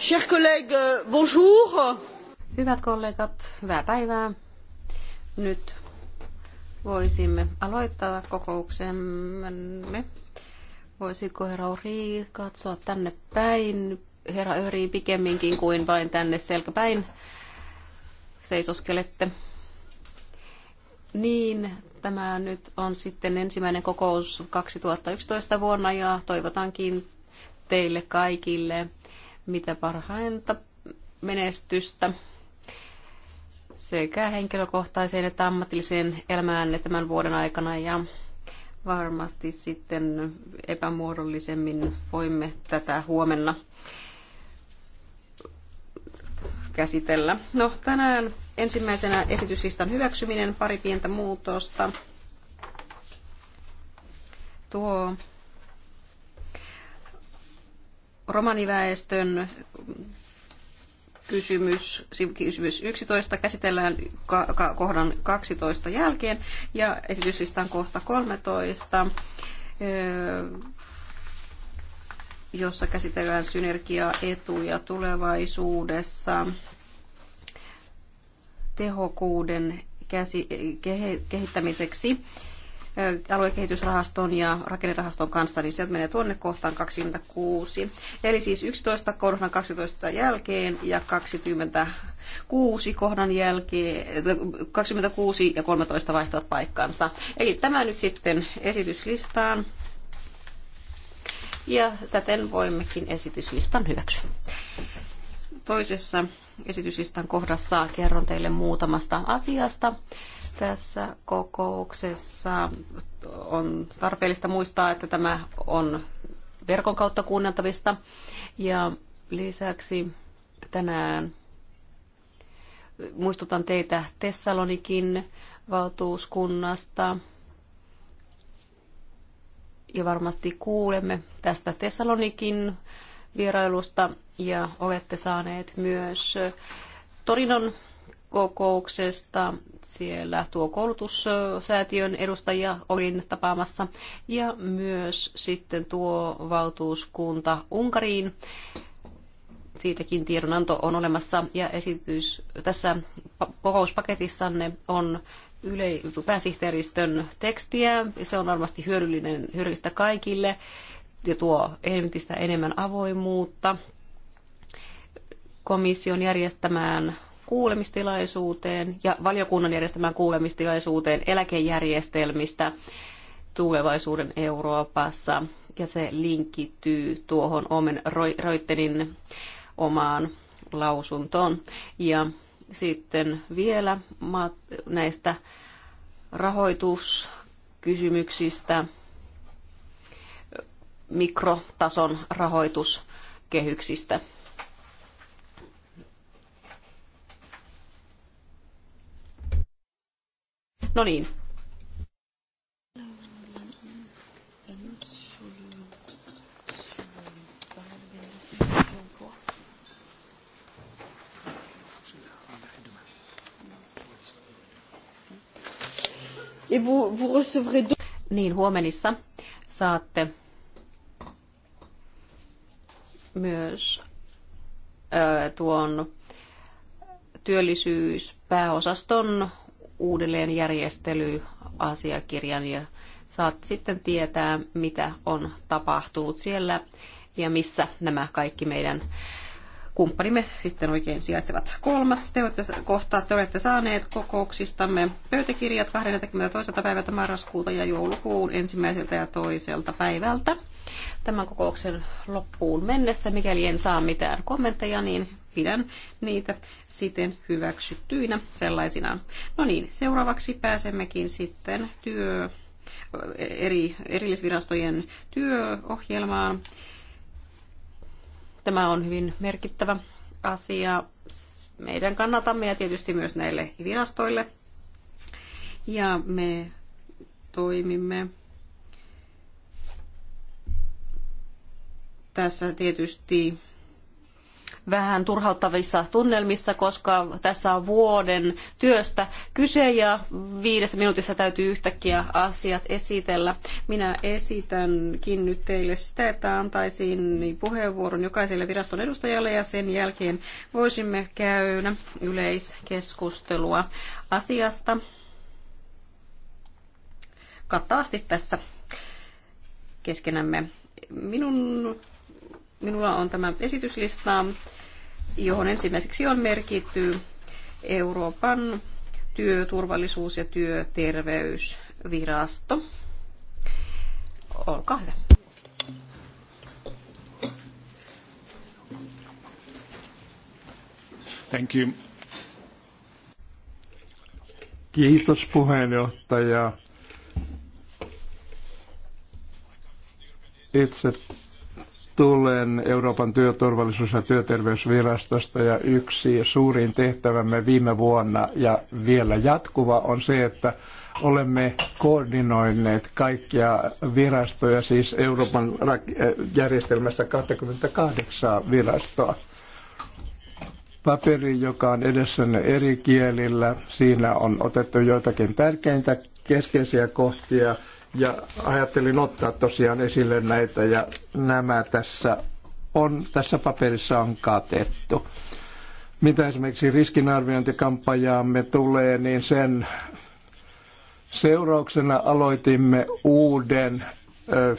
Chers collègues, bonjour. Hyvät kollegat, hyvää päivää. Nyt voisimme aloittaa kokouksemme. Voisiko herra Ori katsoa tänne päin, herra Öri pikemminkin kuin vain tänne selkäpäin seisoskelette? Niin, tämä nyt on sitten ensimmäinen kokous 2011 vuonna ja toivotankin teille kaikille mitä parhainta menestystä sekä henkilökohtaiseen että ammatilliseen elämään tämän vuoden aikana ja varmasti sitten epämuodollisemmin voimme tätä huomenna käsitellä. No tänään ensimmäisenä esityslistan hyväksyminen, pari pientä muutosta. Tuo romaniväestön kysymys, kysymys 11 käsitellään kohdan 12 jälkeen ja esityslistan kohta 13, jossa käsitellään synergiaetuja tulevaisuudessa tehokkuuden kehittämiseksi aluekehitysrahaston ja rakennerahaston kanssa, niin sieltä menee tuonne kohtaan 26. Eli siis 11 kohdan 12 jälkeen ja 26 kohdan jälkeen, 26 ja 13 vaihtavat paikkansa. Eli tämä nyt sitten esityslistaan. Ja täten voimmekin esityslistan hyväksyä toisessa esityslistan kohdassa kerron teille muutamasta asiasta, tässä kokouksessa on tarpeellista muistaa, että tämä on verkon kautta kuunneltavista. Ja lisäksi tänään muistutan teitä Tessalonikin valtuuskunnasta. Ja varmasti kuulemme tästä Tessalonikin vierailusta ja olette saaneet myös Torinon kokouksesta. Siellä tuo koulutussäätiön edustajia olin tapaamassa ja myös sitten tuo valtuuskunta Unkariin. Siitäkin tiedonanto on olemassa ja esitys tässä kokouspaketissanne on yle, pääsihteeristön tekstiä. Se on varmasti hyödyllinen, hyödyllistä kaikille ja tuo entistä enemmän avoimuutta komission järjestämään kuulemistilaisuuteen ja valiokunnan järjestämään kuulemistilaisuuteen eläkejärjestelmistä tulevaisuuden Euroopassa. Ja se linkittyy tuohon Omen Roittenin omaan lausuntoon. Ja sitten vielä näistä rahoituskysymyksistä, mikrotason rahoituskehyksistä. No niin. Niin huomenissa saatte myös ö, tuon työllisyyspääosaston uudelleenjärjestelyasiakirjan ja saat sitten tietää, mitä on tapahtunut siellä ja missä nämä kaikki meidän kumppanimme sitten oikein sijaitsevat. Kolmas te olette, kohta te olette saaneet kokouksistamme pöytäkirjat 22. päivältä marraskuuta ja joulukuun ensimmäiseltä ja toiselta päivältä. Tämän kokouksen loppuun mennessä, mikäli en saa mitään kommentteja, niin pidän niitä siten hyväksyttyinä sellaisinaan. No niin, seuraavaksi pääsemmekin sitten työ, eri, erillisvirastojen työohjelmaan. Tämä on hyvin merkittävä asia meidän kannatamme ja tietysti myös näille virastoille. Ja me toimimme tässä tietysti vähän turhauttavissa tunnelmissa, koska tässä on vuoden työstä kyse ja viidessä minuutissa täytyy yhtäkkiä asiat esitellä. Minä esitänkin nyt teille sitä, että antaisin puheenvuoron jokaiselle viraston edustajalle ja sen jälkeen voisimme käydä yleiskeskustelua asiasta kattavasti tässä keskenämme. Minun, minulla on tämä esityslista johon ensimmäiseksi on merkitty Euroopan työturvallisuus- ja työterveysvirasto. Olkaa hyvä. Thank you. Kiitos puheenjohtaja. Itse tulen Euroopan työturvallisuus- ja työterveysvirastosta ja yksi suurin tehtävämme viime vuonna ja vielä jatkuva on se, että olemme koordinoineet kaikkia virastoja, siis Euroopan eh, järjestelmässä 28 virastoa. Paperi, joka on edessänne eri kielillä, siinä on otettu joitakin tärkeintä keskeisiä kohtia ja ajattelin ottaa tosiaan esille näitä ja nämä tässä on, tässä paperissa on katettu. Mitä esimerkiksi riskinarviointikampanjaamme tulee, niin sen seurauksena aloitimme uuden ö,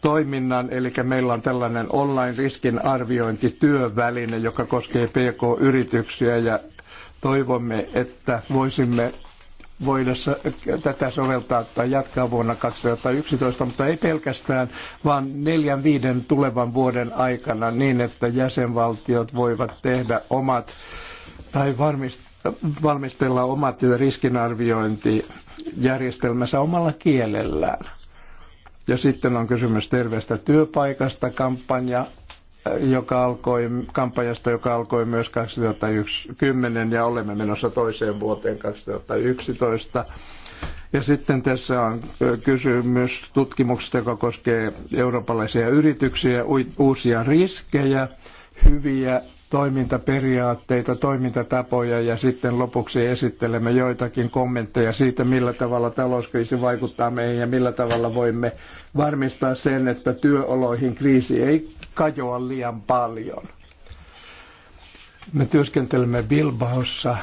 toiminnan, eli meillä on tällainen online riskinarviointityöväline, joka koskee PK-yrityksiä ja toivomme, että voisimme voidessa tätä soveltaa tai jatkaa vuonna 2011, mutta ei pelkästään, vaan neljän viiden tulevan vuoden aikana niin, että jäsenvaltiot voivat tehdä omat tai valmistella omat riskinarviointijärjestelmänsä omalla kielellään. Ja sitten on kysymys terveestä työpaikasta kampanja joka alkoi, kampanjasta, joka alkoi myös 2010 ja olemme menossa toiseen vuoteen 2011. Ja sitten tässä on kysymys tutkimuksesta, joka koskee eurooppalaisia yrityksiä, uusia riskejä, hyviä toimintaperiaatteita, toimintatapoja ja sitten lopuksi esittelemme joitakin kommentteja siitä, millä tavalla talouskriisi vaikuttaa meihin ja millä tavalla voimme varmistaa sen, että työoloihin kriisi ei kajoa liian paljon. Me työskentelemme Bilbaossa.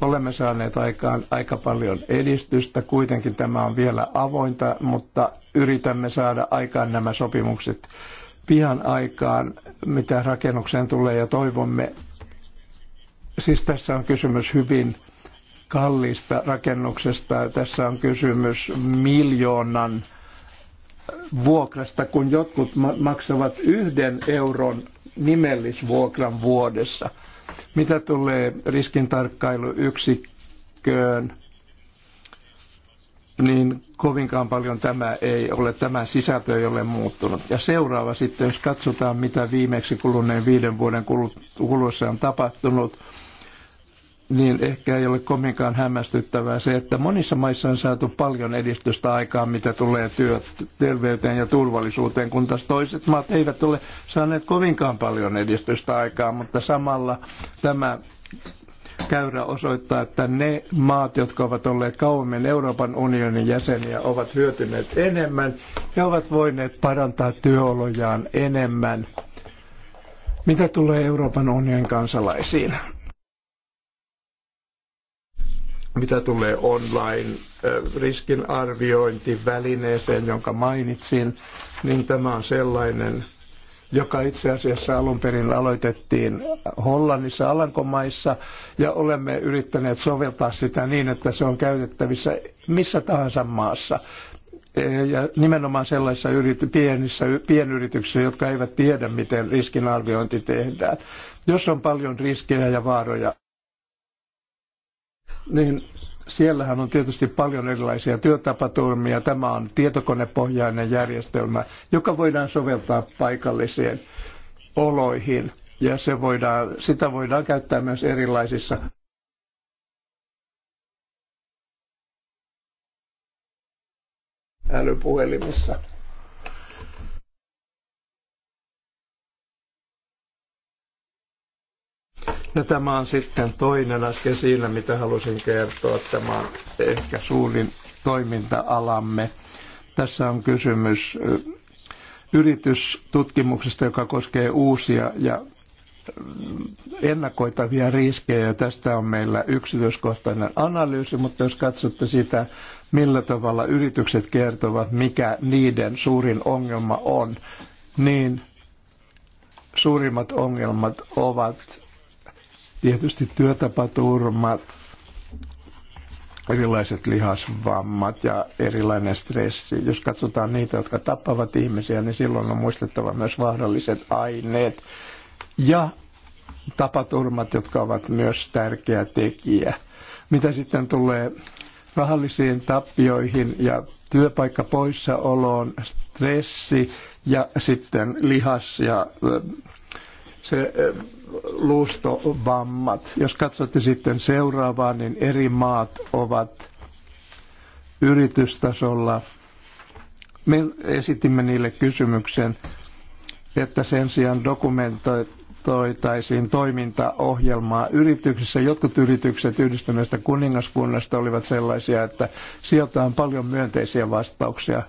Olemme saaneet aikaan aika paljon edistystä, kuitenkin tämä on vielä avointa, mutta yritämme saada aikaan nämä sopimukset pian aikaan, mitä rakennukseen tulee ja toivomme. Siis tässä on kysymys hyvin kalliista rakennuksesta. Tässä on kysymys miljoonan vuokrasta, kun jotkut maksavat yhden euron nimellisvuokran vuodessa. Mitä tulee riskintarkkailuyksikköön, niin kovinkaan paljon tämä ei ole, tämä sisältö ei ole muuttunut. Ja seuraava sitten, jos katsotaan mitä viimeksi kuluneen viiden vuoden kuluessa on tapahtunut, niin ehkä ei ole kovinkaan hämmästyttävää se, että monissa maissa on saatu paljon edistystä aikaan, mitä tulee työ, terveyteen ja turvallisuuteen, kun taas toiset maat eivät ole saaneet kovinkaan paljon edistystä aikaan, mutta samalla tämä käyrä osoittaa, että ne maat, jotka ovat olleet kauemmin Euroopan unionin jäseniä, ovat hyötyneet enemmän ja ovat voineet parantaa työolojaan enemmän. Mitä tulee Euroopan unionin kansalaisiin? Mitä tulee online riskinarviointivälineeseen, jonka mainitsin, niin tämä on sellainen joka itse asiassa alun perin aloitettiin Hollannissa, Alankomaissa, ja olemme yrittäneet soveltaa sitä niin, että se on käytettävissä missä tahansa maassa. E, ja nimenomaan sellaisissa yrity- pienissä, pienyrityksissä, jotka eivät tiedä, miten riskinarviointi tehdään. Jos on paljon riskejä ja vaaroja, niin siellähän on tietysti paljon erilaisia työtapaturmia. Tämä on tietokonepohjainen järjestelmä, joka voidaan soveltaa paikallisiin oloihin. Ja se voidaan, sitä voidaan käyttää myös erilaisissa älypuhelimissa. Ja tämä on sitten toinen asia siinä, mitä halusin kertoa. Tämä on ehkä suurin toiminta-alamme. Tässä on kysymys yritystutkimuksesta, joka koskee uusia ja ennakoitavia riskejä. Tästä on meillä yksityiskohtainen analyysi, mutta jos katsotte sitä, millä tavalla yritykset kertovat, mikä niiden suurin ongelma on, niin suurimmat ongelmat ovat tietysti työtapaturmat, erilaiset lihasvammat ja erilainen stressi. Jos katsotaan niitä, jotka tappavat ihmisiä, niin silloin on muistettava myös vaaralliset aineet ja tapaturmat, jotka ovat myös tärkeä tekijä. Mitä sitten tulee rahallisiin tappioihin ja työpaikka poissaoloon, stressi ja sitten lihas- ja se eh, luustovammat. Jos katsotte sitten seuraavaa, niin eri maat ovat yritystasolla. Me esitimme niille kysymyksen, että sen sijaan dokumentoitaisiin toimintaohjelmaa yrityksissä. Jotkut yritykset yhdistyneestä kuningaskunnasta olivat sellaisia, että sieltä on paljon myönteisiä vastauksia,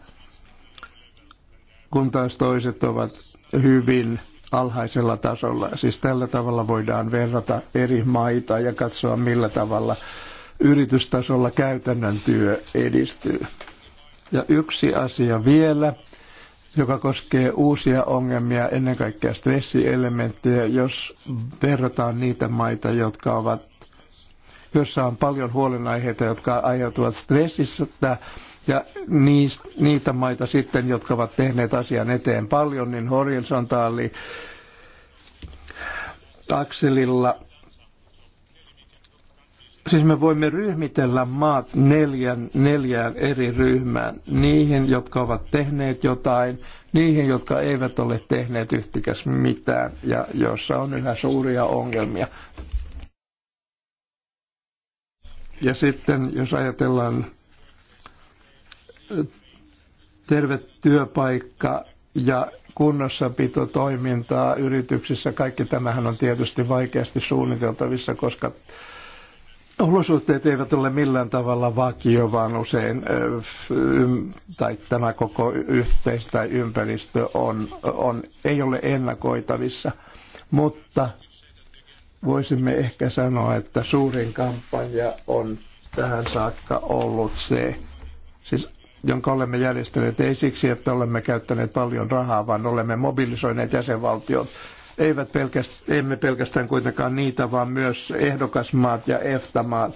kun taas toiset ovat hyvin alhaisella tasolla. Siis tällä tavalla voidaan verrata eri maita ja katsoa millä tavalla yritystasolla käytännön työ edistyy. Ja yksi asia vielä, joka koskee uusia ongelmia, ennen kaikkea stressielementtejä, jos verrataan niitä maita, jotka ovat, joissa on paljon huolenaiheita, jotka aiheutuvat stressistä, ja niitä maita sitten, jotka ovat tehneet asian eteen paljon, niin horisontaali akselilla – siis me voimme ryhmitellä maat neljän, neljään eri ryhmään. Niihin, jotka ovat tehneet jotain, niihin, jotka eivät ole tehneet yhtikäs mitään ja joissa on yhä suuria ongelmia. Ja sitten jos ajatellaan terve työpaikka ja toimintaa yrityksissä, kaikki tämähän on tietysti vaikeasti suunniteltavissa, koska olosuhteet eivät ole millään tavalla vakio, vaan usein tai tämä koko yhteis- tai ympäristö on, on, ei ole ennakoitavissa. Mutta voisimme ehkä sanoa, että suurin kampanja on tähän saakka ollut se, siis jonka olemme järjestäneet ei siksi, että olemme käyttäneet paljon rahaa, vaan olemme mobilisoineet jäsenvaltiot. Eivät pelkästään, emme pelkästään kuitenkaan niitä, vaan myös ehdokasmaat ja EFTA-maat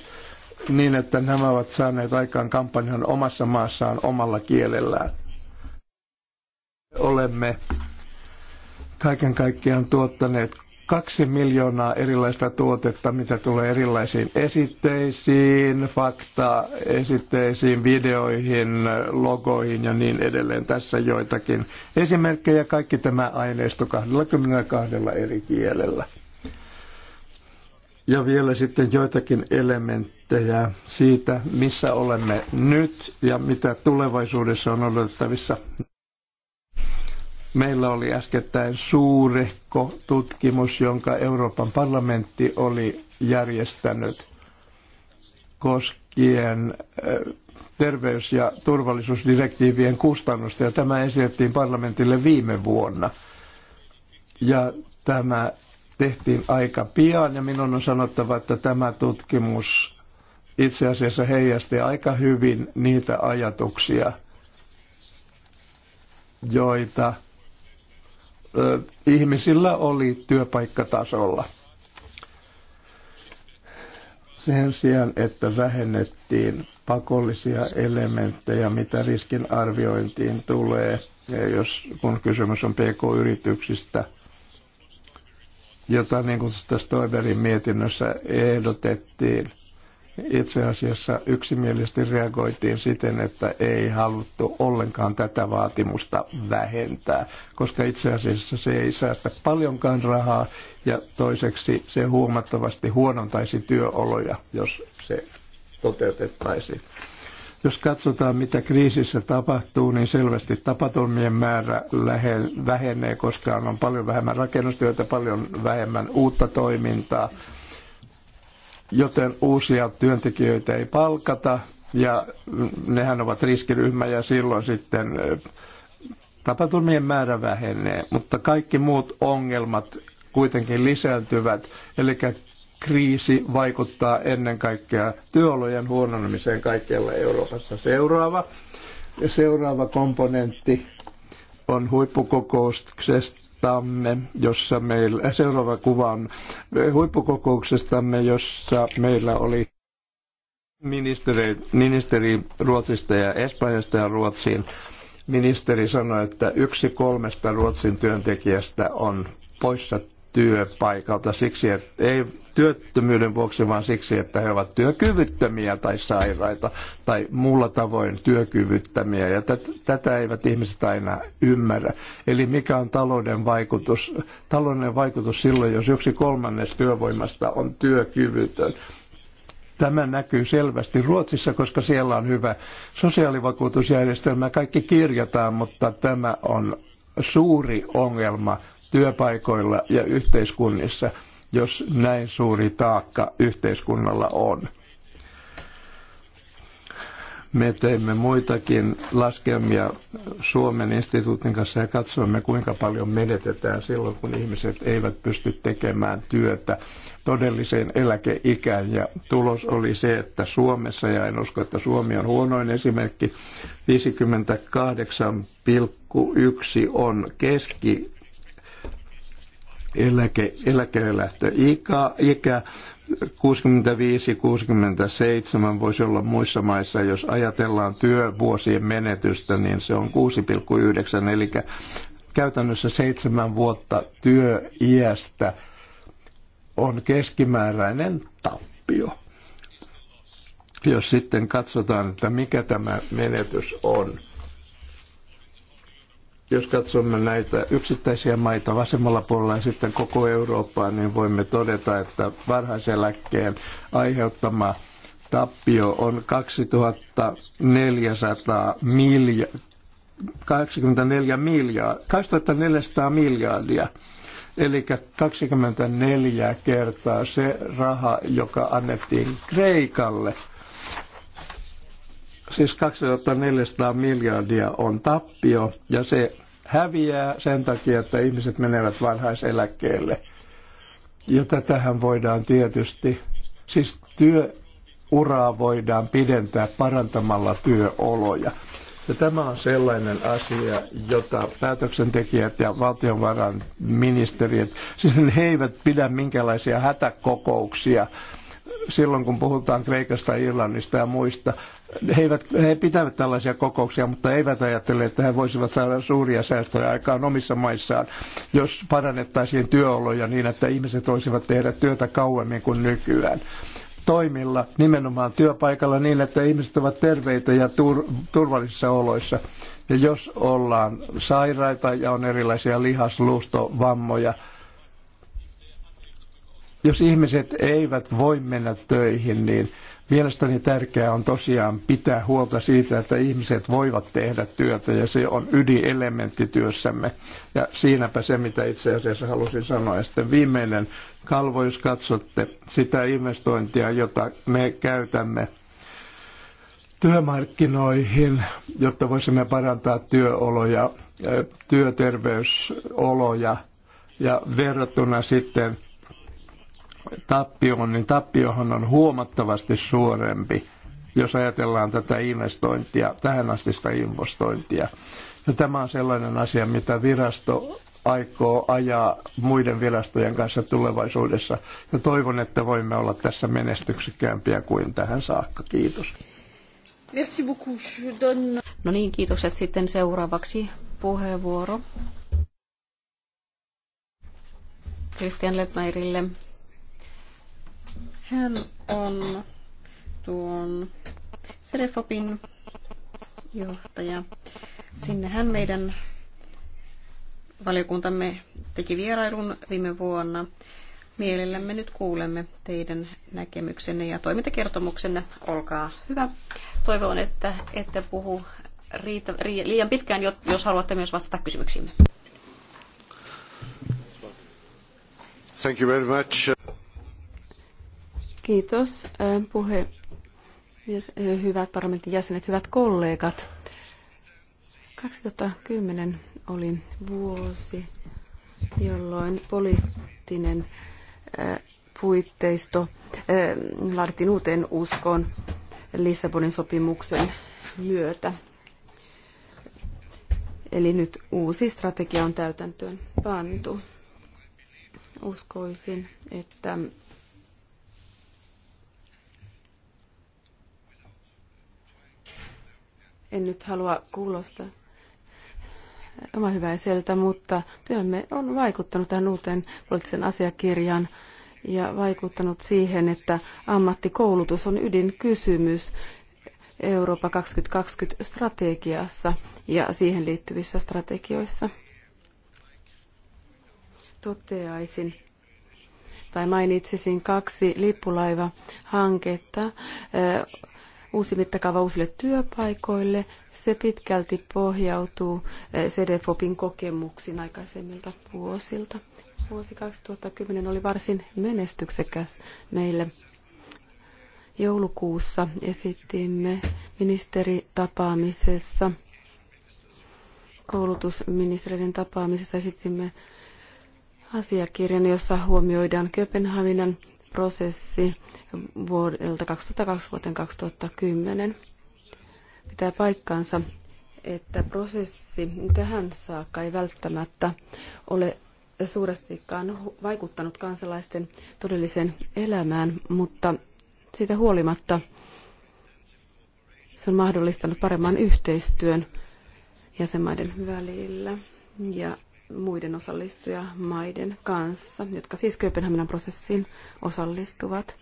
niin, että nämä ovat saaneet aikaan kampanjan omassa maassaan omalla kielellään. Olemme kaiken kaikkiaan tuottaneet kaksi miljoonaa erilaista tuotetta, mitä tulee erilaisiin esitteisiin, fakta-esitteisiin, videoihin, logoihin ja niin edelleen. Tässä joitakin esimerkkejä. Kaikki tämä aineisto 22 eri kielellä. Ja vielä sitten joitakin elementtejä siitä, missä olemme nyt ja mitä tulevaisuudessa on odotettavissa. Meillä oli äskettäin suurehko tutkimus, jonka Euroopan parlamentti oli järjestänyt koskien äh, terveys- ja turvallisuusdirektiivien kustannusta, ja tämä esitettiin parlamentille viime vuonna. Ja tämä tehtiin aika pian, ja minun on sanottava, että tämä tutkimus itse asiassa heijasti aika hyvin niitä ajatuksia, joita ihmisillä oli työpaikkatasolla. Sen sijaan, että vähennettiin pakollisia elementtejä, mitä riskin arviointiin tulee, ja jos, kun kysymys on pk-yrityksistä, jota niin kuin tässä Toiberin mietinnössä ehdotettiin – itse asiassa yksimielisesti reagoitiin siten, että ei haluttu ollenkaan tätä vaatimusta vähentää, koska itse asiassa se ei säästä paljonkaan rahaa ja toiseksi se huomattavasti huonontaisi työoloja, jos se toteutettaisiin. Jos katsotaan, mitä kriisissä tapahtuu, niin selvästi tapaturmien määrä vähenee, koska on paljon vähemmän rakennustyötä, paljon vähemmän uutta toimintaa – joten uusia työntekijöitä ei palkata ja nehän ovat riskiryhmä ja silloin sitten tapaturmien määrä vähenee, mutta kaikki muut ongelmat kuitenkin lisääntyvät, eli kriisi vaikuttaa ennen kaikkea työolojen huononemiseen kaikkialla Euroopassa. Seuraava, seuraava komponentti on huippukokouksesta kokouksestamme, jossa meillä, seuraava kuva on huippukokouksestamme, jossa meillä oli ministeri, ministeri Ruotsista ja Espanjasta ja Ruotsiin. Ministeri sanoi, että yksi kolmesta Ruotsin työntekijästä on poissa työpaikalta siksi, että ei työttömyyden vuoksi, vaan siksi, että he ovat työkyvyttömiä tai sairaita tai muulla tavoin työkyvyttömiä. Ja tätä eivät ihmiset aina ymmärrä. Eli mikä on talouden vaikutus? Talouden vaikutus silloin, jos yksi kolmannes työvoimasta on työkyvytön. Tämä näkyy selvästi Ruotsissa, koska siellä on hyvä sosiaalivakuutusjärjestelmä. Kaikki kirjataan, mutta tämä on suuri ongelma työpaikoilla ja yhteiskunnissa, jos näin suuri taakka yhteiskunnalla on. Me teimme muitakin laskelmia Suomen instituutin kanssa ja katsoimme, kuinka paljon menetetään silloin, kun ihmiset eivät pysty tekemään työtä todelliseen eläkeikään. Ja tulos oli se, että Suomessa, ja en usko, että Suomi on huonoin esimerkki, 58,1 on keski eläke, eläkelähtö ikä, ikä 65-67 voisi olla muissa maissa, jos ajatellaan työvuosien menetystä, niin se on 6,9, eli käytännössä seitsemän vuotta työiästä on keskimääräinen tappio. Jos sitten katsotaan, että mikä tämä menetys on, jos katsomme näitä yksittäisiä maita vasemmalla puolella ja sitten koko Eurooppaa, niin voimme todeta, että varhaiseläkkeen aiheuttama tappio on 2400 milja 24 miljardia, 2400 miljardia. Eli 24 kertaa se raha, joka annettiin Kreikalle – siis 2400 miljardia on tappio ja se häviää sen takia, että ihmiset menevät vanhaiseläkkeelle. Ja tätähän voidaan tietysti, siis työuraa voidaan pidentää parantamalla työoloja. Ja tämä on sellainen asia, jota päätöksentekijät ja valtionvarainministeriöt, siis he eivät pidä minkälaisia hätäkokouksia, silloin, kun puhutaan Kreikasta, Irlannista ja muista. He, eivät, he pitävät tällaisia kokouksia, mutta eivät ajattele, että he voisivat saada suuria säästöjä aikaan omissa maissaan, jos parannettaisiin työoloja niin, että ihmiset voisivat tehdä työtä kauemmin kuin nykyään toimilla, nimenomaan työpaikalla niin, että ihmiset ovat terveitä ja tur- turvallisissa oloissa. Ja jos ollaan sairaita ja on erilaisia vammoja. Jos ihmiset eivät voi mennä töihin, niin mielestäni tärkeää on tosiaan pitää huolta siitä, että ihmiset voivat tehdä työtä ja se on ydinelementti työssämme. Ja siinäpä se, mitä itse asiassa halusin sanoa. Ja sitten viimeinen kalvo, jos katsotte sitä investointia, jota me käytämme työmarkkinoihin, jotta voisimme parantaa työoloja, työterveysoloja ja verrattuna sitten tappioon, niin tappiohan on huomattavasti suurempi, jos ajatellaan tätä investointia, tähän sitä investointia. Ja tämä on sellainen asia, mitä virasto aikoo ajaa muiden virastojen kanssa tulevaisuudessa. Ja toivon, että voimme olla tässä menestyksekkäämpiä kuin tähän saakka. Kiitos. Merci beaucoup. Je donne... No niin, kiitokset sitten seuraavaksi puheenvuoro. Christian Lepmeirille. Hän on tuon Serefopin johtaja. Sinne hän meidän valiokuntamme teki vierailun viime vuonna. Mielellämme nyt kuulemme teidän näkemyksenne ja toimintakertomuksenne. Olkaa hyvä. Toivon, että ette puhu riitä, liian pitkään, jos haluatte myös vastata kysymyksiimme. Thank you very much. Kiitos puhe. Hyvät parlamentin jäsenet, hyvät kollegat. 2010 oli vuosi, jolloin poliittinen puitteisto laadittiin uuteen uskoon Lissabonin sopimuksen myötä. Eli nyt uusi strategia on täytäntöön pantu. Uskoisin, että En nyt halua kuulostaa oma hyväiseltä, mutta työmme on vaikuttanut tähän uuteen poliittisen asiakirjaan ja vaikuttanut siihen, että ammattikoulutus on ydinkysymys Eurooppa 2020-strategiassa ja siihen liittyvissä strategioissa. Toteaisin tai mainitsisin kaksi lippulaiva-hanketta uusi mittakaava uusille työpaikoille. Se pitkälti pohjautuu eh, CDFOPin kokemuksiin aikaisemmilta vuosilta. Vuosi 2010 oli varsin menestyksekäs meille. Joulukuussa esitimme ministeritapaamisessa, koulutusministeriön tapaamisessa esitimme asiakirjan, jossa huomioidaan Kööpenhaminan prosessi vuodelta 2002 vuoteen 2010. Pitää paikkaansa, että prosessi tähän saakka ei välttämättä ole suurestikaan vaikuttanut kansalaisten todelliseen elämään, mutta siitä huolimatta se on mahdollistanut paremman yhteistyön jäsenmaiden välillä. Ja muiden osallistujamaiden kanssa, jotka siis Kööpenhaminan prosessiin osallistuvat.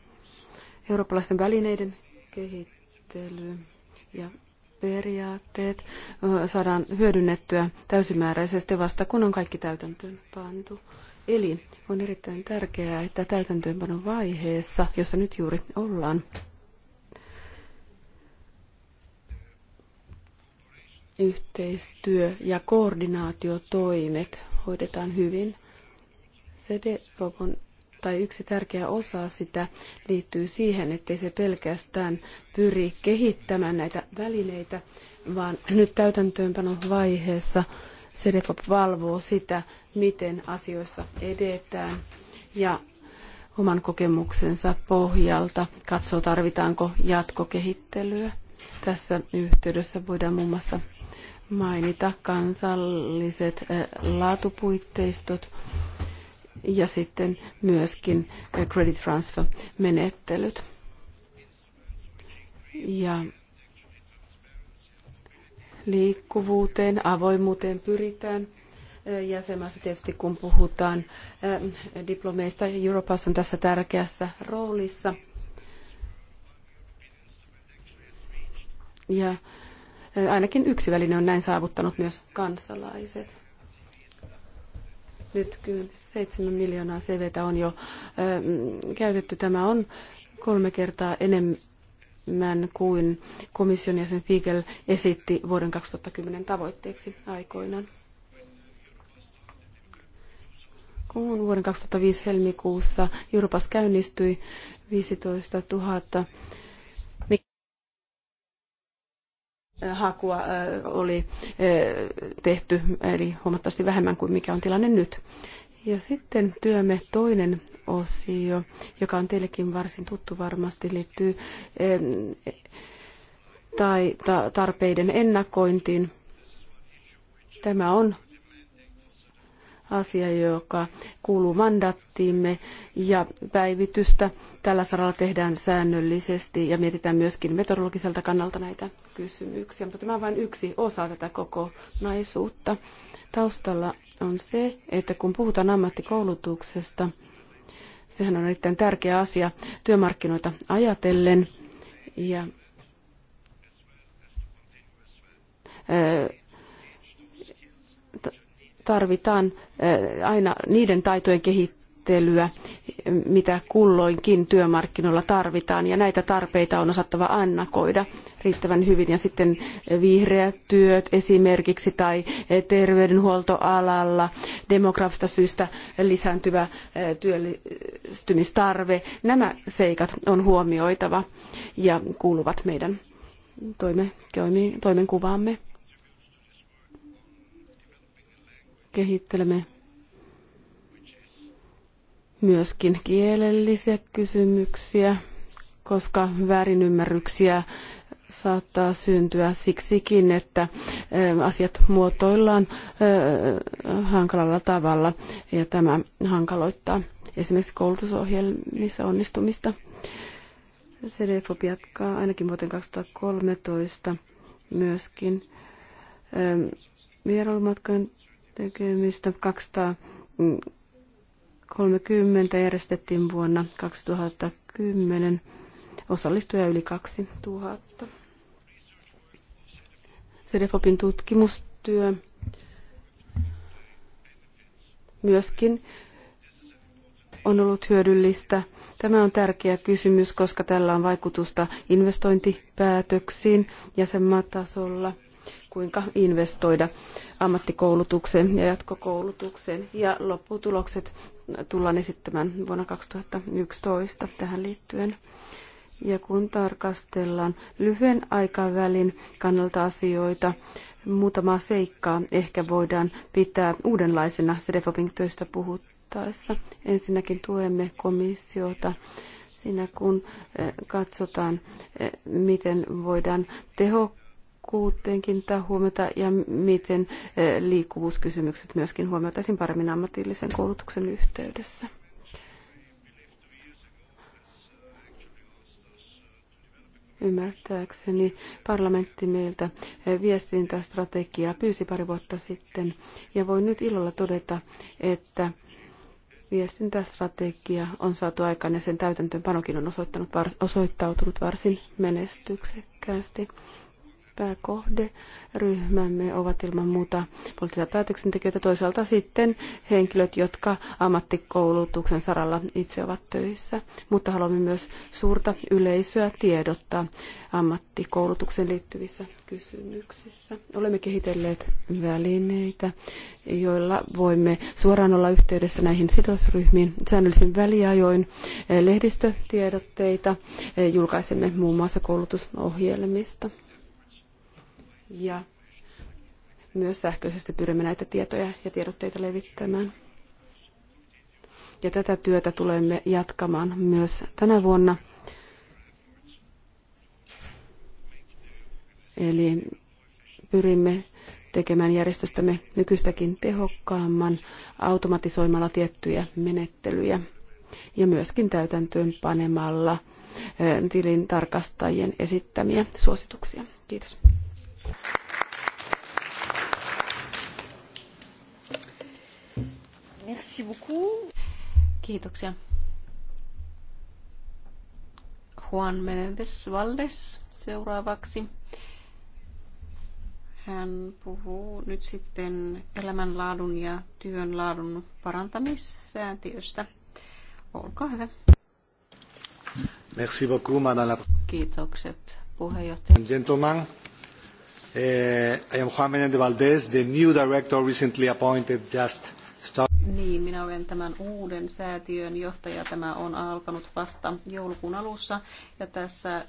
Eurooppalaisten välineiden kehittely ja periaatteet saadaan hyödynnettyä täysimääräisesti vasta, kun on kaikki täytäntöön pantu. Eli on erittäin tärkeää, että täytäntöönpanon vaiheessa, jossa nyt juuri ollaan, yhteistyö- ja koordinaatiotoimet hoidetaan hyvin. CD-robon tai yksi tärkeä osa sitä liittyy siihen, ettei se pelkästään pyri kehittämään näitä välineitä, vaan nyt täytäntöönpanon vaiheessa CDFOP valvoo sitä, miten asioissa edetään ja oman kokemuksensa pohjalta katsoo, tarvitaanko jatkokehittelyä. Tässä yhteydessä voidaan muun muassa mainita kansalliset laatupuitteistot ja sitten myöskin credit transfer-menettelyt. Ja liikkuvuuteen, avoimuuteen pyritään jäsenmaassa tietysti, kun puhutaan diplomeista. Euroopassa on tässä tärkeässä roolissa. Ja Ainakin yksi väline on näin saavuttanut myös kansalaiset. Nyt kyllä 7 miljoonaa CVtä on jo mm, käytetty. Tämä on kolme kertaa enemmän kuin komission jäsen Fiegel esitti vuoden 2010 tavoitteeksi aikoinaan. Kun vuoden 2005 helmikuussa Euroopassa käynnistyi 15 000 hakua oli tehty, eli huomattavasti vähemmän kuin mikä on tilanne nyt. Ja sitten työmme toinen osio, joka on teillekin varsin tuttu varmasti, liittyy tai tarpeiden ennakointiin. Tämä on asia, joka kuuluu mandaattiimme ja päivitystä. Tällä saralla tehdään säännöllisesti ja mietitään myöskin meteorologiselta kannalta näitä kysymyksiä, mutta tämä on vain yksi osa tätä kokonaisuutta. Taustalla on se, että kun puhutaan ammattikoulutuksesta, sehän on erittäin tärkeä asia työmarkkinoita ajatellen ja tarvitaan aina niiden taitojen kehittelyä, mitä kulloinkin työmarkkinoilla tarvitaan, ja näitä tarpeita on osattava annakoida riittävän hyvin. Ja sitten vihreät työt esimerkiksi tai terveydenhuoltoalalla, demografista syystä lisääntyvä työllistymistarve, nämä seikat on huomioitava ja kuuluvat meidän toimenkuvaamme. kehittelemme myöskin kielellisiä kysymyksiä, koska väärinymmärryksiä saattaa syntyä siksikin, että asiat muotoillaan hankalalla tavalla ja tämä hankaloittaa esimerkiksi koulutusohjelmissa onnistumista. CDFOP jatkaa ainakin vuoteen 2013 myöskin Vierailumatkojen tekemistä. 230 järjestettiin vuonna 2010 osallistuja yli 2000. Sedefopin tutkimustyö myöskin on ollut hyödyllistä. Tämä on tärkeä kysymys, koska tällä on vaikutusta investointipäätöksiin jäsenmaatasolla. tasolla kuinka investoida ammattikoulutukseen ja jatkokoulutukseen. Ja lopputulokset tullaan esittämään vuonna 2011 tähän liittyen. Ja kun tarkastellaan lyhyen aikavälin kannalta asioita, muutamaa seikkaa ehkä voidaan pitää uudenlaisena CDFOPing-työstä puhuttaessa. Ensinnäkin tuemme komissiota siinä, kun eh, katsotaan, eh, miten voidaan tehokkaasti liikkuvuuteenkin kiinnittää huomiota ja miten eh, liikkuvuuskysymykset myöskin huomioitaisiin paremmin ammatillisen koulutuksen yhteydessä. Ymmärtääkseni parlamentti meiltä eh, viestintästrategiaa pyysi pari vuotta sitten ja voin nyt ilolla todeta, että viestintästrategia on saatu aikaan ja sen täytäntöönpanokin on osoittanut, osoittautunut varsin menestyksekkäästi pääkohderyhmämme ovat ilman muuta poliittisia päätöksentekijöitä. Toisaalta sitten henkilöt, jotka ammattikoulutuksen saralla itse ovat töissä, mutta haluamme myös suurta yleisöä tiedottaa ammattikoulutukseen liittyvissä kysymyksissä. Olemme kehitelleet välineitä, joilla voimme suoraan olla yhteydessä näihin sidosryhmiin säännöllisin väliajoin lehdistötiedotteita. Eh, julkaisemme muun muassa koulutusohjelmista ja myös sähköisesti pyrimme näitä tietoja ja tiedotteita levittämään. Ja tätä työtä tulemme jatkamaan myös tänä vuonna. Eli pyrimme tekemään järjestöstämme nykyistäkin tehokkaamman automatisoimalla tiettyjä menettelyjä ja myöskin täytäntöön panemalla eh, tilin tarkastajien esittämiä suosituksia. Kiitos. Merci beaucoup. Kiitoksia. Juan Menendez Valdes seuraavaksi. Hän puhuu nyt sitten elämänlaadun ja työnlaadun parantamissäätiöstä. Olkaa hyvä. Merci beaucoup, madame la... Kiitokset puheenjohtaja. Gentlemen. Uh, I am Juan Menéndez Valdés, the new director recently appointed just niin, minä olen tämän uuden säätiön johtaja. Tämä on alkanut vasta joulukuun alussa ja tässä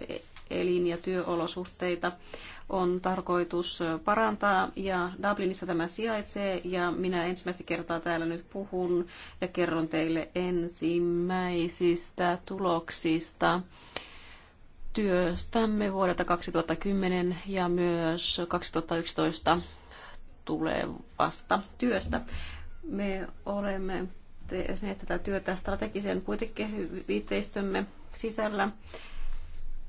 elin- ja työolosuhteita on tarkoitus parantaa ja Dublinissa tämä sijaitsee ja minä ensimmäistä kertaa täällä nyt puhun ja kerron teille ensimmäisistä tuloksista työstämme vuodelta 2010 ja myös 2011 tulevasta työstä. Me olemme tehneet tätä työtä strategisen puitekehyviteistömme sisällä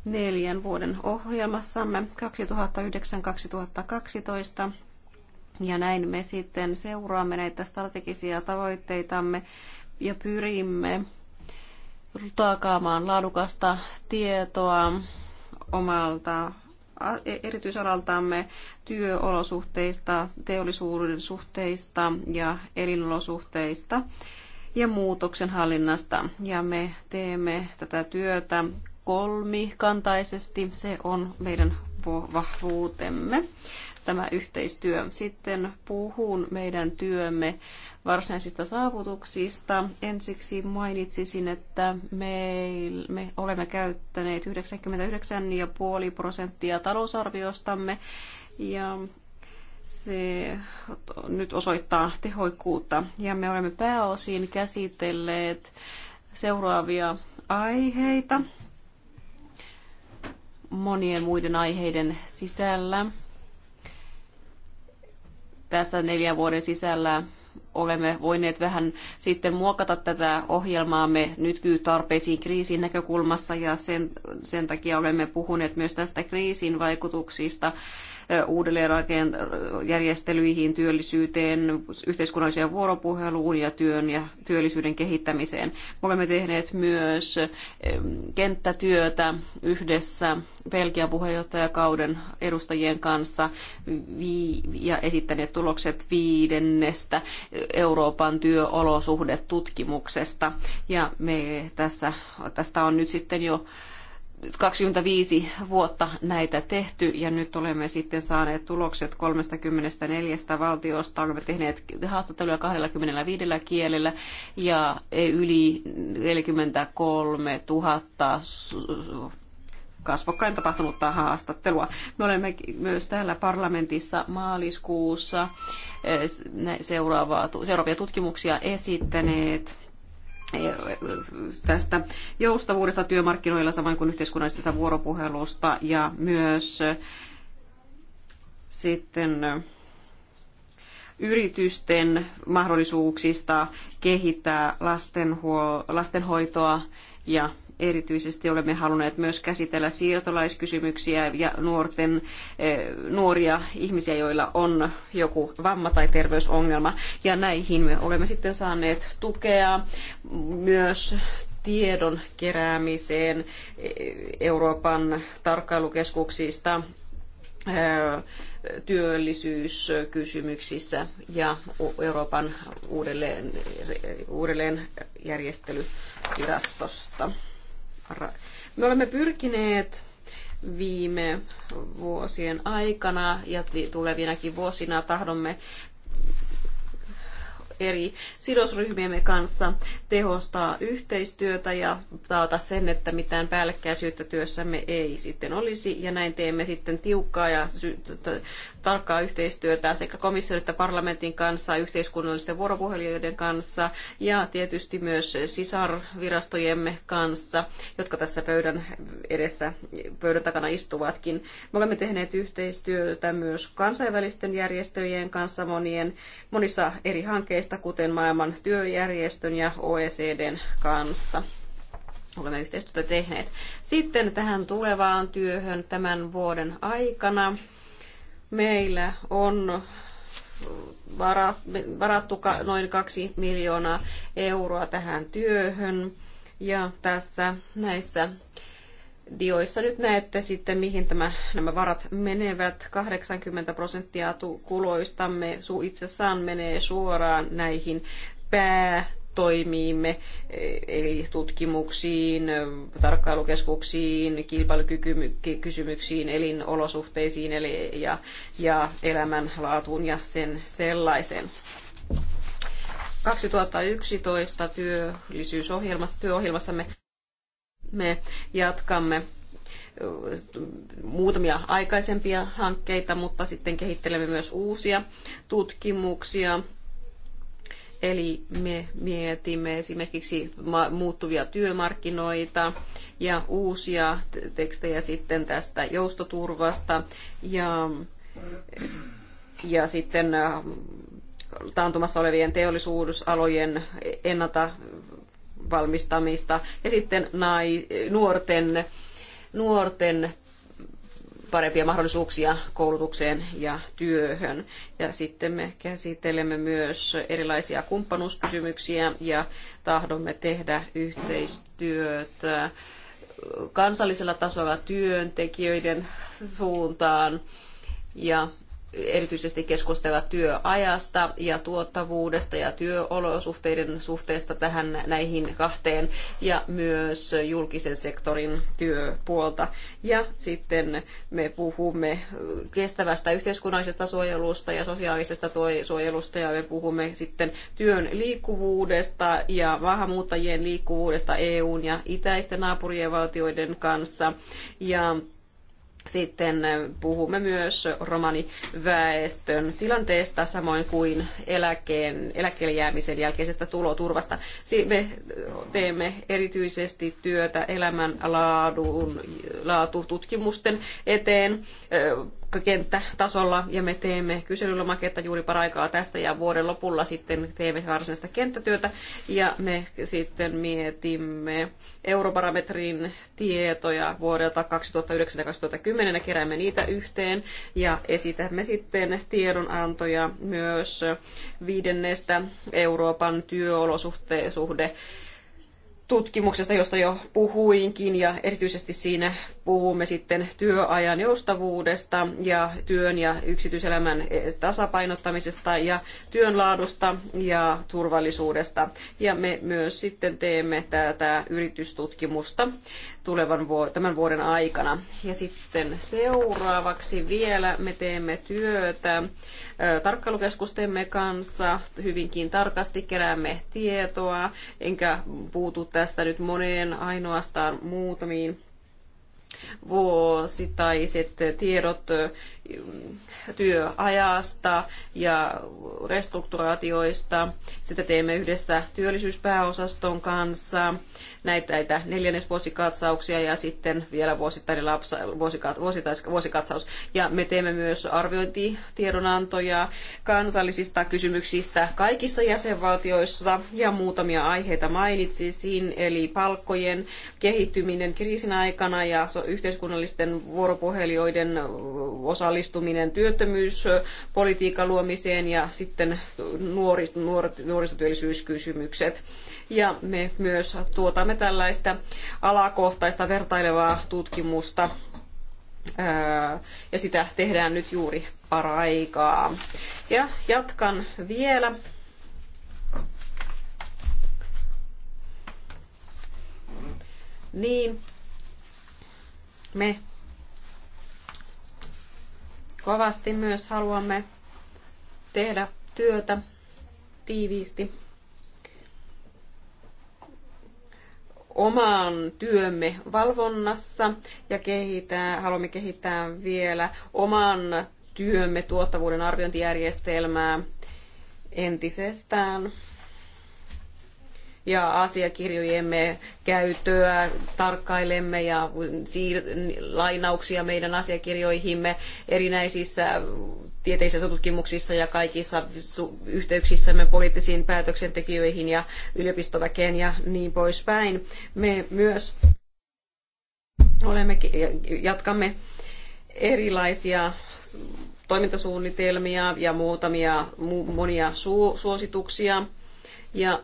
neljän vuoden ohjelmassamme 2009-2012. Ja näin me sitten seuraamme näitä strategisia tavoitteitamme ja pyrimme takaamaan laadukasta tietoa omalta erityisalaltamme työolosuhteista, teollisuuden suhteista ja elinolosuhteista ja muutoksen hallinnasta. Ja me teemme tätä työtä kolmikantaisesti. Se on meidän vahvuutemme, tämä yhteistyö. Sitten puhun meidän työmme varsinaisista saavutuksista. Ensiksi mainitsisin, että me, me olemme käyttäneet 99,5 prosenttia talousarviostamme ja se nyt osoittaa tehoikkuutta. Ja me olemme pääosin käsitelleet seuraavia aiheita monien muiden aiheiden sisällä. Tässä neljän vuoden sisällä olemme voineet vähän sitten muokata tätä ohjelmaamme nykytarpeisiin kriisin näkökulmassa ja sen, sen takia olemme puhuneet myös tästä kriisin vaikutuksista uudelleenjärjestelyihin, työllisyyteen, yhteiskunnalliseen vuoropuheluun ja työn ja työllisyyden kehittämiseen. Me olemme tehneet myös kenttätyötä yhdessä Belgian puheenjohtajakauden edustajien kanssa ja esittäneet tulokset viidennestä Euroopan työolosuhdetutkimuksesta. Ja me tässä, tästä on nyt sitten jo 25 vuotta näitä tehty ja nyt olemme sitten saaneet tulokset 34 valtiosta. Olemme tehneet haastatteluja 25 kielellä ja yli 43 000 kasvokkain tapahtunutta haastattelua. Me olemme myös täällä parlamentissa maaliskuussa eh, seuraavia tutkimuksia esittäneet tästä joustavuudesta työmarkkinoilla samoin kuin yhteiskunnallisesta vuoropuhelusta ja myös sitten yritysten mahdollisuuksista kehittää lastenhoitoa ja Erityisesti olemme halunneet myös käsitellä siirtolaiskysymyksiä ja nuorten, eh, nuoria ihmisiä, joilla on joku vamma tai terveysongelma. Ja näihin me olemme sitten saaneet tukea myös tiedon keräämiseen eh, Euroopan tarkkailukeskuksista eh, työllisyyskysymyksissä ja Euroopan uudelleen, uudelleenjärjestelyvirastosta. Me olemme pyrkineet viime vuosien aikana ja tulevinakin vuosina tahdomme eri sidosryhmiemme kanssa, tehostaa yhteistyötä ja taata sen, että mitään päällekkäisyyttä työssämme ei sitten olisi. Ja näin teemme sitten tiukkaa ja tarkkaa yhteistyötä sekä komission että parlamentin kanssa, yhteiskunnallisten vuoropuhelijoiden kanssa ja tietysti myös sisarvirastojemme kanssa, jotka tässä pöydän edessä, pöydän takana istuvatkin. Me olemme tehneet yhteistyötä myös kansainvälisten järjestöjen kanssa monien, monissa eri hankkeissa sopimuksesta, kuten maailman työjärjestön ja OECDn kanssa. Olemme yhteistyötä tehneet. Sitten tähän tulevaan työhön tämän vuoden aikana meillä on varattu noin kaksi miljoonaa euroa tähän työhön. Ja tässä näissä dioissa nyt näette sitten, mihin tämä, nämä varat menevät. 80 prosenttia itse saan menee suoraan näihin pää toimiimme, eli tutkimuksiin, tarkkailukeskuksiin, kilpailukykykysymyksiin, elinolosuhteisiin eli, ja, ja elämänlaatuun ja sen sellaisen. 2011 työllisyysohjelmassa, työohjelmassamme me jatkamme muutamia aikaisempia hankkeita, mutta sitten kehittelemme myös uusia tutkimuksia. Eli me mietimme esimerkiksi muuttuvia työmarkkinoita ja uusia tekstejä sitten tästä joustoturvasta ja, ja sitten taantumassa olevien teollisuusalojen ennalta valmistamista ja sitten nai, nuorten, nuorten parempia mahdollisuuksia koulutukseen ja työhön. Ja sitten me käsittelemme myös erilaisia kumppanuuskysymyksiä ja tahdomme tehdä yhteistyötä kansallisella tasolla työntekijöiden suuntaan ja erityisesti keskustella työajasta ja tuottavuudesta ja työolosuhteiden suhteesta tähän näihin kahteen ja myös julkisen sektorin työpuolta. Ja sitten me puhumme kestävästä yhteiskunnallisesta suojelusta ja sosiaalisesta suojelusta ja me puhumme sitten työn liikkuvuudesta ja maahanmuuttajien liikkuvuudesta EUn ja itäisten naapurien valtioiden kanssa ja sitten eh, puhumme myös romaniväestön tilanteesta, samoin kuin eläkeen, eläkkeelle jäämisen jälkeisestä tuloturvasta. Me teemme erityisesti työtä elämänlaadun eteen eh, kenttätasolla ja me teemme kyselylomaketta juuri paraikaa tästä ja vuoden lopulla sitten teemme varsinaista kenttätyötä ja me sitten mietimme Europarametrin tietoja vuodelta 2009 ja 2010 ja keräämme niitä yhteen ja esitämme sitten tiedonantoja myös viidennestä Euroopan työolosuhteisuhde tutkimuksesta, josta jo puhuinkin, ja erityisesti siinä puhumme sitten työajan joustavuudesta ja työn ja yksityiselämän tasapainottamisesta ja työn laadusta ja turvallisuudesta. Ja me myös sitten teemme tätä yritystutkimusta tulevan tämän vuoden aikana. Ja sitten seuraavaksi vielä me teemme työtä tarkkailukeskustemme kanssa, hyvinkin tarkasti keräämme tietoa, enkä puutu tästä nyt moneen ainoastaan muutamiin vuosittaiset tiedot, työajasta ja restrukturaatioista. Sitä teemme yhdessä työllisyyspääosaston kanssa näitä, neljännesvuosikatsauksia ja sitten vielä vuosittainen lapsa, vuosikatsaus. Ja me teemme myös arviointitiedonantoja kansallisista kysymyksistä kaikissa jäsenvaltioissa ja muutamia aiheita mainitsisin, eli palkkojen kehittyminen kriisin aikana ja yhteiskunnallisten vuoropuhelijoiden osallistuminen osallistuminen työttömyyspolitiikan luomiseen ja sitten nuori, nuorisotyöllisyyskysymykset. Ja me myös tuotamme tällaista alakohtaista vertailevaa tutkimusta ja sitä tehdään nyt juuri paraikaa. Ja jatkan vielä. Niin, me Kovasti myös haluamme tehdä työtä tiiviisti oman työmme valvonnassa ja kehittää haluamme kehittää vielä oman työmme tuottavuuden arviointijärjestelmää entisestään ja asiakirjojemme käyttöä tarkkailemme ja lainauksia meidän asiakirjoihimme erinäisissä tieteisissä tutkimuksissa ja kaikissa yhteyksissämme poliittisiin päätöksentekijöihin ja yliopistoväkeen ja niin poispäin. Me myös olemme, jatkamme erilaisia toimintasuunnitelmia ja muutamia, monia suosituksia. Ja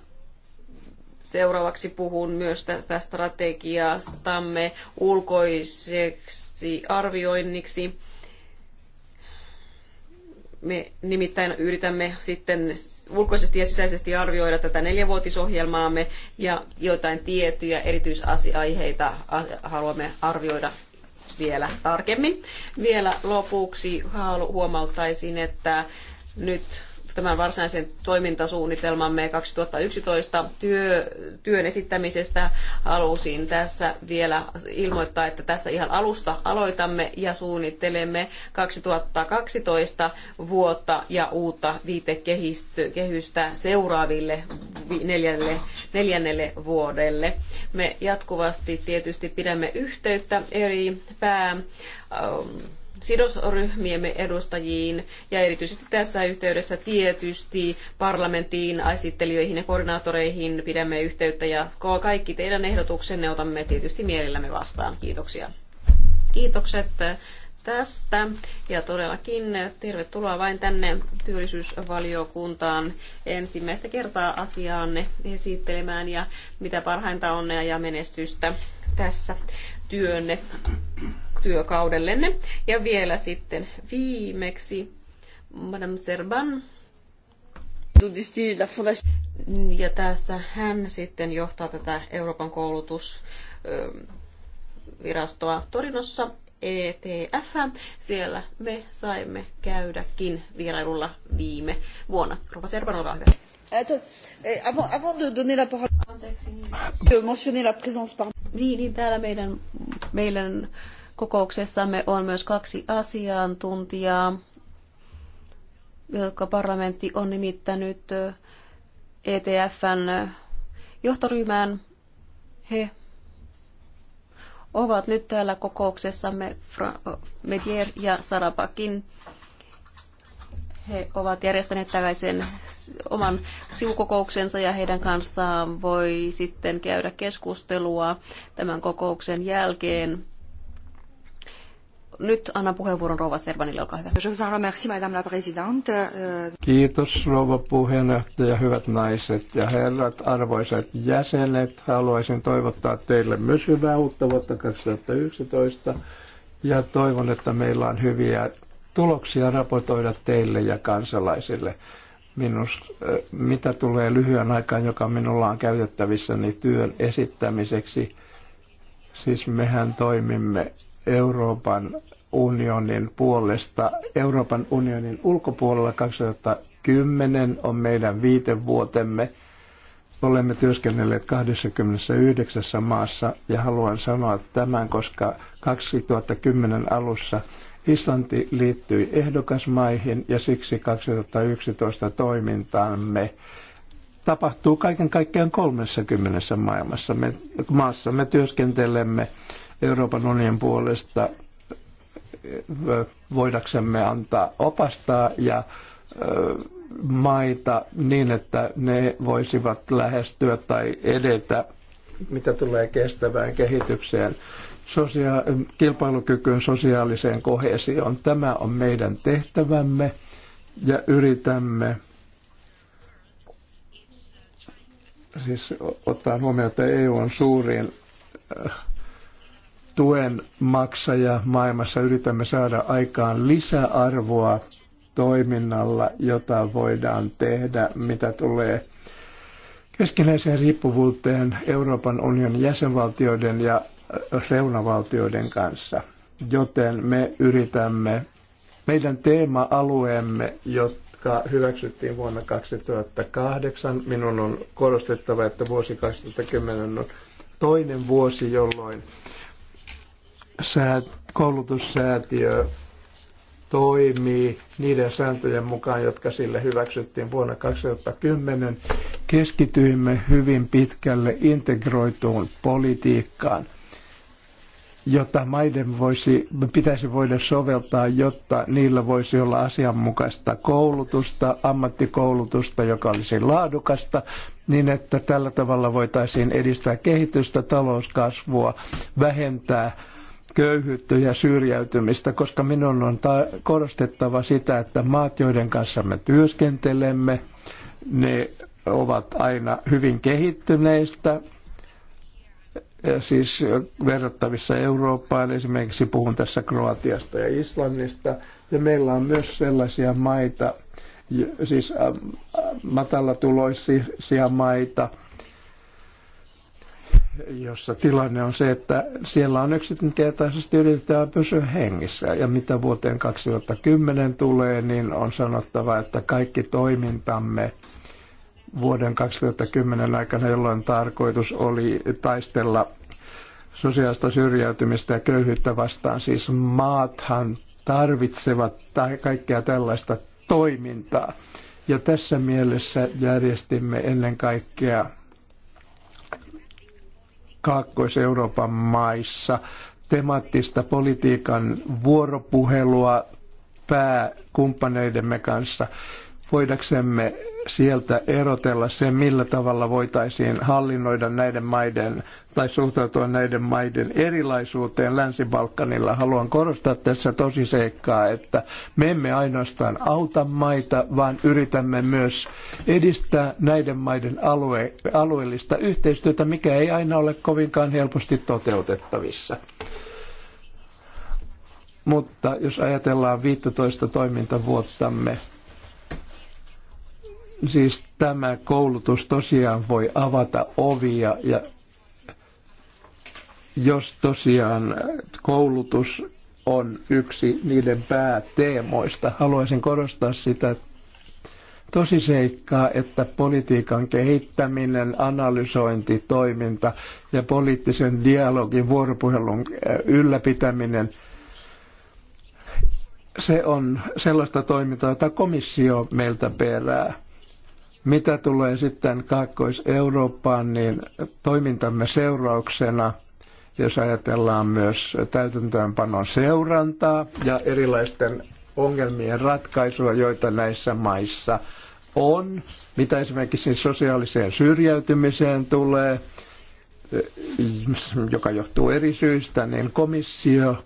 Seuraavaksi puhun myös tästä strategiastamme ulkoiseksi arvioinniksi. Me nimittäin yritämme sitten ulkoisesti ja sisäisesti arvioida tätä neljävuotisohjelmaamme ja joitain tiettyjä erityisaiheita haluamme arvioida vielä tarkemmin. Vielä lopuksi huomauttaisin, että nyt tämän varsinaisen toimintasuunnitelmamme 2011 työ, työn esittämisestä halusin tässä vielä ilmoittaa, että tässä ihan alusta aloitamme ja suunnittelemme 2012 vuotta ja uutta viitekehystä seuraaville neljälle, neljännelle vuodelle. Me jatkuvasti tietysti pidämme yhteyttä eri pää ähm, sidosryhmiemme edustajiin ja erityisesti tässä yhteydessä tietysti parlamenttiin, esittelijöihin ja koordinaatoreihin pidämme yhteyttä ja kaikki teidän ehdotuksenne otamme tietysti mielellämme vastaan. Kiitoksia. Kiitokset tästä ja todellakin tervetuloa vain tänne työllisyysvaliokuntaan ensimmäistä kertaa asiaanne esittelemään ja mitä parhainta onnea ja menestystä tässä työnne työkaudellenne. Ja vielä sitten viimeksi Madame Serban. Ja tässä hän sitten johtaa tätä Euroopan koulutusvirastoa Torinossa ETF. Siellä me saimme käydäkin vierailulla viime vuonna. Rova Serban, olkaa hyvä. Eh, Anteeksi, niin. de la présence Niin, niin täällä meidän, meidän Kokouksessamme on myös kaksi asiantuntijaa, jotka parlamentti on nimittänyt ETFn johtoryhmään. He ovat nyt täällä kokouksessamme Medier ja Sarapakin. He ovat järjestäneet tällaisen oman sivukokouksensa ja heidän kanssaan voi sitten käydä keskustelua tämän kokouksen jälkeen nyt annan puheenvuoron rouva Servanille, olkaa hyvä. Euh, Kiitos rouva puheenjohtaja, hyvät naiset ja herrat, arvoisat jäsenet. Haluaisin toivottaa teille myös hyvää uutta vuotta 2011 ja toivon, että meillä on hyviä tuloksia raportoida teille ja kansalaisille. Minus, mitä tulee lyhyen aikaan, joka minulla on käytettävissä, niin työn esittämiseksi, siis mehän toimimme Euroopan unionin puolesta. Euroopan unionin ulkopuolella 2010 on meidän viitevuotemme. Olemme työskennelleet 29 maassa ja haluan sanoa tämän, koska 2010 alussa Islanti liittyi ehdokasmaihin ja siksi 2011 toimintaamme tapahtuu kaiken kaikkiaan 30 maailmassa. Me, maassa me työskentelemme Euroopan unionin puolesta voidaksemme antaa opastaa ja maita niin, että ne voisivat lähestyä tai edetä, mitä tulee kestävään kehitykseen, sosia- kilpailukykyyn, sosiaaliseen kohesioon. Tämä on meidän tehtävämme ja yritämme siis ottaen huomioon, että EU on suurin tuen maksaja maailmassa yritämme saada aikaan lisäarvoa toiminnalla, jota voidaan tehdä, mitä tulee keskinäiseen riippuvuuteen Euroopan unionin jäsenvaltioiden ja reunavaltioiden kanssa. Joten me yritämme, meidän teema-alueemme, jotka hyväksyttiin vuonna 2008, minun on korostettava, että vuosi 2010 on toinen vuosi, jolloin koulutussäätiö toimii niiden sääntöjen mukaan, jotka sille hyväksyttiin vuonna 2010. Keskityimme hyvin pitkälle integroituun politiikkaan, jota maiden voisi, pitäisi voida soveltaa, jotta niillä voisi olla asianmukaista koulutusta, ammattikoulutusta, joka olisi laadukasta, niin että tällä tavalla voitaisiin edistää kehitystä, talouskasvua, vähentää köyhyyttä ja syrjäytymistä, koska minun on korostettava sitä, että maat, joiden kanssa me työskentelemme, ne ovat aina hyvin kehittyneistä, siis verrattavissa Eurooppaan, esimerkiksi puhun tässä Kroatiasta ja Islannista, ja meillä on myös sellaisia maita, siis ähm, äh, matalatuloisia maita, jossa tilanne on se, että siellä on yksinkertaisesti yritetään pysyä hengissä. Ja mitä vuoteen 2010 tulee, niin on sanottava, että kaikki toimintamme vuoden 2010 aikana, jolloin tarkoitus oli taistella sosiaalista syrjäytymistä ja köyhyyttä vastaan. Siis maathan tarvitsevat tai kaikkea tällaista toimintaa. Ja tässä mielessä järjestimme ennen kaikkea Kaakkois-Euroopan maissa temaattista politiikan vuoropuhelua pääkumppaneidemme kanssa voidaksemme sieltä erotella se, millä tavalla voitaisiin hallinnoida näiden maiden tai suhtautua näiden maiden erilaisuuteen Länsi-Balkanilla. Haluan korostaa tässä tosiseikkaa, että me emme ainoastaan auta maita, vaan yritämme myös edistää näiden maiden alue, alueellista yhteistyötä, mikä ei aina ole kovinkaan helposti toteutettavissa. Mutta jos ajatellaan 15 toimintavuottamme, Siis tämä koulutus tosiaan voi avata ovia ja jos tosiaan koulutus on yksi niiden pääteemoista, haluaisin korostaa sitä tosi seikkaa, että politiikan kehittäminen, analysointi, toiminta ja poliittisen dialogin, vuoropuhelun eh, ylläpitäminen, se on sellaista toimintaa, jota komissio meiltä perää. Mitä tulee sitten Kaakkois-Eurooppaan, niin toimintamme seurauksena, jos ajatellaan myös täytäntöönpanon seurantaa ja erilaisten ongelmien ratkaisua, joita näissä maissa on, mitä esimerkiksi sosiaaliseen syrjäytymiseen tulee, joka johtuu eri syistä, niin komissio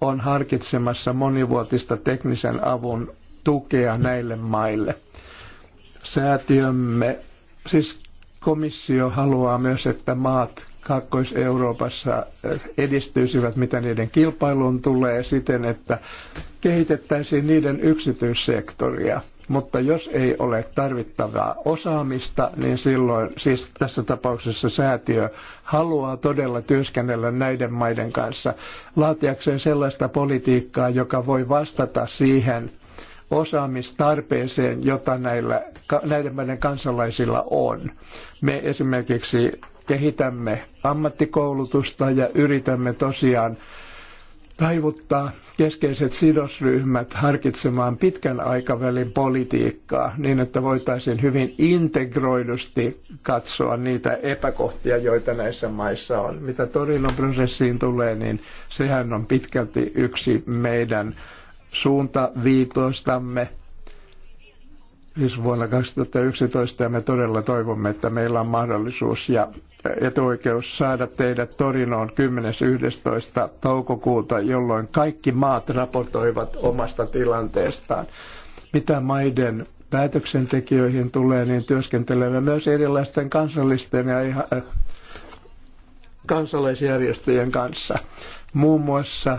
on harkitsemassa monivuotista teknisen avun tukea näille maille – Säätiömme, siis komissio haluaa myös, että maat Kaakkois-Euroopassa eh, edistyisivät, mitä niiden kilpailuun tulee, siten, että kehitettäisiin niiden yksityissektoria. Mutta jos ei ole tarvittavaa osaamista, niin silloin, siis tässä tapauksessa säätiö haluaa todella työskennellä näiden maiden kanssa laatiakseen sellaista politiikkaa, joka voi vastata siihen osaamistarpeeseen, jota näillä, näiden maiden kansalaisilla on. Me esimerkiksi kehitämme ammattikoulutusta ja yritämme tosiaan taivuttaa keskeiset sidosryhmät harkitsemaan pitkän aikavälin politiikkaa niin, että voitaisiin hyvin integroidusti katsoa niitä epäkohtia, joita näissä maissa on. Mitä Torinon prosessiin tulee, niin sehän on pitkälti yksi meidän suuntaviitoistamme siis vuonna 2011 ja me todella toivomme, että meillä on mahdollisuus ja etuoikeus saada teidät Torinoon 10.11. toukokuuta, jolloin kaikki maat raportoivat omasta tilanteestaan. Mitä maiden päätöksentekijöihin tulee, niin työskentelemme myös erilaisten kansallisten ja ihan, äh, kansalaisjärjestöjen kanssa. Muun muassa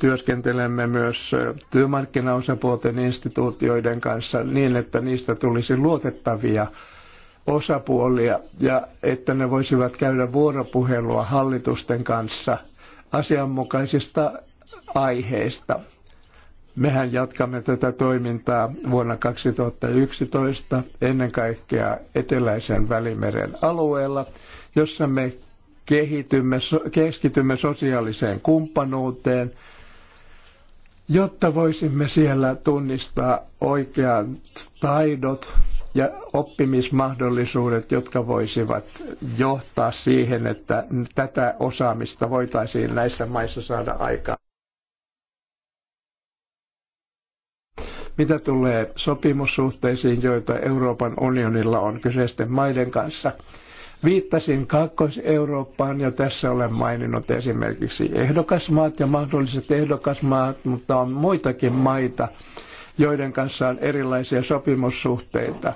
työskentelemme myös työmarkkinaosapuolten instituutioiden kanssa niin, että niistä tulisi luotettavia osapuolia ja että ne voisivat käydä vuoropuhelua hallitusten kanssa asianmukaisista aiheista. Mehän jatkamme tätä toimintaa vuonna 2011 ennen kaikkea eteläisen välimeren alueella, jossa me kehitymme, keskitymme sosiaaliseen kumppanuuteen, jotta voisimme siellä tunnistaa oikeat taidot ja oppimismahdollisuudet, jotka voisivat johtaa siihen, että tätä osaamista voitaisiin näissä maissa saada aikaan. Mitä tulee sopimussuhteisiin, joita Euroopan unionilla on kyseisten maiden kanssa – Viittasin Kaakkois-Eurooppaan ja tässä olen maininnut esimerkiksi ehdokasmaat ja mahdolliset ehdokasmaat, mutta on muitakin maita, joiden kanssa on erilaisia sopimussuhteita.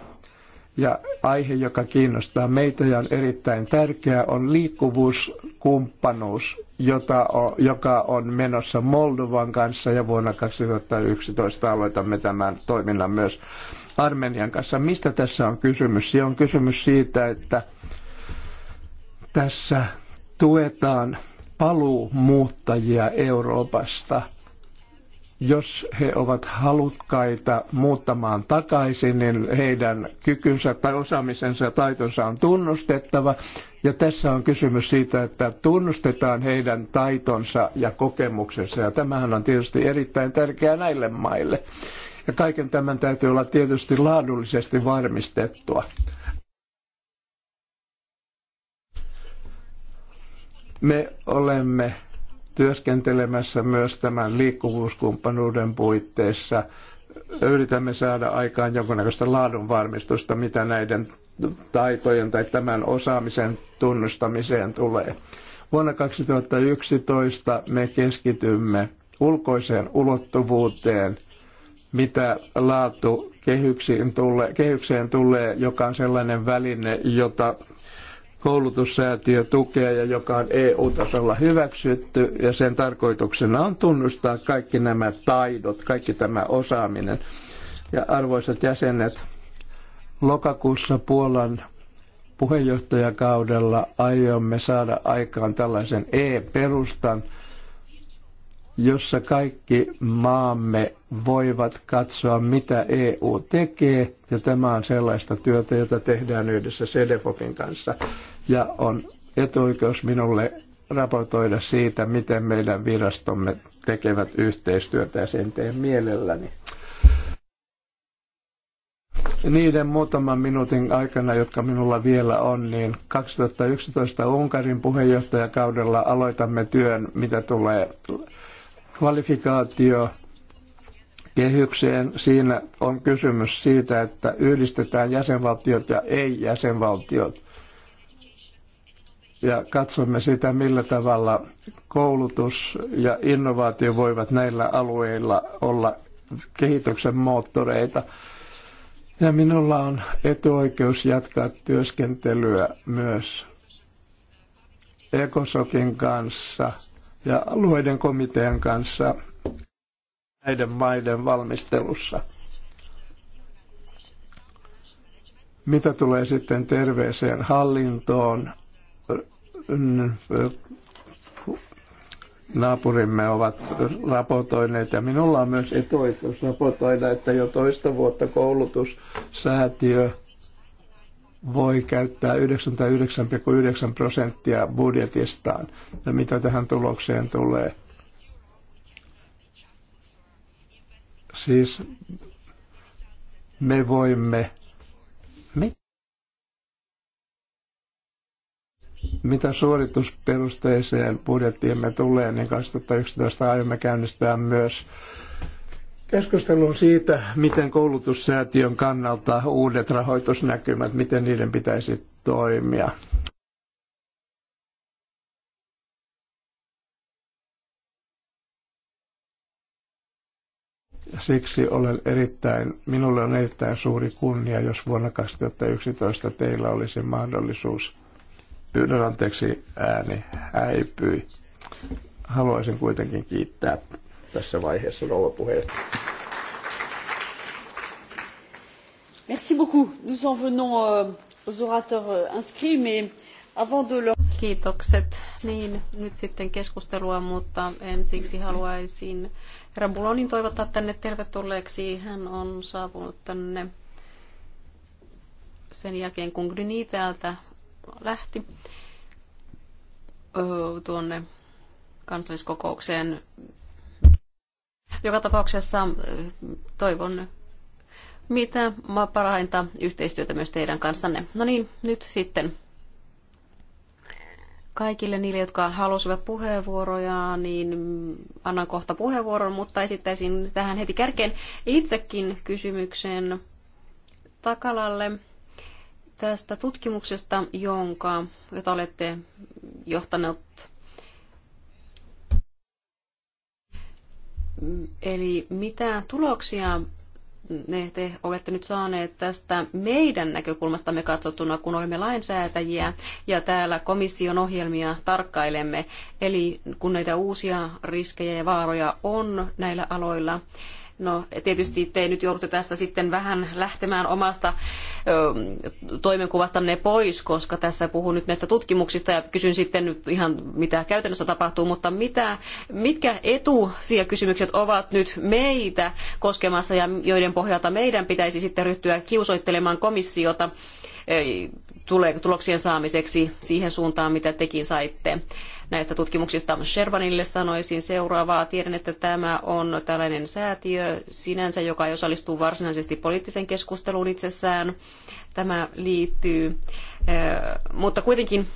Ja aihe, joka kiinnostaa meitä ja on erittäin tärkeä, on liikkuvuuskumppanuus, jota on, joka on menossa Moldovan kanssa ja vuonna 2011 aloitamme tämän toiminnan myös Armenian kanssa. Mistä tässä on kysymys? Siinä on kysymys siitä, että tässä tuetaan paluumuuttajia Euroopasta. Jos he ovat halukkaita muuttamaan takaisin, niin heidän kykynsä tai osaamisensa ja taitonsa on tunnustettava. Ja tässä on kysymys siitä, että tunnustetaan heidän taitonsa ja kokemuksensa. Ja tämähän on tietysti erittäin tärkeää näille maille. Ja kaiken tämän täytyy olla tietysti laadullisesti varmistettua. Me olemme työskentelemässä myös tämän liikkuvuuskumppanuuden puitteissa. Yritämme saada aikaan jonkunnäköistä laadunvarmistusta, mitä näiden taitojen tai tämän osaamisen tunnustamiseen tulee. Vuonna 2011 me keskitymme ulkoiseen ulottuvuuteen, mitä laatu kehyksiin tulee, kehykseen tulee, joka on sellainen väline, jota koulutussäätiö tukee ja joka on EU-tasolla hyväksytty ja sen tarkoituksena on tunnustaa kaikki nämä taidot, kaikki tämä osaaminen. Ja arvoisat jäsenet, lokakuussa Puolan puheenjohtajakaudella aiomme saada aikaan tällaisen e-perustan, jossa kaikki maamme voivat katsoa, mitä EU tekee, ja tämä on sellaista työtä, jota tehdään yhdessä Sedefopin kanssa ja on etuoikeus minulle raportoida siitä, miten meidän virastomme tekevät yhteistyötä ja sen teen mielelläni. Niiden muutaman minuutin aikana, jotka minulla vielä on, niin 2011 Unkarin puheenjohtajakaudella aloitamme työn, mitä tulee kvalifikaatio kehykseen. Siinä on kysymys siitä, että yhdistetään jäsenvaltiot ja ei-jäsenvaltiot ja katsomme sitä, millä tavalla koulutus ja innovaatio voivat näillä alueilla olla kehityksen moottoreita. Ja minulla on etuoikeus jatkaa työskentelyä myös Ekosokin kanssa ja alueiden komitean kanssa näiden maiden valmistelussa. Mitä tulee sitten terveeseen hallintoon, naapurimme ovat raportoineet, ja minulla on myös etuoikeus raportoida, että jo toista vuotta koulutussäätiö voi käyttää 99,9 prosenttia budjetistaan. Ja mitä tähän tulokseen tulee? Siis me voimme Mitä suoritusperusteiseen me tulee, niin 2011 aiomme käynnistää myös keskustelun siitä, miten koulutussäätiön kannalta uudet rahoitusnäkymät, miten niiden pitäisi toimia. siksi olen erittäin, minulle on erittäin suuri kunnia, jos vuonna 2011 teillä olisi mahdollisuus Pyydän anteeksi, ääni häipyi. Haluaisin kuitenkin kiittää tässä vaiheessa rouva puheenjohtaja. Merci beaucoup. Nous en venons euh, aux orateurs euh, inscrits, mais avant de leur... Kiitokset. Niin, nyt sitten keskustelua, mutta ensiksi haluaisin herra Bulonin toivottaa tänne tervetulleeksi. Hän on saapunut tänne sen jälkeen, kun Gryni täältä lähti tuonne kansalliskokoukseen. Joka tapauksessa toivon mitä parainta yhteistyötä myös teidän kanssanne. No niin, nyt sitten kaikille niille, jotka halusivat puheenvuoroja, niin annan kohta puheenvuoron, mutta esittäisin tähän heti kärkeen itsekin kysymyksen Takalalle tästä tutkimuksesta, jonka, jota olette johtanut. Eli mitä tuloksia ne te olette nyt saaneet tästä meidän näkökulmastamme katsottuna, kun olemme lainsäätäjiä ja täällä komission ohjelmia tarkkailemme. Eli kun näitä uusia riskejä ja vaaroja on näillä aloilla, No, tietysti te nyt joudutte tässä sitten vähän lähtemään omasta ö, toimenkuvastanne pois, koska tässä puhun nyt näistä tutkimuksista ja kysyn sitten nyt ihan mitä käytännössä tapahtuu, mutta mitä, mitkä etusia kysymykset ovat nyt meitä koskemassa ja joiden pohjalta meidän pitäisi sitten ryhtyä kiusoittelemaan komissiota tuloksien saamiseksi siihen suuntaan, mitä tekin saitte näistä tutkimuksista Shervanille sanoisin seuraavaa. Tiedän, että tämä on tällainen säätiö sinänsä, joka ei osallistu varsinaisesti poliittiseen keskusteluun itsessään. Tämä liittyy, eh, mutta kuitenkin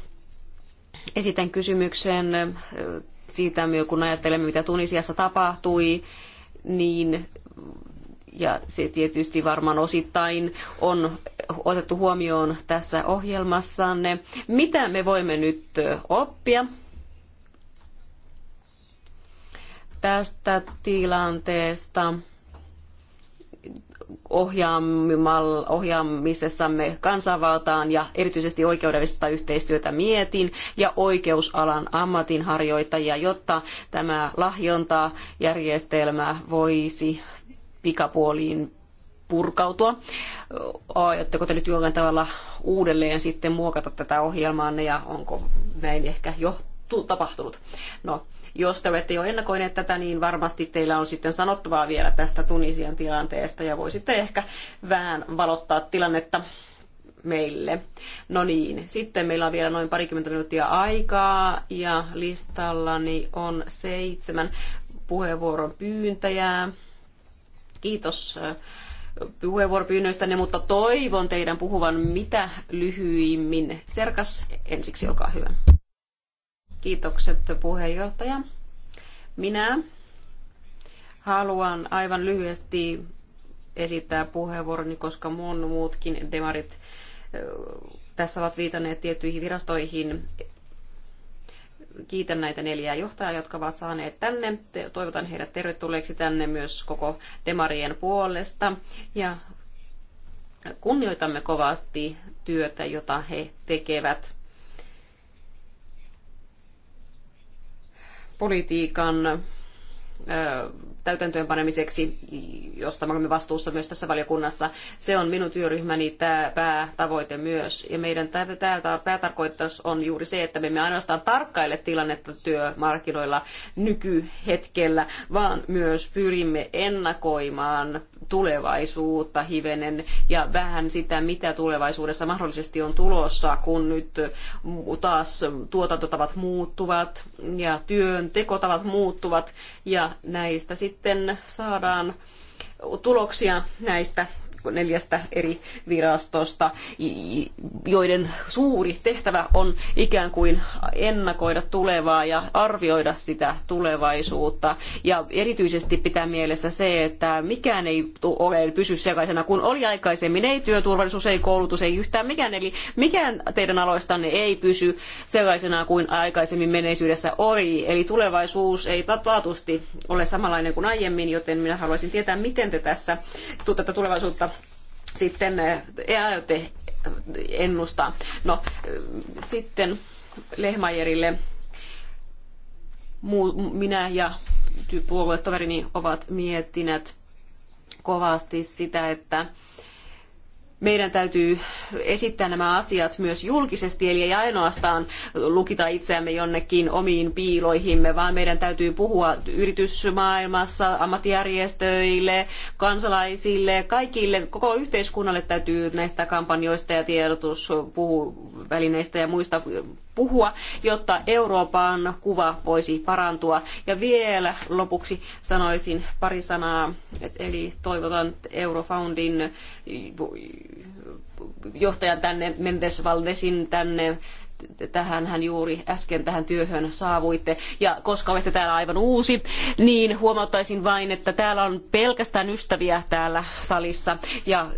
esitän kysymyksen eh, siitä, kun ajattelemme, mitä Tunisiassa tapahtui, niin ja se tietysti varmaan osittain on otettu huomioon tässä ohjelmassanne. Mitä me voimme nyt eh, oppia tästä tilanteesta ohjaamisessamme kansanvaltaan ja erityisesti oikeudellista yhteistyötä mietin ja oikeusalan ammatinharjoittajia, jotta tämä lahjontajärjestelmä voisi pikapuoliin purkautua. Aiotteko te nyt jollain tavalla uudelleen sitten muokata tätä ohjelmaanne ja onko näin ehkä jo tapahtunut? No, jos te olette jo ennakoineet tätä, niin varmasti teillä on sitten sanottavaa vielä tästä Tunisian tilanteesta ja voisitte ehkä vähän valottaa tilannetta meille. No niin, sitten meillä on vielä noin parikymmentä minuuttia aikaa ja listallani on seitsemän puheenvuoron pyyntäjää. Kiitos äh, puheenvuoropyynnöistänne, mutta toivon teidän puhuvan mitä lyhyimmin. Serkas, ensiksi olkaa hyvä. Kiitokset puheenjohtaja. Minä haluan aivan lyhyesti esittää puheenvuoroni, koska mun muutkin demarit tässä ovat viitanneet tiettyihin virastoihin. Kiitän näitä neljää johtajaa, jotka ovat saaneet tänne. Toivotan heidät tervetulleeksi tänne myös koko demarien puolesta. Ja kunnioitamme kovasti työtä, jota he tekevät politiikan täytäntöönpanemiseksi, josta me olemme vastuussa myös tässä valiokunnassa. Se on minun työryhmäni tämä päätavoite myös. Ja meidän päätarkoitus on juuri se, että me emme ainoastaan tarkkaile tilannetta työmarkkinoilla nykyhetkellä, vaan myös pyrimme ennakoimaan tulevaisuutta hivenen ja vähän sitä, mitä tulevaisuudessa mahdollisesti on tulossa, kun nyt taas tuotantotavat muuttuvat ja työntekotavat muuttuvat ja näistä sitten sitten saadaan tuloksia näistä neljästä eri virastosta, joiden suuri tehtävä on ikään kuin ennakoida tulevaa ja arvioida sitä tulevaisuutta. Ja erityisesti pitää mielessä se, että mikään ei ole pysy sekaisena, kun oli aikaisemmin, ei työturvallisuus, ei koulutus, ei yhtään mikään, eli mikään teidän aloistanne ei pysy sellaisena kuin aikaisemmin menneisyydessä oli, eli tulevaisuus ei taatusti ole samanlainen kuin aiemmin, joten minä haluaisin tietää, miten te tässä tätä tulevaisuutta sitten EAJOTE ennustaa. No sitten Lehmajerille minä ja puoluetoverini ovat miettineet kovasti sitä, että meidän täytyy esittää nämä asiat myös julkisesti, eli ei ainoastaan lukita itseämme jonnekin omiin piiloihimme, vaan meidän täytyy puhua yritysmaailmassa, ammattijärjestöille, kansalaisille, kaikille, koko yhteiskunnalle täytyy näistä kampanjoista ja tiedotusvälineistä ja muista puhua, jotta Euroopan kuva voisi parantua. Ja vielä lopuksi sanoisin pari sanaa, eli toivotan Eurofoundin johtajan tänne, Mendes Valdesin tänne, tähän hän juuri äsken tähän työhön saavuitte. Ja koska olette täällä aivan uusi, niin huomauttaisin vain, että täällä on pelkästään ystäviä täällä salissa. Ja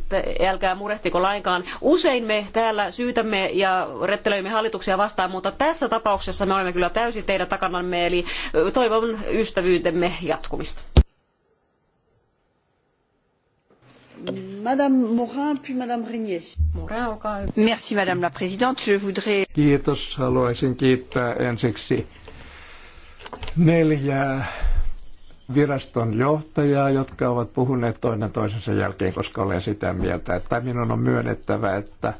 älkää murehtiko lainkaan. Usein me täällä syytämme ja rettelöimme hallituksia vastaan, mutta tässä tapauksessa me olemme kyllä täysin teidän takanamme eli toivon ystävyytemme jatkumista. Madame Morin, puis Madame Régnier. Morin, olkaa hyvä. Merci, Madame la Présidente. Je voudrais... Kiitos. Haluaisin kiittää ensiksi neljää viraston johtajaa, jotka ovat puhuneet toinen toisensa jälkeen, koska olen sitä mieltä, että minun on myönnettävä, että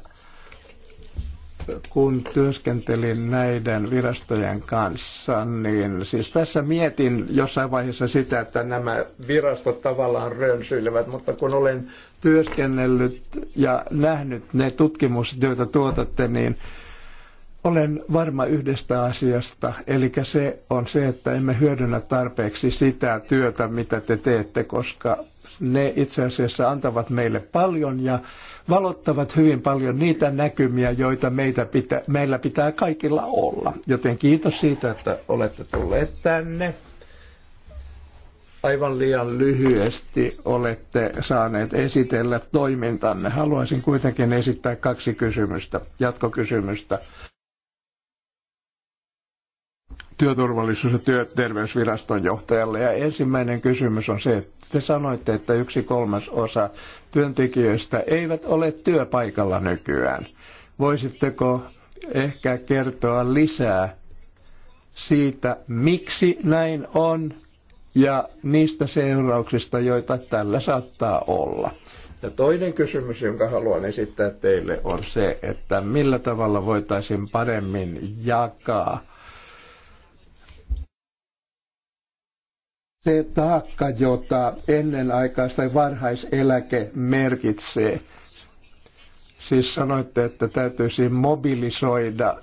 kun työskentelin näiden virastojen kanssa, niin siis tässä mietin jossain vaiheessa sitä, että nämä virastot tavallaan rönsyilevät, mutta kun olen työskennellyt ja nähnyt ne tutkimukset, joita tuotatte, niin olen varma yhdestä asiasta, eli se on se, että emme hyödynnä tarpeeksi sitä työtä, mitä te teette, koska ne itse asiassa antavat meille paljon ja valottavat hyvin paljon niitä näkymiä, joita meitä pitä, meillä pitää kaikilla olla. Joten kiitos siitä, että olette tulleet tänne. Aivan liian lyhyesti olette saaneet esitellä toimintanne. Haluaisin kuitenkin esittää kaksi kysymystä, jatkokysymystä työturvallisuus- ja työterveysviraston johtajalle. Ja ensimmäinen kysymys on se, että te sanoitte, että yksi kolmas osa työntekijöistä eivät ole työpaikalla nykyään. Voisitteko ehkä kertoa lisää siitä, miksi näin on ja niistä seurauksista, joita tällä saattaa olla. Ja toinen kysymys, jonka haluan esittää teille, on se, että millä tavalla voitaisiin paremmin jakaa se taakka, jota ennenaikaista varhaiseläke merkitsee. Siis sanoitte, että täytyisi mobilisoida,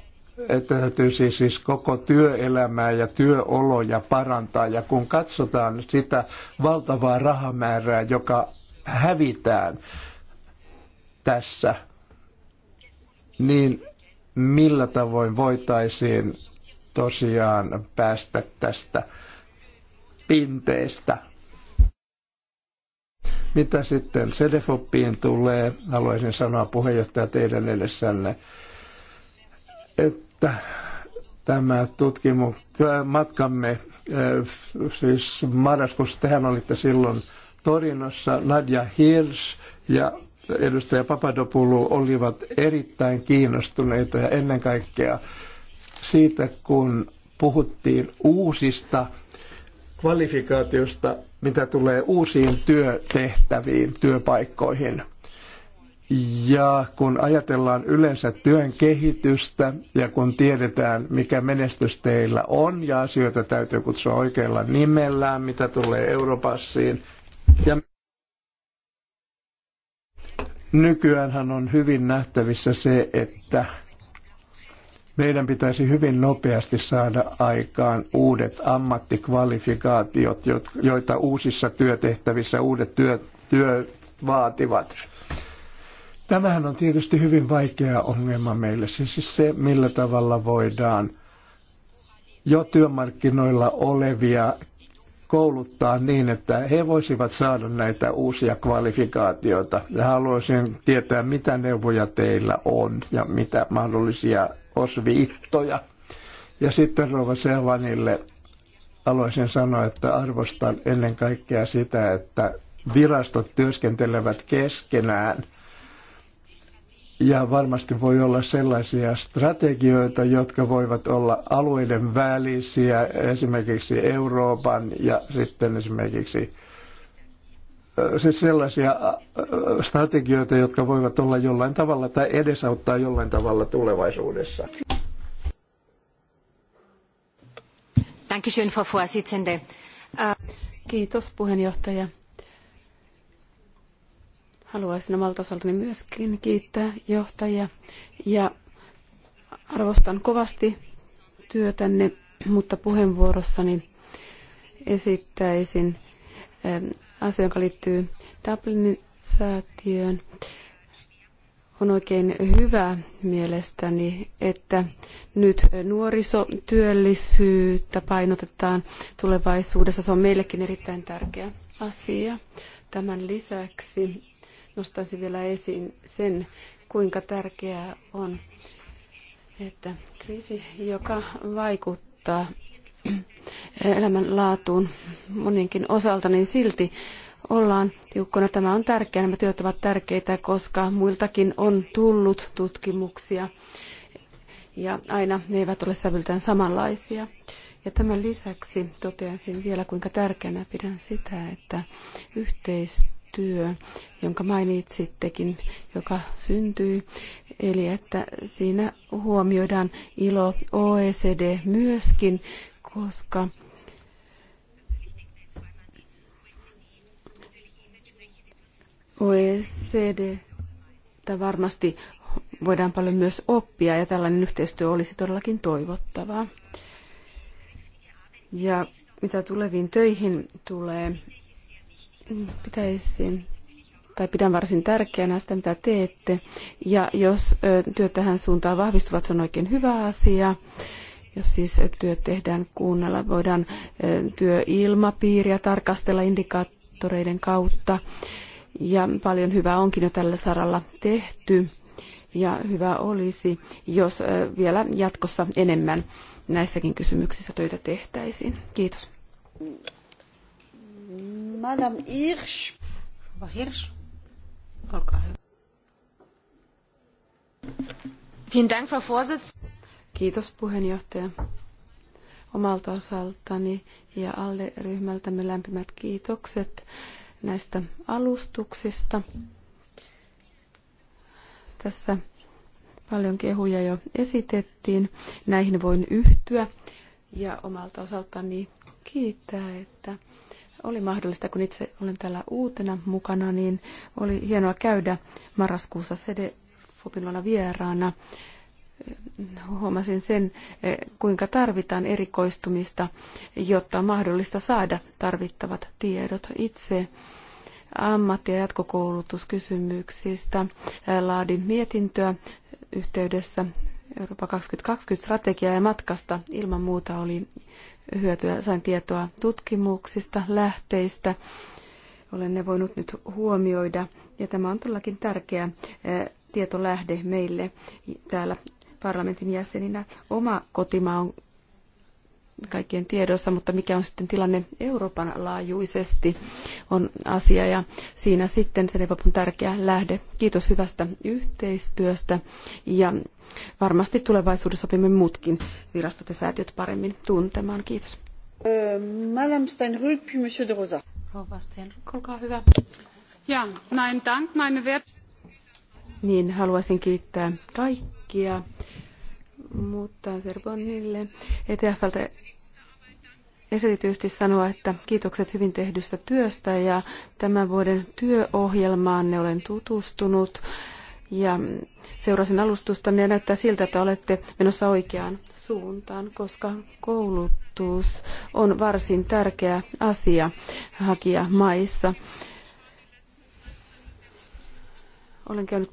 että täytyisi siis koko työelämää ja työoloja parantaa. Ja kun katsotaan sitä valtavaa rahamäärää, joka hävitään tässä, niin millä tavoin voitaisiin tosiaan päästä tästä – pinteestä. Mitä sitten Sedefoppiin tulee, haluaisin sanoa puheenjohtaja teidän edessänne, että tämä tutkimus, matkamme, siis marraskuussa tehän olitte silloin Torinossa, Nadja Hirsch ja edustaja Papadopoulou olivat erittäin kiinnostuneita ja ennen kaikkea siitä, kun puhuttiin uusista kvalifikaatiosta, mitä tulee uusiin työtehtäviin, työpaikkoihin. Ja kun ajatellaan yleensä työn kehitystä ja kun tiedetään, mikä menestys teillä on ja asioita täytyy kutsua oikealla nimellään, mitä tulee Europassiin. Ja nykyäänhän on hyvin nähtävissä se, että meidän pitäisi hyvin nopeasti saada aikaan uudet ammattikvalifikaatiot, joita uusissa työtehtävissä uudet työt, työt vaativat. Tämähän on tietysti hyvin vaikea ongelma meille, siis se millä tavalla voidaan jo työmarkkinoilla olevia kouluttaa niin, että he voisivat saada näitä uusia kvalifikaatioita. Ja haluaisin tietää, mitä neuvoja teillä on ja mitä mahdollisia osviittoja. Ja sitten Rova sehvanille haluaisin sanoa, että arvostan ennen kaikkea sitä, että virastot työskentelevät keskenään. Ja varmasti voi olla sellaisia strategioita, jotka voivat olla alueiden välisiä, esimerkiksi Euroopan ja sitten esimerkiksi siis sellaisia strategioita, jotka voivat olla jollain tavalla tai edesauttaa jollain tavalla tulevaisuudessa. Dankeschön, Frau Vorsitzende. Kiitos puheenjohtaja. Haluaisin omalta osaltani myöskin kiittää johtajia ja arvostan kovasti työtänne, mutta puheenvuorossani esittäisin asia, joka liittyy Dublinin säätiöön. On oikein hyvä mielestäni, että nyt nuorisotyöllisyyttä painotetaan tulevaisuudessa. Se on meillekin erittäin tärkeä asia. Tämän lisäksi nostaisin vielä esiin sen, kuinka tärkeää on, että kriisi, joka vaikuttaa elämänlaatuun moninkin osalta, niin silti ollaan tiukkona. Tämä on tärkeää, nämä työt ovat tärkeitä, koska muiltakin on tullut tutkimuksia ja aina ne eivät ole sävyltään samanlaisia. Ja tämän lisäksi toteaisin vielä, kuinka tärkeänä pidän sitä, että yhteistyö, jonka mainitsittekin, joka syntyy, eli että siinä huomioidaan ILO, OECD myöskin koska OECD varmasti voidaan paljon myös oppia ja tällainen yhteistyö olisi todellakin toivottavaa. Ja mitä tuleviin töihin tulee, pitäisin tai pidän varsin tärkeänä sitä, mitä teette. Ja jos työt tähän suuntaan vahvistuvat, se on oikein hyvä asia. Jos siis eh, työt tehdään kuunnella, voidaan eh, työilmapiiriä tarkastella indikaattoreiden kautta. Ja paljon hyvää onkin jo tällä saralla tehty. Ja hyvä olisi, jos eh, vielä jatkossa enemmän näissäkin kysymyksissä töitä tehtäisiin. Kiitos. Madame Hirsch. Hirsch, olkaa hyvä. Vielen Dank, Frau Vorsitzende. Kiitos puheenjohtaja omalta osaltani ja alle ryhmältämme lämpimät kiitokset näistä alustuksista. Tässä paljon kehuja jo esitettiin. Näihin voin yhtyä ja omalta osaltani kiittää, että oli mahdollista, kun itse olen täällä uutena mukana, niin oli hienoa käydä marraskuussa Sede Fopilona vieraana huomasin sen, eh, kuinka tarvitaan erikoistumista, jotta on mahdollista saada tarvittavat tiedot itse ammatti- ja jatkokoulutuskysymyksistä. Eh, laadin mietintöä yhteydessä Eurooppa 2020-strategiaa ja matkasta ilman muuta oli hyötyä. Sain tietoa tutkimuksista, lähteistä. Olen ne voinut nyt huomioida ja tämä on todellakin tärkeä eh, tietolähde meille täällä parlamentin jäseninä. Oma kotimaa on kaikkien tiedossa, mutta mikä on sitten tilanne Euroopan laajuisesti on asia ja siinä sitten se on tärkeä lähde. Kiitos hyvästä yhteistyöstä ja varmasti tulevaisuudessa opimme muutkin virastot ja säätiöt paremmin tuntemaan. Kiitos. Madame Steinrück, puis Monsieur de Rosa. Rouva Steinrück, olkaa hyvä. Ja, nein, dank, meine Niin, haluaisin kiittää kaikkia kaikkia, mutta Serbonille ETFltä esityisesti sanoa, että kiitokset hyvin tehdystä työstä ja tämän vuoden työohjelmaan ne olen tutustunut ja seurasin alustusta ja näyttää siltä, että olette menossa oikeaan suuntaan, koska koulutus on varsin tärkeä asia hakijamaissa. Olen käynyt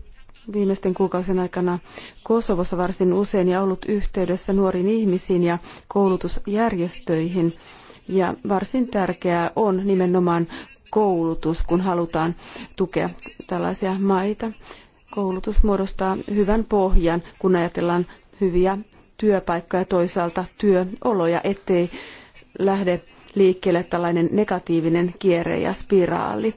viimeisten kuukausien aikana Kosovossa varsin usein ja ollut yhteydessä nuoriin ihmisiin ja koulutusjärjestöihin. Ja varsin tärkeää on nimenomaan koulutus, kun halutaan tukea tällaisia maita. Koulutus muodostaa hyvän pohjan, kun ajatellaan hyviä työpaikkoja ja toisaalta työoloja, ettei lähde liikkeelle tällainen negatiivinen kierre ja spiraali.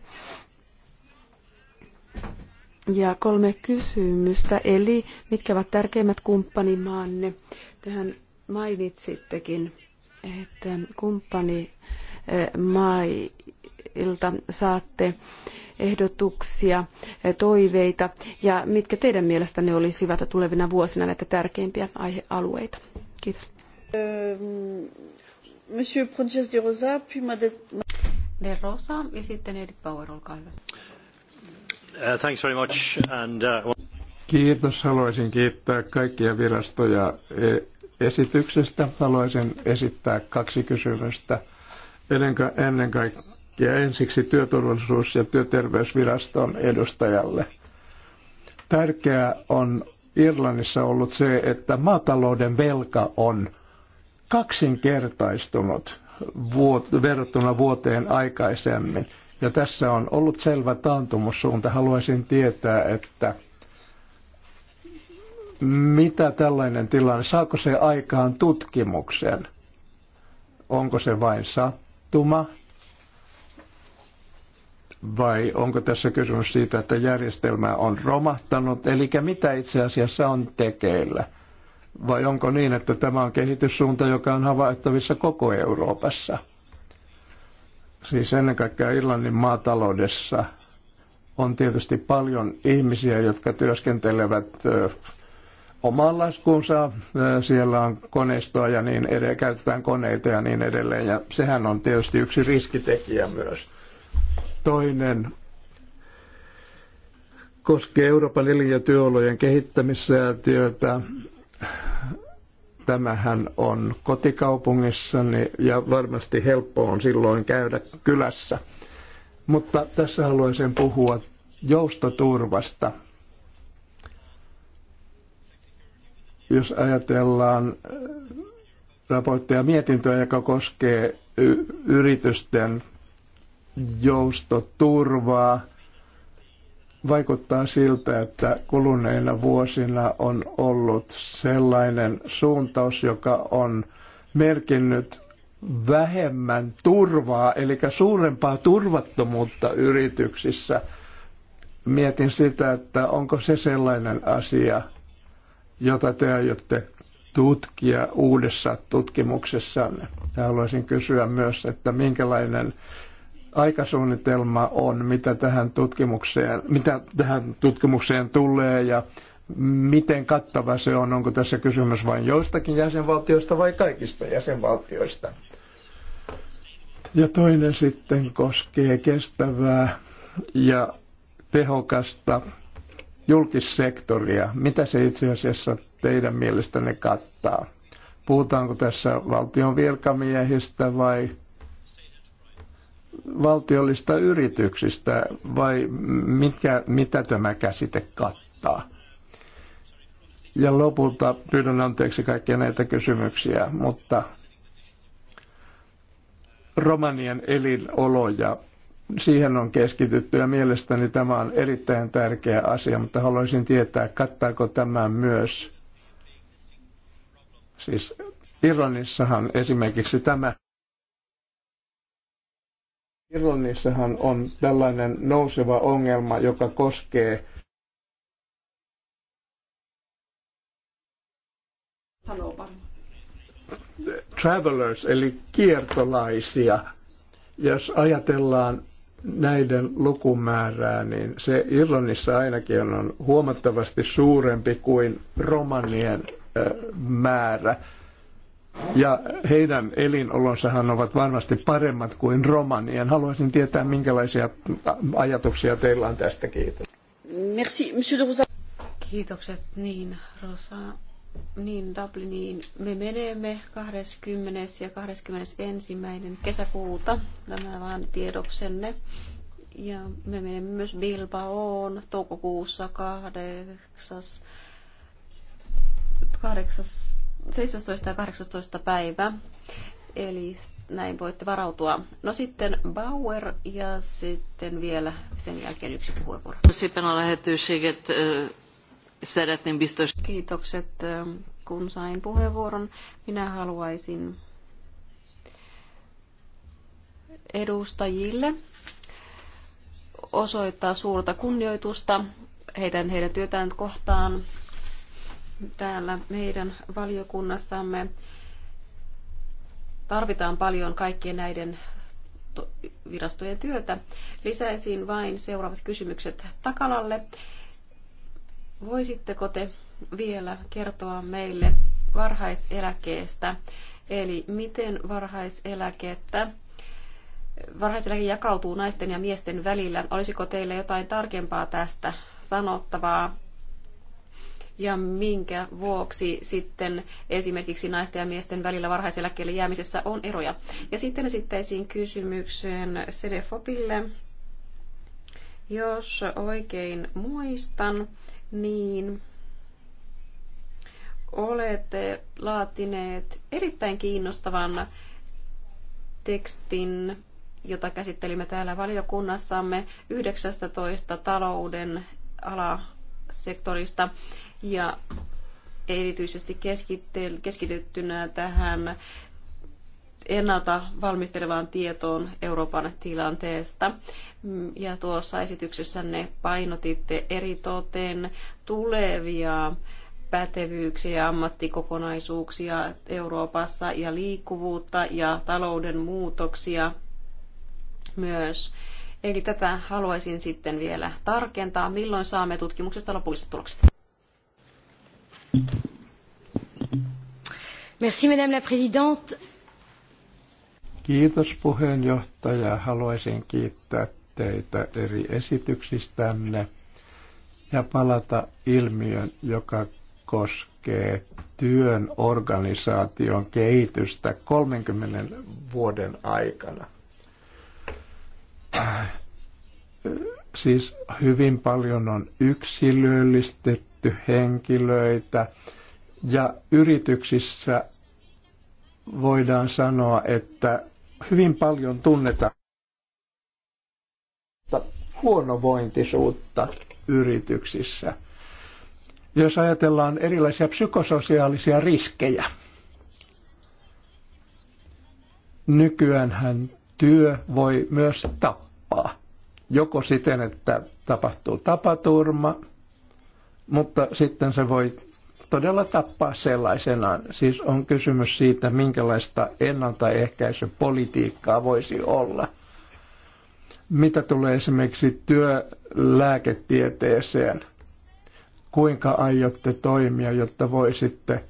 Ja kolme kysymystä, eli mitkä ovat tärkeimmät kumppanimaanne? Tehän mainitsittekin, että kumppanimailta saatte ehdotuksia, toiveita, ja mitkä teidän mielestänne olisivat tulevina vuosina näitä tärkeimpiä aihealueita? Kiitos. Monsieur Ponces de Rosa, puis Madame... De Rosa ja sitten Edith Bauer, olkaa hyvä. Uh, thanks very much. And, uh... Kiitos. Haluaisin kiittää kaikkia virastoja e- esityksestä. Haluaisin esittää kaksi kysymystä. Ennen kaikkea ensiksi työturvallisuus- ja työterveysviraston edustajalle. Tärkeää on Irlannissa ollut se, että maatalouden velka on kaksinkertaistunut verrattuna vuoteen aikaisemmin. Ja tässä on ollut selvä taantumussuunta. Haluaisin tietää, että mitä tällainen tilanne, saako se aikaan tutkimuksen? Onko se vain sattuma? Vai onko tässä kysymys siitä, että järjestelmä on romahtanut? Eli mitä itse asiassa on tekeillä? Vai onko niin, että tämä on kehityssuunta, joka on havaittavissa koko Euroopassa? siis ennen kaikkea Irlannin maataloudessa on tietysti paljon ihmisiä, jotka työskentelevät omaan laskuunsa. Siellä on koneistoa ja niin edelleen, käytetään koneita ja niin edelleen. Ja sehän on tietysti yksi riskitekijä myös. Toinen koskee Euroopan elin- ja työolojen kehittämissäätiötä. Tämähän on kotikaupungissani ja varmasti helppo on silloin käydä kylässä. Mutta tässä haluaisin puhua joustoturvasta. Jos ajatellaan äh, raporttia mietintöä, joka koskee yritysten joustoturvaa, vaikuttaa siltä, että kuluneina vuosina on ollut sellainen suuntaus, joka on merkinnyt vähemmän turvaa, eli suurempaa turvattomuutta yrityksissä. Mietin sitä, että onko se sellainen asia, jota te aiotte tutkia uudessa tutkimuksessanne. haluaisin kysyä myös, että minkälainen aikasuunnitelma on, mitä tähän tutkimukseen, mitä tähän tutkimukseen tulee ja miten kattava se on, onko tässä kysymys vain joistakin jäsenvaltioista vai kaikista jäsenvaltioista. Ja toinen sitten koskee kestävää ja tehokasta julkissektoria. Mitä se itse asiassa teidän mielestänne kattaa? Puhutaanko tässä valtion virkamiehistä vai valtiollista yrityksistä vai mitkä, mitä tämä käsite kattaa? Ja lopulta pyydän anteeksi kaikkia näitä kysymyksiä, mutta romanien elinoloja, siihen on keskitytty ja mielestäni tämä on erittäin tärkeä asia, mutta haluaisin tietää, kattaako tämä myös, siis Irlannissahan esimerkiksi tämä Irlannissahan on tällainen nouseva ongelma, joka koskee travelers eli kiertolaisia. Jos ajatellaan näiden lukumäärää, niin se Irlannissa ainakin on huomattavasti suurempi kuin romanien määrä. Ja heidän elinolonsahan ovat varmasti paremmat kuin romanien. Haluaisin tietää, minkälaisia ajatuksia teillä on tästä. Kiitos. Merci, monsieur de Rosa. Kiitokset. Niin, Rosa, niin Dubliniin me menemme 20. ja 21. kesäkuuta. Tämä vaan tiedoksenne. Ja me menemme myös Bilbaoon toukokuussa 8. 8 17. ja 18. päivä. Eli näin voitte varautua. No sitten Bauer ja sitten vielä sen jälkeen yksi puheenvuoro. Kiitokset, kun sain puheenvuoron. Minä haluaisin edustajille osoittaa suurta kunnioitusta heidän, heidän työtään kohtaan täällä meidän valiokunnassamme tarvitaan paljon kaikkien näiden virastojen työtä. Lisäisin vain seuraavat kysymykset Takalalle. Voisitteko te vielä kertoa meille varhaiseläkeestä, eli miten varhaiseläkettä varhaiseläke jakautuu naisten ja miesten välillä. Olisiko teillä jotain tarkempaa tästä sanottavaa? ja minkä vuoksi sitten esimerkiksi naisten ja miesten välillä varhaiseläkkeelle jäämisessä on eroja. Ja sitten esittäisin kysymyksen Sedefopille. Jos oikein muistan, niin olette laatineet erittäin kiinnostavan tekstin, jota käsittelimme täällä valiokunnassamme 19 talouden alasektorista ja erityisesti keskityttynä tähän ennalta valmistelevaan tietoon Euroopan tilanteesta. Ja tuossa esityksessänne painotitte eri toteen tulevia pätevyyksiä ja ammattikokonaisuuksia Euroopassa ja liikkuvuutta ja talouden muutoksia myös. Eli tätä haluaisin sitten vielä tarkentaa. Milloin saamme tutkimuksesta lopulliset tulokset? Madame la Présidente. Kiitos puheenjohtaja. Haluaisin kiittää teitä eri esityksistänne ja palata ilmiön, joka koskee työn organisaation kehitystä 30 vuoden aikana. Äh, siis hyvin paljon on yksilöllistetty pidätetty henkilöitä ja yrityksissä voidaan sanoa, että hyvin paljon tunnetaan huonovointisuutta yrityksissä. Jos ajatellaan erilaisia psykososiaalisia riskejä, nykyäänhän työ voi myös tappaa. Joko siten, että tapahtuu tapaturma, mutta sitten se voi todella tappaa sellaisenaan. Siis on kysymys siitä, minkälaista ennaltaehkäisypolitiikkaa voisi olla. Mitä tulee esimerkiksi työlääketieteeseen, kuinka aiotte toimia, jotta voisitte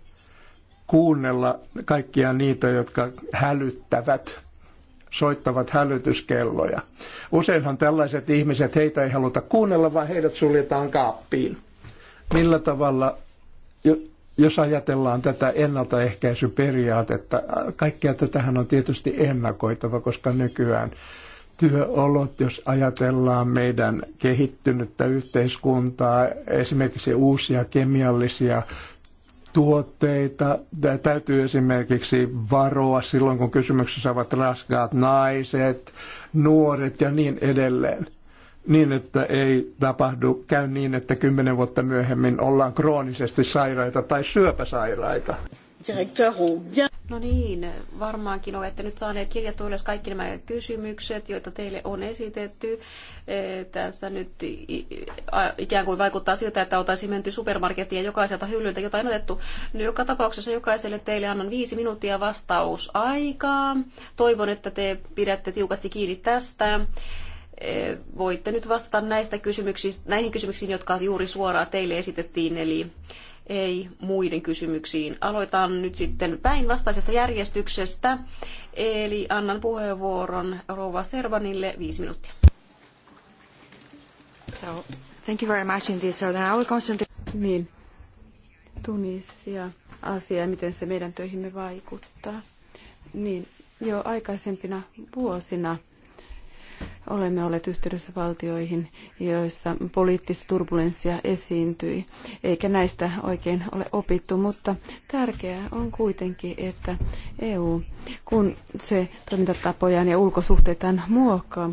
kuunnella kaikkia niitä, jotka hälyttävät, soittavat hälytyskelloja. Useinhan tällaiset ihmiset, heitä ei haluta kuunnella, vaan heidät suljetaan kaappiin Millä tavalla, jos ajatellaan tätä ennaltaehkäisyperiaatetta, kaikkea tätähän on tietysti ennakoitava, koska nykyään työolot, jos ajatellaan meidän kehittynyttä yhteiskuntaa, esimerkiksi uusia kemiallisia tuotteita. Täytyy esimerkiksi varoa silloin, kun kysymyksessä ovat raskaat naiset, nuoret ja niin edelleen niin, että ei tapahdu, käy niin, että kymmenen vuotta myöhemmin ollaan kroonisesti sairaita tai syöpäsairaita. No niin, varmaankin olette nyt saaneet kirjatuille kaikki nämä kysymykset, joita teille on esitetty. Eh, tässä nyt ikään kuin vaikuttaa siltä, että oltaisiin menty supermarkettiin ja jokaiselta hyllyltä jotain otettu. No, joka tapauksessa jokaiselle teille annan viisi minuuttia vastausaikaa. Toivon, että te pidätte tiukasti kiinni tästä. Eh, voitte nyt vastata näistä kysymyksistä, näihin kysymyksiin, jotka juuri suoraan teille esitettiin, eli ei muiden kysymyksiin. Aloitan nyt sitten päinvastaisesta järjestyksestä, eli annan puheenvuoron Rouva Servanille viisi minuuttia. So, thank you very much in this. So then I will concentrate... Niin. Tunisia, asia, miten se meidän töihimme vaikuttaa. Niin, jo aikaisempina vuosina Olemme olleet yhteydessä valtioihin, joissa poliittista turbulenssia esiintyi, eikä näistä oikein ole opittu, mutta tärkeää on kuitenkin, että EU, kun se toimintatapojaan ja ulkosuhteitaan muokkaa,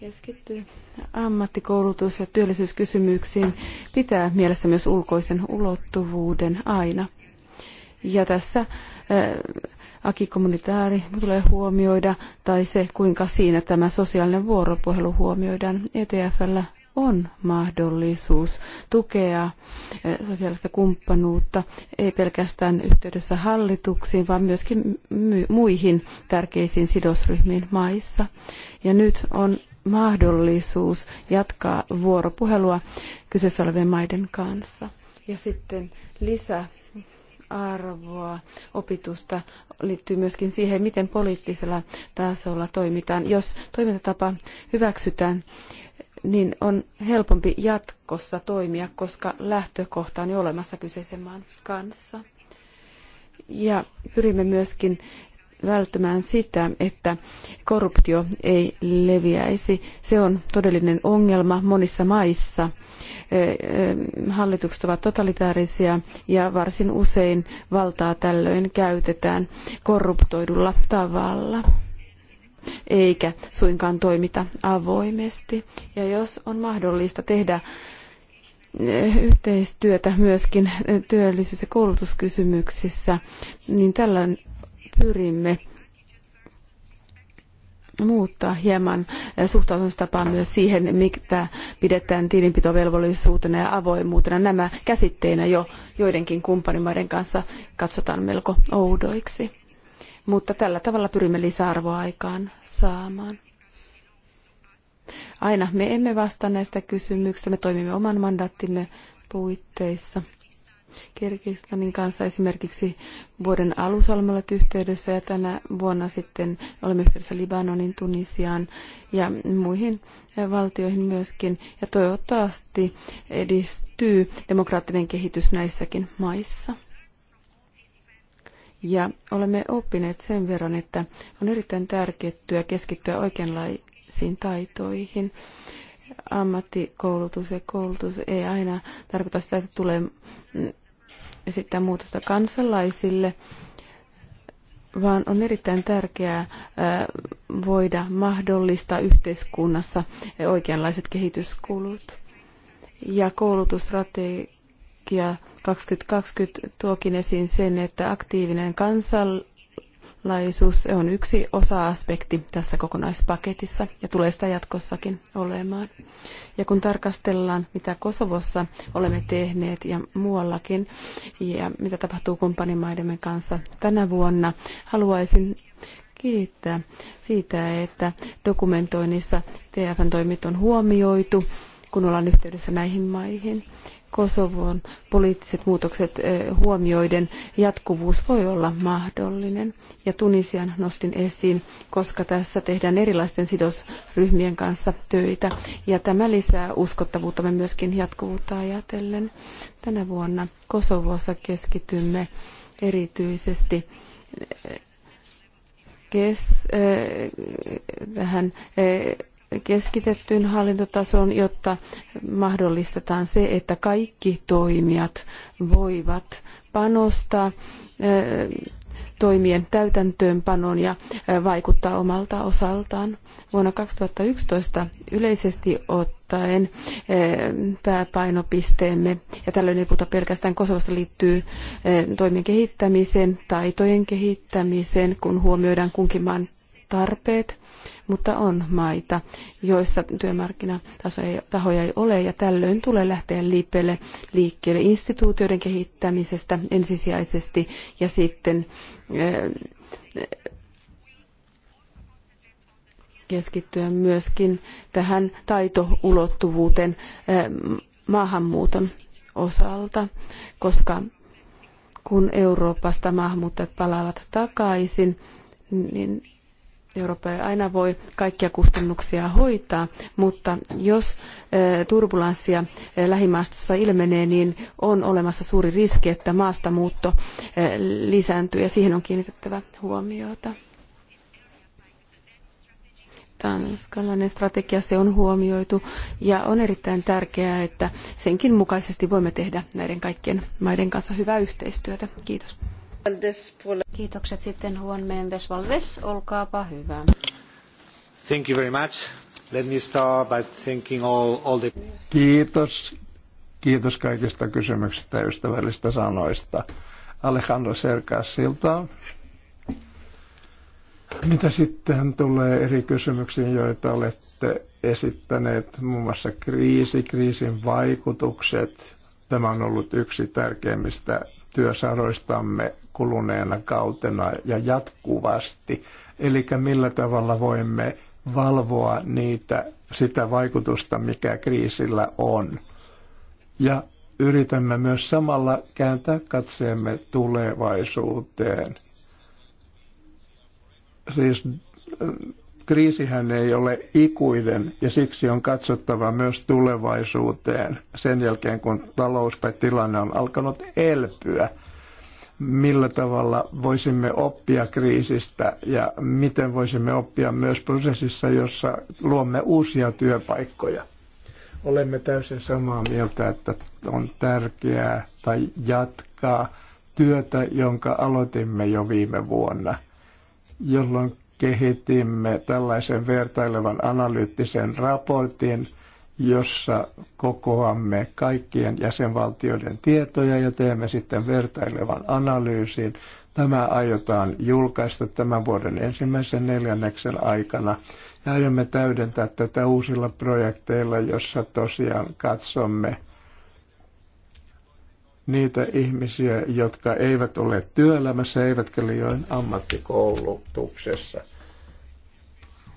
keskittyy ammattikoulutus- ja työllisyyskysymyksiin, pitää mielessä myös ulkoisen ulottuvuuden aina. Ja tässä äh, akikommunitaari tulee huomioida tai se, kuinka siinä tämä sosiaalinen vuoropuhelu huomioidaan. ETFllä on mahdollisuus tukea eh, sosiaalista kumppanuutta, ei pelkästään yhteydessä hallituksiin, vaan myöskin muihin tärkeisiin sidosryhmiin maissa. Ja nyt on mahdollisuus jatkaa vuoropuhelua kyseessä olevien maiden kanssa. Ja sitten lisää arvoa opitusta liittyy myöskin siihen, miten poliittisella tasolla toimitaan. Jos toimintatapa hyväksytään, niin on helpompi jatkossa toimia, koska lähtökohta on jo olemassa kyseisen maan kanssa. Ja pyrimme myöskin välttämään sitä, että korruptio ei leviäisi. Se on todellinen ongelma monissa maissa. Hallitukset ovat totalitaarisia ja varsin usein valtaa tällöin käytetään korruptoidulla tavalla eikä suinkaan toimita avoimesti. Ja jos on mahdollista tehdä yhteistyötä myöskin työllisyys- ja koulutuskysymyksissä, niin tällöin pyrimme muuttaa hieman suhtautumistapaa myös siihen, mitä pidetään tilinpitovelvollisuutena ja avoimuutena. Nämä käsitteinä jo joidenkin kumppanimaiden kanssa katsotaan melko oudoiksi. Mutta tällä tavalla pyrimme lisäarvoa aikaan saamaan. Aina me emme vastaa näistä kysymyksistä, me toimimme oman mandaattimme puitteissa – Kirgistanin kanssa esimerkiksi vuoden alussa olemme olleet yhteydessä ja tänä vuonna sitten olemme yhteydessä Libanonin, Tunisiaan ja muihin valtioihin myöskin. Ja toivottavasti edistyy demokraattinen kehitys näissäkin maissa. Ja olemme oppineet sen verran, että on erittäin tärkeää keskittyä oikeanlaisiin taitoihin ammattikoulutus ja koulutus ei aina tarkoita sitä, että tulee esittää muutosta kansalaisille, vaan on erittäin tärkeää voida mahdollistaa yhteiskunnassa oikeanlaiset kehityskulut. Ja koulutusstrategia 2020 tuokin esiin sen, että aktiivinen kansal- Laillisuus on yksi osa-aspekti tässä kokonaispaketissa ja tulee sitä jatkossakin olemaan. Ja kun tarkastellaan, mitä Kosovossa olemme tehneet ja muuallakin ja mitä tapahtuu kumppanimaidemme kanssa tänä vuonna, haluaisin kiittää siitä, että dokumentoinnissa TFN toimit on huomioitu, kun ollaan yhteydessä näihin maihin. Kosovon poliittiset muutokset eh, huomioiden jatkuvuus voi olla mahdollinen. Ja Tunisian nostin esiin, koska tässä tehdään erilaisten sidosryhmien kanssa töitä. Ja tämä lisää uskottavuuttamme myöskin jatkuvuutta ajatellen. Tänä vuonna Kosovossa keskitymme erityisesti eh, kes, äh, tähän äh, keskitettyyn hallintotasoon, jotta mahdollistetaan se, että kaikki toimijat voivat panostaa toimien täytäntöönpanoon ja vaikuttaa omalta osaltaan. Vuonna 2011 yleisesti ottaen pääpainopisteemme, ja tällöin ei puhuta pelkästään Kosovasta, liittyy toimien kehittämiseen, taitojen kehittämiseen, kun huomioidaan kunkin maan tarpeet mutta on maita, joissa työmarkkinatahoja ei ole ja tällöin tulee lähteä liippeelle liikkeelle instituutioiden kehittämisestä ensisijaisesti ja sitten eh, keskittyä myöskin tähän taitoulottuvuuteen eh, maahanmuuton osalta, koska kun Euroopasta maahanmuuttajat palaavat takaisin, niin Eurooppa ei aina voi kaikkia kustannuksia hoitaa, mutta jos eh, turbulanssia eh, lähimaastossa ilmenee, niin on olemassa suuri riski, että maastamuutto eh, lisääntyy ja siihen on kiinnitettävä huomiota. Tanskalainen strategia, se on huomioitu ja on erittäin tärkeää, että senkin mukaisesti voimme tehdä näiden kaikkien maiden kanssa hyvää yhteistyötä. Kiitos. Kiitokset sitten Juan Mendes Valdes, olkaapa hyvä. Thank you very much. Let me start by thanking all, all the... Kiitos. Kiitos kaikista kysymyksistä ja ystävällistä sanoista. Alejandro Serkasilta. Mitä sitten tulee eri kysymyksiin, joita olette esittäneet, muun muassa kriisi, kriisin vaikutukset. Tämä on ollut yksi tärkeimmistä työsaroistamme kuluneena kautena ja jatkuvasti. Eli millä tavalla voimme valvoa niitä, sitä vaikutusta, mikä kriisillä on. Ja yritämme myös samalla kääntää katseemme tulevaisuuteen. Siis äh, kriisihän ei ole ikuinen ja siksi on katsottava myös tulevaisuuteen sen jälkeen, kun talous tai tilanne on alkanut elpyä – millä tavalla voisimme oppia kriisistä ja miten voisimme oppia myös prosessissa, jossa luomme uusia työpaikkoja. Olemme täysin samaa mieltä, että on tärkeää tai jatkaa työtä, jonka aloitimme jo viime vuonna, jolloin kehitimme tällaisen vertailevan analyyttisen raportin – jossa kokoamme kaikkien jäsenvaltioiden tietoja ja teemme sitten vertailevan analyysin. Tämä aiotaan julkaista tämän vuoden ensimmäisen neljänneksen aikana. Ja aiomme täydentää tätä uusilla projekteilla, jossa tosiaan katsomme niitä ihmisiä, jotka eivät ole työelämässä eivätkä liioin ammattikoulutuksessa.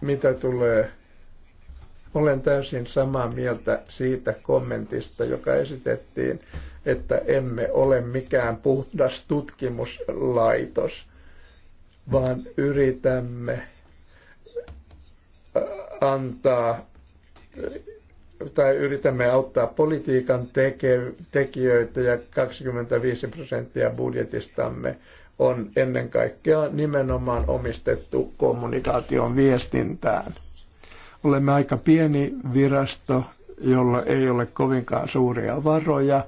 Mitä tulee olen täysin samaa mieltä siitä kommentista, joka esitettiin, että emme ole mikään puhdas tutkimuslaitos, vaan yritämme äh, antaa tai yritämme auttaa politiikan teke- tekijöitä ja 25 prosenttia budjetistamme on ennen kaikkea nimenomaan omistettu kommunikaation viestintään. Olemme aika pieni virasto, jolla ei ole kovinkaan suuria varoja,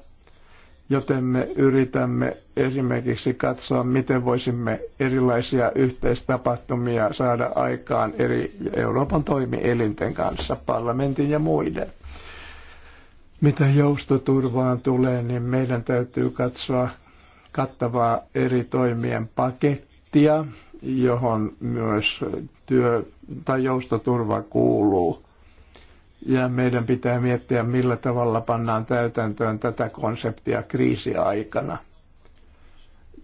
joten me yritämme esimerkiksi katsoa, miten voisimme erilaisia yhteistapahtumia saada aikaan eri Euroopan toimielinten kanssa, parlamentin ja muiden. Mitä joustoturvaan tulee, niin meidän täytyy katsoa kattavaa eri toimien pakettia, johon myös työ- tai joustoturva kuuluu. Ja meidän pitää miettiä, millä tavalla pannaan täytäntöön tätä konseptia kriisiaikana.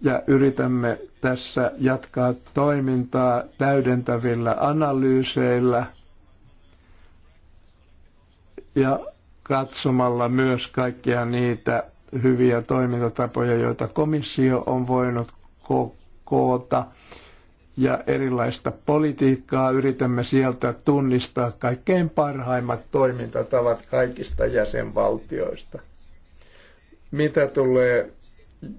Ja yritämme tässä jatkaa toimintaa täydentävillä analyyseillä ja katsomalla myös kaikkia niitä hyviä toimintatapoja, joita komissio on voinut ko- koota ja erilaista politiikkaa. Yritämme sieltä tunnistaa kaikkein parhaimmat toimintatavat kaikista jäsenvaltioista. Mitä tulee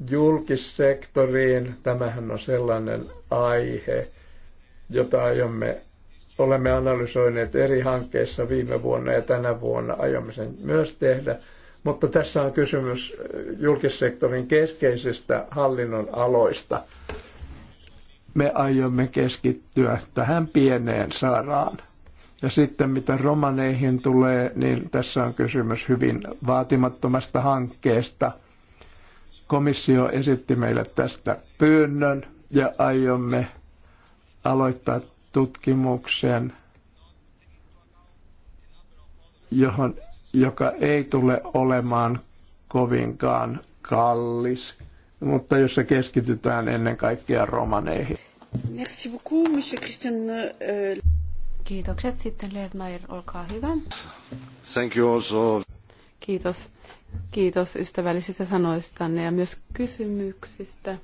julkissektoriin, tämähän on sellainen aihe, jota aiomme, olemme analysoineet eri hankkeissa viime vuonna ja tänä vuonna aiomme sen myös tehdä. Mutta tässä on kysymys julkissektorin keskeisistä hallinnon aloista me aiomme keskittyä tähän pieneen saaraan. Ja sitten mitä romaneihin tulee, niin tässä on kysymys hyvin vaatimattomasta hankkeesta. Komissio esitti meille tästä pyynnön ja aiomme aloittaa tutkimuksen, johon, joka ei tule olemaan kovinkaan kallis mutta jossa keskitytään ennen kaikkea romaneihin. Merci beaucoup, monsieur Christian. Euh, Kiitokset. Sitten Leedmeier, olkaa hyvä. Thank you also. Kiitos. Kiitos ystävällisistä sanoistanne ja myös kysymyksistä.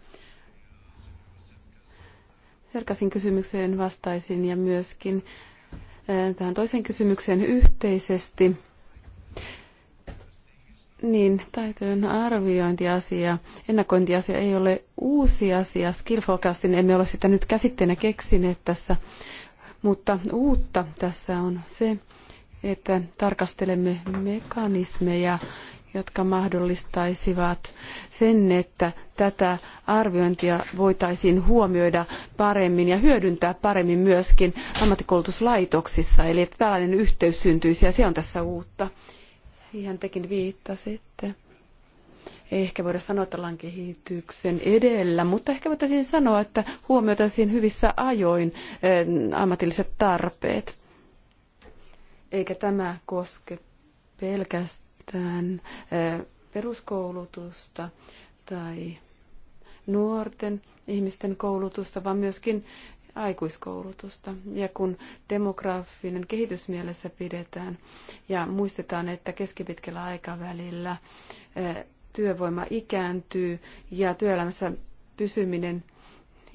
Herkäsin kysymykseen vastaisin ja myöskin äh, tähän toiseen kysymykseen yhteisesti niin, taitojen arviointiasia, ennakointiasia ei ole uusi asia. Skillforecastin emme ole sitä nyt käsitteenä keksineet tässä, mutta uutta tässä on se, että tarkastelemme mekanismeja, jotka mahdollistaisivat sen, että tätä arviointia voitaisiin huomioida paremmin ja hyödyntää paremmin myöskin ammattikoulutuslaitoksissa, eli että tällainen yhteys syntyisi ja se on tässä uutta. Ihan tekin viittasitte. Ei ehkä voida sanoa, että ollaan kehityksen edellä, mutta ehkä voitaisiin sanoa, että huomioitaisiin hyvissä ajoin eh, ammatilliset tarpeet. Eikä tämä koske pelkästään eh, peruskoulutusta tai nuorten ihmisten koulutusta, vaan myöskin aikuiskoulutusta. Ja kun demograafinen kehitys mielessä pidetään ja muistetaan, että keskipitkällä aikavälillä työvoima ikääntyy ja työelämässä pysyminen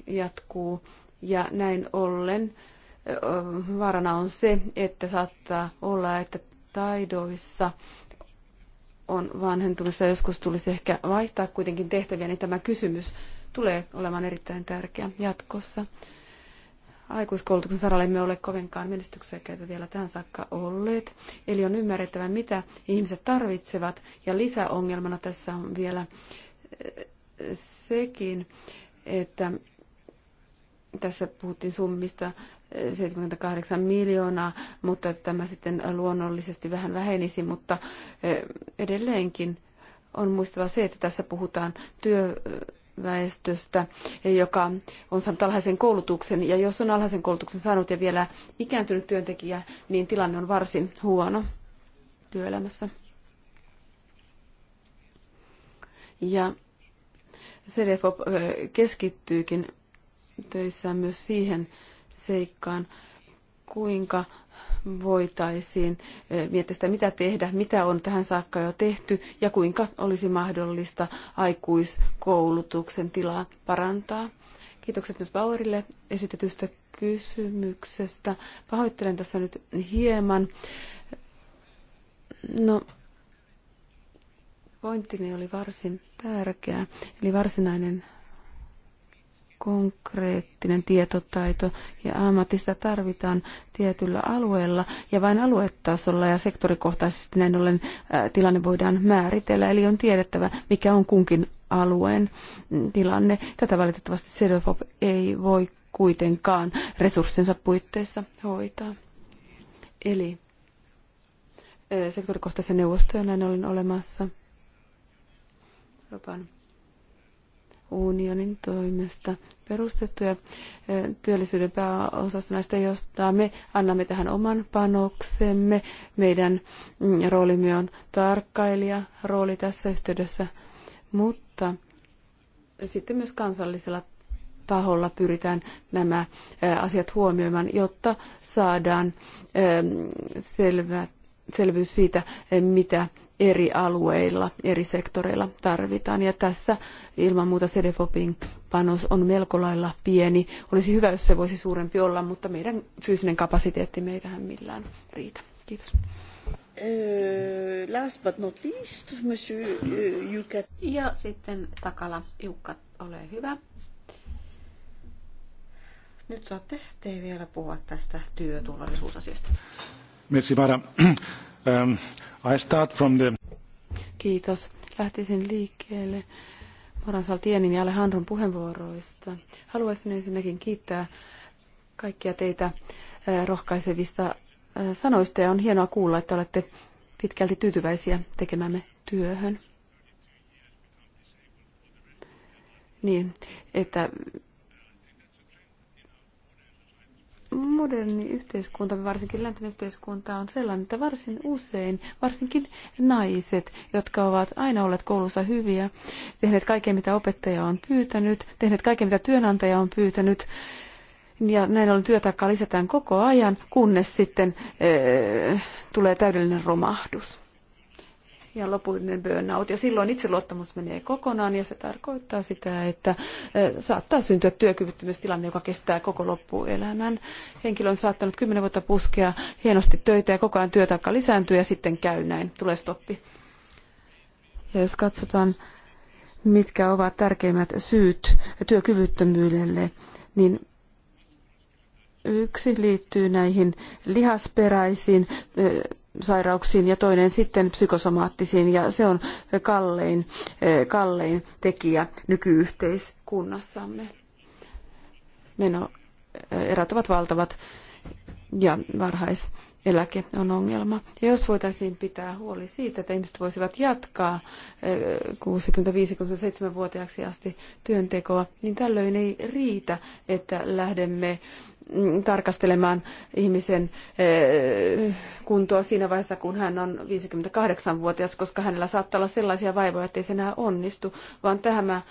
jatkuu ja näin ollen vaarana on se, että saattaa olla, että taidoissa on vanhentumissa Joskus tulisi ehkä vaihtaa kuitenkin tehtäviä, niin tämä kysymys tulee olemaan erittäin tärkeä jatkossa aikuiskoulutuksen saralla emme ole kovinkaan menestyksekkäitä vielä tähän saakka olleet. Eli on ymmärrettävä, mitä ihmiset tarvitsevat. Ja lisäongelmana tässä on vielä eh, sekin, että tässä puhuttiin summista 78 eh, miljoonaa, mutta että tämä sitten luonnollisesti vähän vähenisi, mutta eh, edelleenkin on muistava se, että tässä puhutaan työ väestöstä, joka on saanut alhaisen koulutuksen. Ja jos on alhaisen koulutuksen saanut ja vielä ikääntynyt työntekijä, niin tilanne on varsin huono työelämässä. Ja CDFOP keskittyykin töissään myös siihen seikkaan, kuinka voitaisiin eh, miettiä sitä, mitä tehdä, mitä on tähän saakka jo tehty ja kuinka olisi mahdollista aikuiskoulutuksen tilaa parantaa. Kiitokset myös Bauerille esitetystä kysymyksestä. Pahoittelen tässä nyt hieman. No, pointtini oli varsin tärkeä, eli varsinainen konkreettinen tietotaito ja ammatista tarvitaan tietyllä alueella ja vain aluetasolla ja sektorikohtaisesti näin ollen tilanne voidaan määritellä. Eli on tiedettävä, mikä on kunkin alueen mm, tilanne. Tätä valitettavasti Sedofop ei voi kuitenkaan resurssinsa puitteissa hoitaa. Eli sektorikohtaisia neuvostoja näin ollen olemassa. Euroopan unionin toimesta perustettuja eh, työllisyyden pääosassa näistä, josta me annamme tähän oman panoksemme. Meidän mm, roolimme on tarkkailija rooli tässä yhteydessä, mutta sitten myös kansallisella taholla pyritään nämä eh, asiat huomioimaan, jotta saadaan eh, selvä, selvyys siitä, mitä eri alueilla, eri sektoreilla tarvitaan. Ja tässä ilman muuta CDFOPin panos on melko lailla pieni. Olisi hyvä, jos se voisi suurempi olla, mutta meidän fyysinen kapasiteetti ei tähän millään riitä. Kiitos. Äh, last but not least, Monsieur äh, Jukka. Ja sitten takala Jukka, ole hyvä. Nyt saatte te vielä puhua tästä työturvallisuusasiasta. Merci, Um, I start from the... Kiitos. Lähtisin liikkeelle Moransaltienin ja Alejandron puheenvuoroista. Haluaisin ensinnäkin kiittää kaikkia teitä eh, rohkaisevista eh, sanoista ja on hienoa kuulla, että olette pitkälti tyytyväisiä tekemämme työhön. Niin, että moderni yhteiskunta, varsinkin läntinen yhteiskunta, on sellainen, että varsin usein, varsinkin naiset, jotka ovat aina olleet koulussa hyviä, tehneet kaiken, mitä opettaja on pyytänyt, tehneet kaiken, mitä työnantaja on pyytänyt, ja näin ollen työtaakkaa lisätään koko ajan, kunnes sitten ee, eh, tulee täydellinen romahdus ja lopullinen burnout. Ja silloin itseluottamus menee kokonaan ja se tarkoittaa sitä, että saattaa syntyä työkyvyttömyystilanne, joka kestää koko loppuelämän. Henkilö on saattanut kymmenen vuotta puskea hienosti töitä ja koko ajan työtaakka lisääntyy ja sitten käy näin. Tulee stoppi. Ja jos katsotaan, mitkä ovat tärkeimmät syyt työkyvyttömyydelle, niin yksi liittyy näihin lihasperäisiin sairauksiin ja toinen sitten psykosomaattisiin ja se on kallein, eh, kallein tekijä nykyyhteiskunnassamme. Meno eh, erät ovat valtavat ja varhaiseläke on ongelma. Ja jos voitaisiin pitää huoli siitä, että ihmiset voisivat jatkaa 60-57-vuotiaaksi eh, asti työntekoa, niin tällöin ei riitä, että lähdemme tarkastelemaan ihmisen eh, kuntoa siinä vaiheessa, kun hän on 58-vuotias, koska hänellä saattaa olla sellaisia vaivoja, ettei se enää onnistu, vaan tämä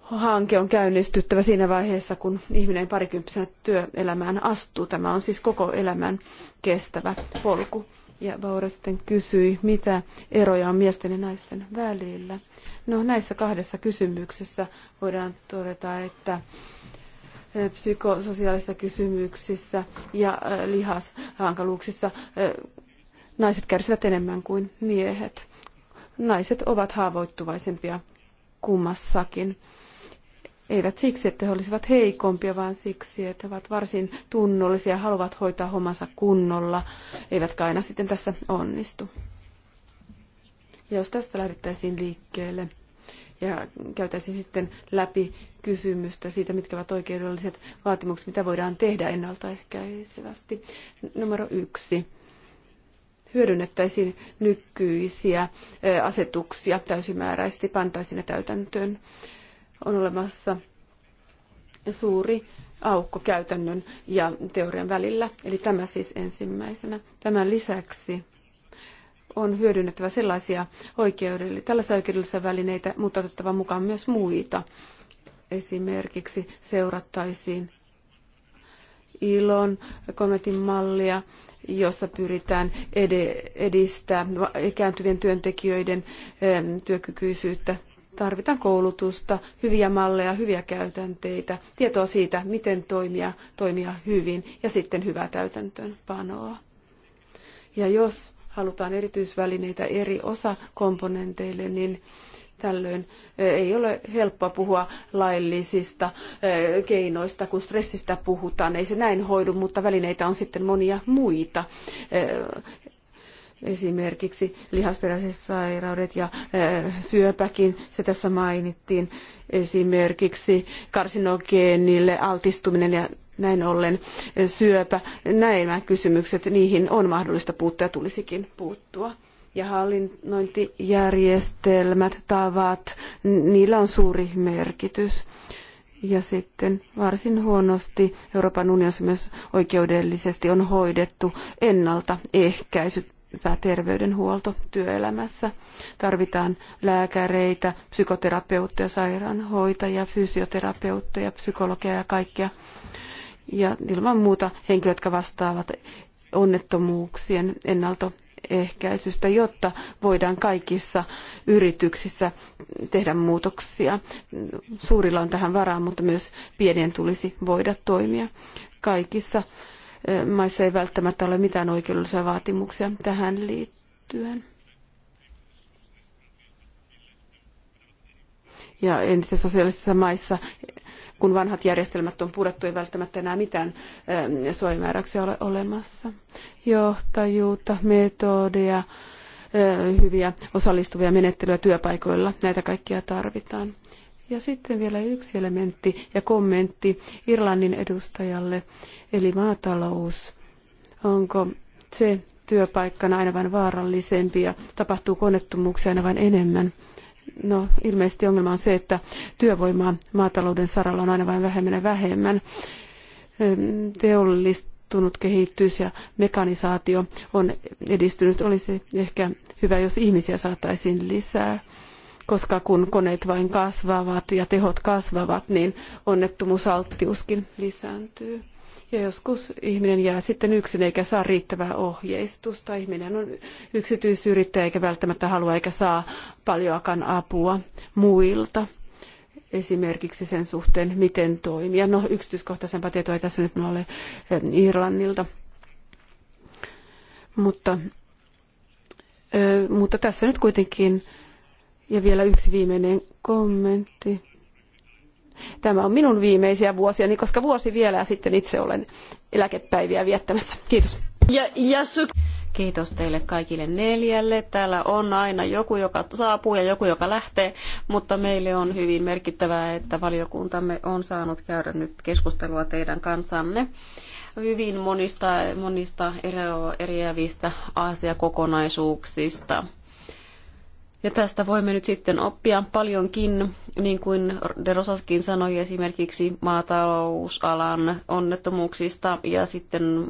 hanke on käynnistyttävä siinä vaiheessa, kun ihminen parikymppisenä työelämään astuu. Tämä on siis koko elämän kestävä polku. Ja Vaura sitten kysyi, mitä eroja on miesten ja naisten välillä. No näissä kahdessa kysymyksessä voidaan todeta, että psykososiaalisissa kysymyksissä ja lihashankaluuksissa naiset kärsivät enemmän kuin miehet. Naiset ovat haavoittuvaisempia kummassakin. Eivät siksi, että he olisivat heikompia, vaan siksi, että he ovat varsin tunnollisia, haluavat hoitaa hommansa kunnolla, eivätkä aina sitten tässä onnistu. Ja jos tästä lähdettäisiin liikkeelle ja käytäisiin sitten läpi kysymystä siitä, mitkä ovat oikeudelliset vaatimukset, mitä voidaan tehdä ennaltaehkäisevästi. Numero yksi. Hyödynnettäisiin nykyisiä asetuksia täysimääräisesti, pantaisiin ne täytäntöön. On olemassa suuri aukko käytännön ja teorian välillä. Eli tämä siis ensimmäisenä. Tämän lisäksi on hyödynnettävä sellaisia oikeudellisia, tällaisia oikeudellisia välineitä, mutta otettava mukaan myös muita esimerkiksi seurattaisiin ilon kommentin mallia, jossa pyritään edistämään ikääntyvien työntekijöiden työkykyisyyttä. Tarvitaan koulutusta, hyviä malleja, hyviä käytänteitä, tietoa siitä, miten toimia, toimia hyvin ja sitten hyvää täytäntöönpanoa. Ja jos halutaan erityisvälineitä eri osakomponenteille, niin Tällöin eh, ei ole helppoa puhua laillisista eh, keinoista, kun stressistä puhutaan. Ei se näin hoidu, mutta välineitä on sitten monia muita eh, esimerkiksi lihasperäiset sairaudet ja syöpäkin, se tässä mainittiin, esimerkiksi karsinogeenille altistuminen ja näin ollen syöpä, nämä kysymykset, niihin on mahdollista puuttua ja tulisikin puuttua ja hallinnointijärjestelmät, tavat, niillä on suuri merkitys. Ja sitten varsin huonosti Euroopan unionissa myös oikeudellisesti on hoidettu ennaltaehkäisy terveydenhuolto työelämässä. Tarvitaan lääkäreitä, psykoterapeutteja, sairaanhoitajia, fysioterapeutteja, psykologeja ja kaikkea. Ja ilman muuta henkilöt, jotka vastaavat onnettomuuksien ennalto ehkäisystä, jotta voidaan kaikissa yrityksissä tehdä muutoksia. Suurilla on tähän varaa, mutta myös pienien tulisi voida toimia. Kaikissa maissa ei välttämättä ole mitään oikeudellisia vaatimuksia tähän liittyen. Ja entisissä sosiaalisissa maissa kun vanhat järjestelmät on purettu, ei välttämättä enää mitään ähm, suojamääräyksiä ole olemassa. Johtajuutta, metodia, äh, hyviä osallistuvia menettelyjä työpaikoilla, näitä kaikkia tarvitaan. Ja sitten vielä yksi elementti ja kommentti Irlannin edustajalle, eli maatalous. Onko se työpaikkana aina vain vaarallisempi ja tapahtuu konnettomuuksia aina vain enemmän? No, ilmeisesti ongelma on se, että työvoimaa maatalouden saralla on aina vain vähemmän ja vähemmän. Ehm, teollistunut kehitys ja mekanisaatio on edistynyt. Olisi ehkä hyvä, jos ihmisiä saataisiin lisää koska kun koneet vain kasvavat ja tehot kasvavat, niin onnettomuusalttiuskin lisääntyy. Ja joskus ihminen jää sitten yksin eikä saa riittävää ohjeistusta. Ihminen on yksityisyrittäjä eikä välttämättä halua eikä saa paljoakaan apua muilta esimerkiksi sen suhteen, miten toimia. No yksityiskohtaisempaa tietoa ei tässä nyt ole eh, Irlannilta. Mutta, eh, mutta tässä nyt kuitenkin, ja vielä yksi viimeinen kommentti. Tämä on minun viimeisiä vuosiani, koska vuosi vielä ja sitten itse olen eläkepäiviä viettämässä. Kiitos. Kiitos teille kaikille neljälle. Täällä on aina joku, joka saapuu ja joku, joka lähtee, mutta meille on hyvin merkittävää, että valiokuntamme on saanut käydä nyt keskustelua teidän kanssanne hyvin monista, monista eriävistä asiakokonaisuuksista. Ja tästä voimme nyt sitten oppia paljonkin, niin kuin Derosaskin sanoi esimerkiksi maatalousalan onnettomuuksista ja sitten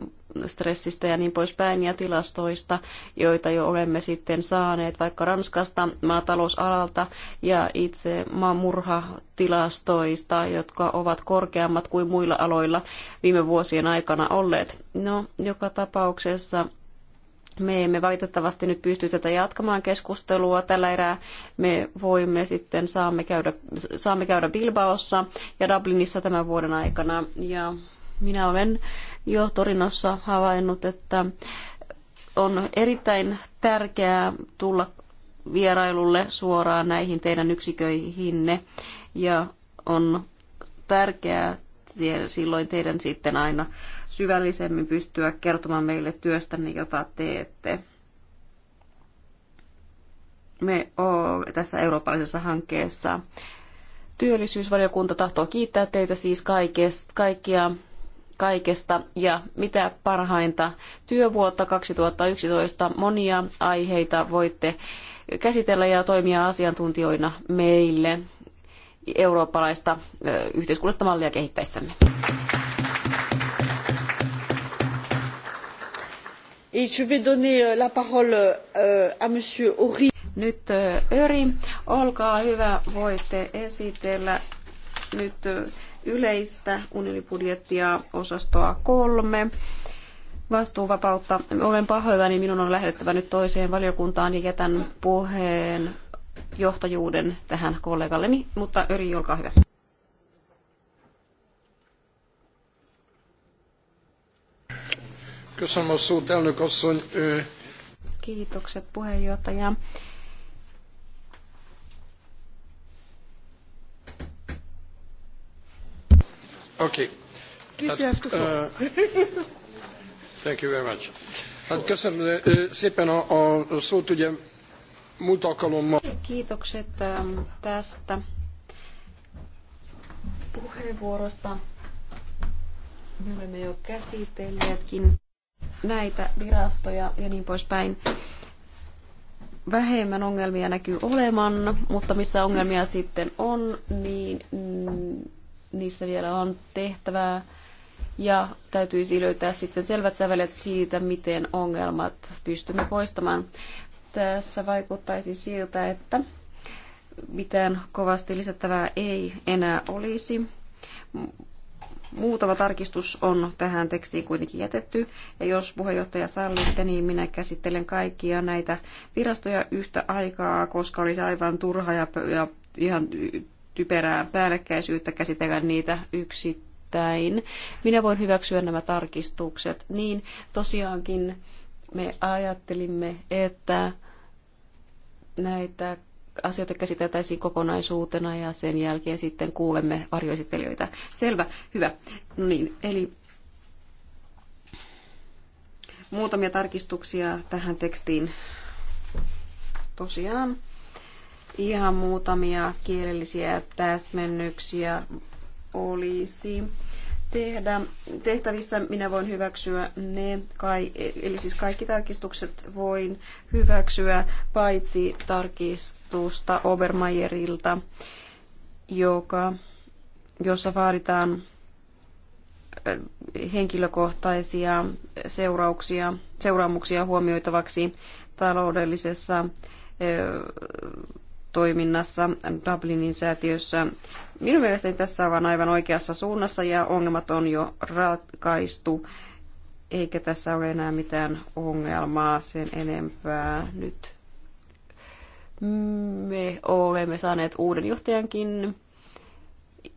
stressistä ja niin poispäin ja tilastoista, joita jo olemme sitten saaneet vaikka Ranskasta maatalousalalta ja itse maamurhatilastoista, jotka ovat korkeammat kuin muilla aloilla viime vuosien aikana olleet. No, joka tapauksessa me emme valitettavasti nyt pysty tätä jatkamaan keskustelua tällä erää. Me voimme sitten, saamme käydä, saamme käydä Bilbaossa ja Dublinissa tämän vuoden aikana. Ja minä olen jo Torinossa havainnut, että on erittäin tärkeää tulla vierailulle suoraan näihin teidän yksiköihinne ja on tärkeää silloin teidän sitten aina syvällisemmin pystyä kertomaan meille työstänne, jota teette. Me olemme tässä eurooppalaisessa hankkeessa. Työllisyysvaliokunta tahtoo kiittää teitä siis kaikesta, kaikkia kaikesta ja mitä parhainta työvuotta 2011 monia aiheita voitte käsitellä ja toimia asiantuntijoina meille eurooppalaista yhteiskunnallista mallia kehittäessämme. Et je vais donner euh, la parole euh, à monsieur Ori. Nyt äh, Öri, olkaa hyvä, voitte esitellä nyt äh, yleistä unionibudjettia osastoa kolme vastuuvapautta. Olen pahoillani, minun on lähdettävä nyt toiseen valiokuntaan ja jätän puheen johtajuuden tähän kollegalleni, mutta Öri, olkaa hyvä. Köszönöm a szót, elnök asszony. Kiitokset puheenjohtaja. Okei. Okay. Uh, thank you very much. Hát köszönöm szépen a, a szót, ugye múlt alkalommal. Kiitokset tästä puheenvuorosta. Me olemme jo käsitelleetkin näitä virastoja ja niin poispäin. Vähemmän ongelmia näkyy oleman, mutta missä ongelmia sitten on, niin niissä vielä on tehtävää. Ja täytyisi löytää sitten selvät sävelet siitä, miten ongelmat pystymme poistamaan. Tässä vaikuttaisi siltä, että mitään kovasti lisättävää ei enää olisi Muutama tarkistus on tähän tekstiin kuitenkin jätetty, ja jos puheenjohtaja sallitte, niin minä käsittelen kaikkia näitä virastoja yhtä aikaa, koska olisi aivan turha ja, ja ihan typerää päällekkäisyyttä käsitellä niitä yksittäin. Minä voin hyväksyä nämä tarkistukset. Niin tosiaankin me ajattelimme, että näitä asioita käsiteltäisiin kokonaisuutena ja sen jälkeen sitten kuulemme varjoesittelijöitä. Selvä, hyvä. No niin, eli muutamia tarkistuksia tähän tekstiin tosiaan. Ihan muutamia kielellisiä täsmennyksiä olisi tehdä tehtävissä, minä voin hyväksyä ne, kai, eli siis kaikki tarkistukset voin hyväksyä, paitsi tarkistusta Obermeierilta, joka, jossa vaaditaan äh, henkilökohtaisia seurauksia, seuraamuksia huomioitavaksi taloudellisessa äh, toiminnassa Dublinin säätiössä. Minun mielestäni tässä on aivan oikeassa suunnassa ja ongelmat on jo ratkaistu, eikä tässä ole enää mitään ongelmaa sen enempää nyt. Me olemme saaneet uuden johtajankin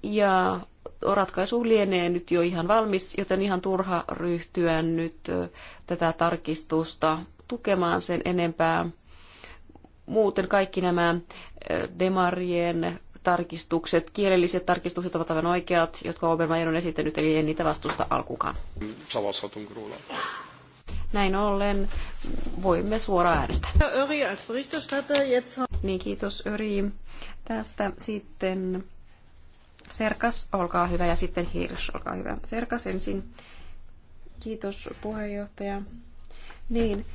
ja ratkaisu lienee nyt jo ihan valmis, joten ihan turha ryhtyä nyt tätä tarkistusta tukemaan sen enempää Muuten kaikki nämä demarien tarkistukset, kielelliset tarkistukset ovat aivan oikeat, jotka ei ole esittänyt, eli en niitä vastusta alkukaan. Näin ollen voimme suoraan äänestää. Niin, kiitos Öri. Tästä sitten Serkas, olkaa hyvä, ja sitten Hirsch, olkaa hyvä. Serkas ensin. Kiitos puheenjohtaja. Niin,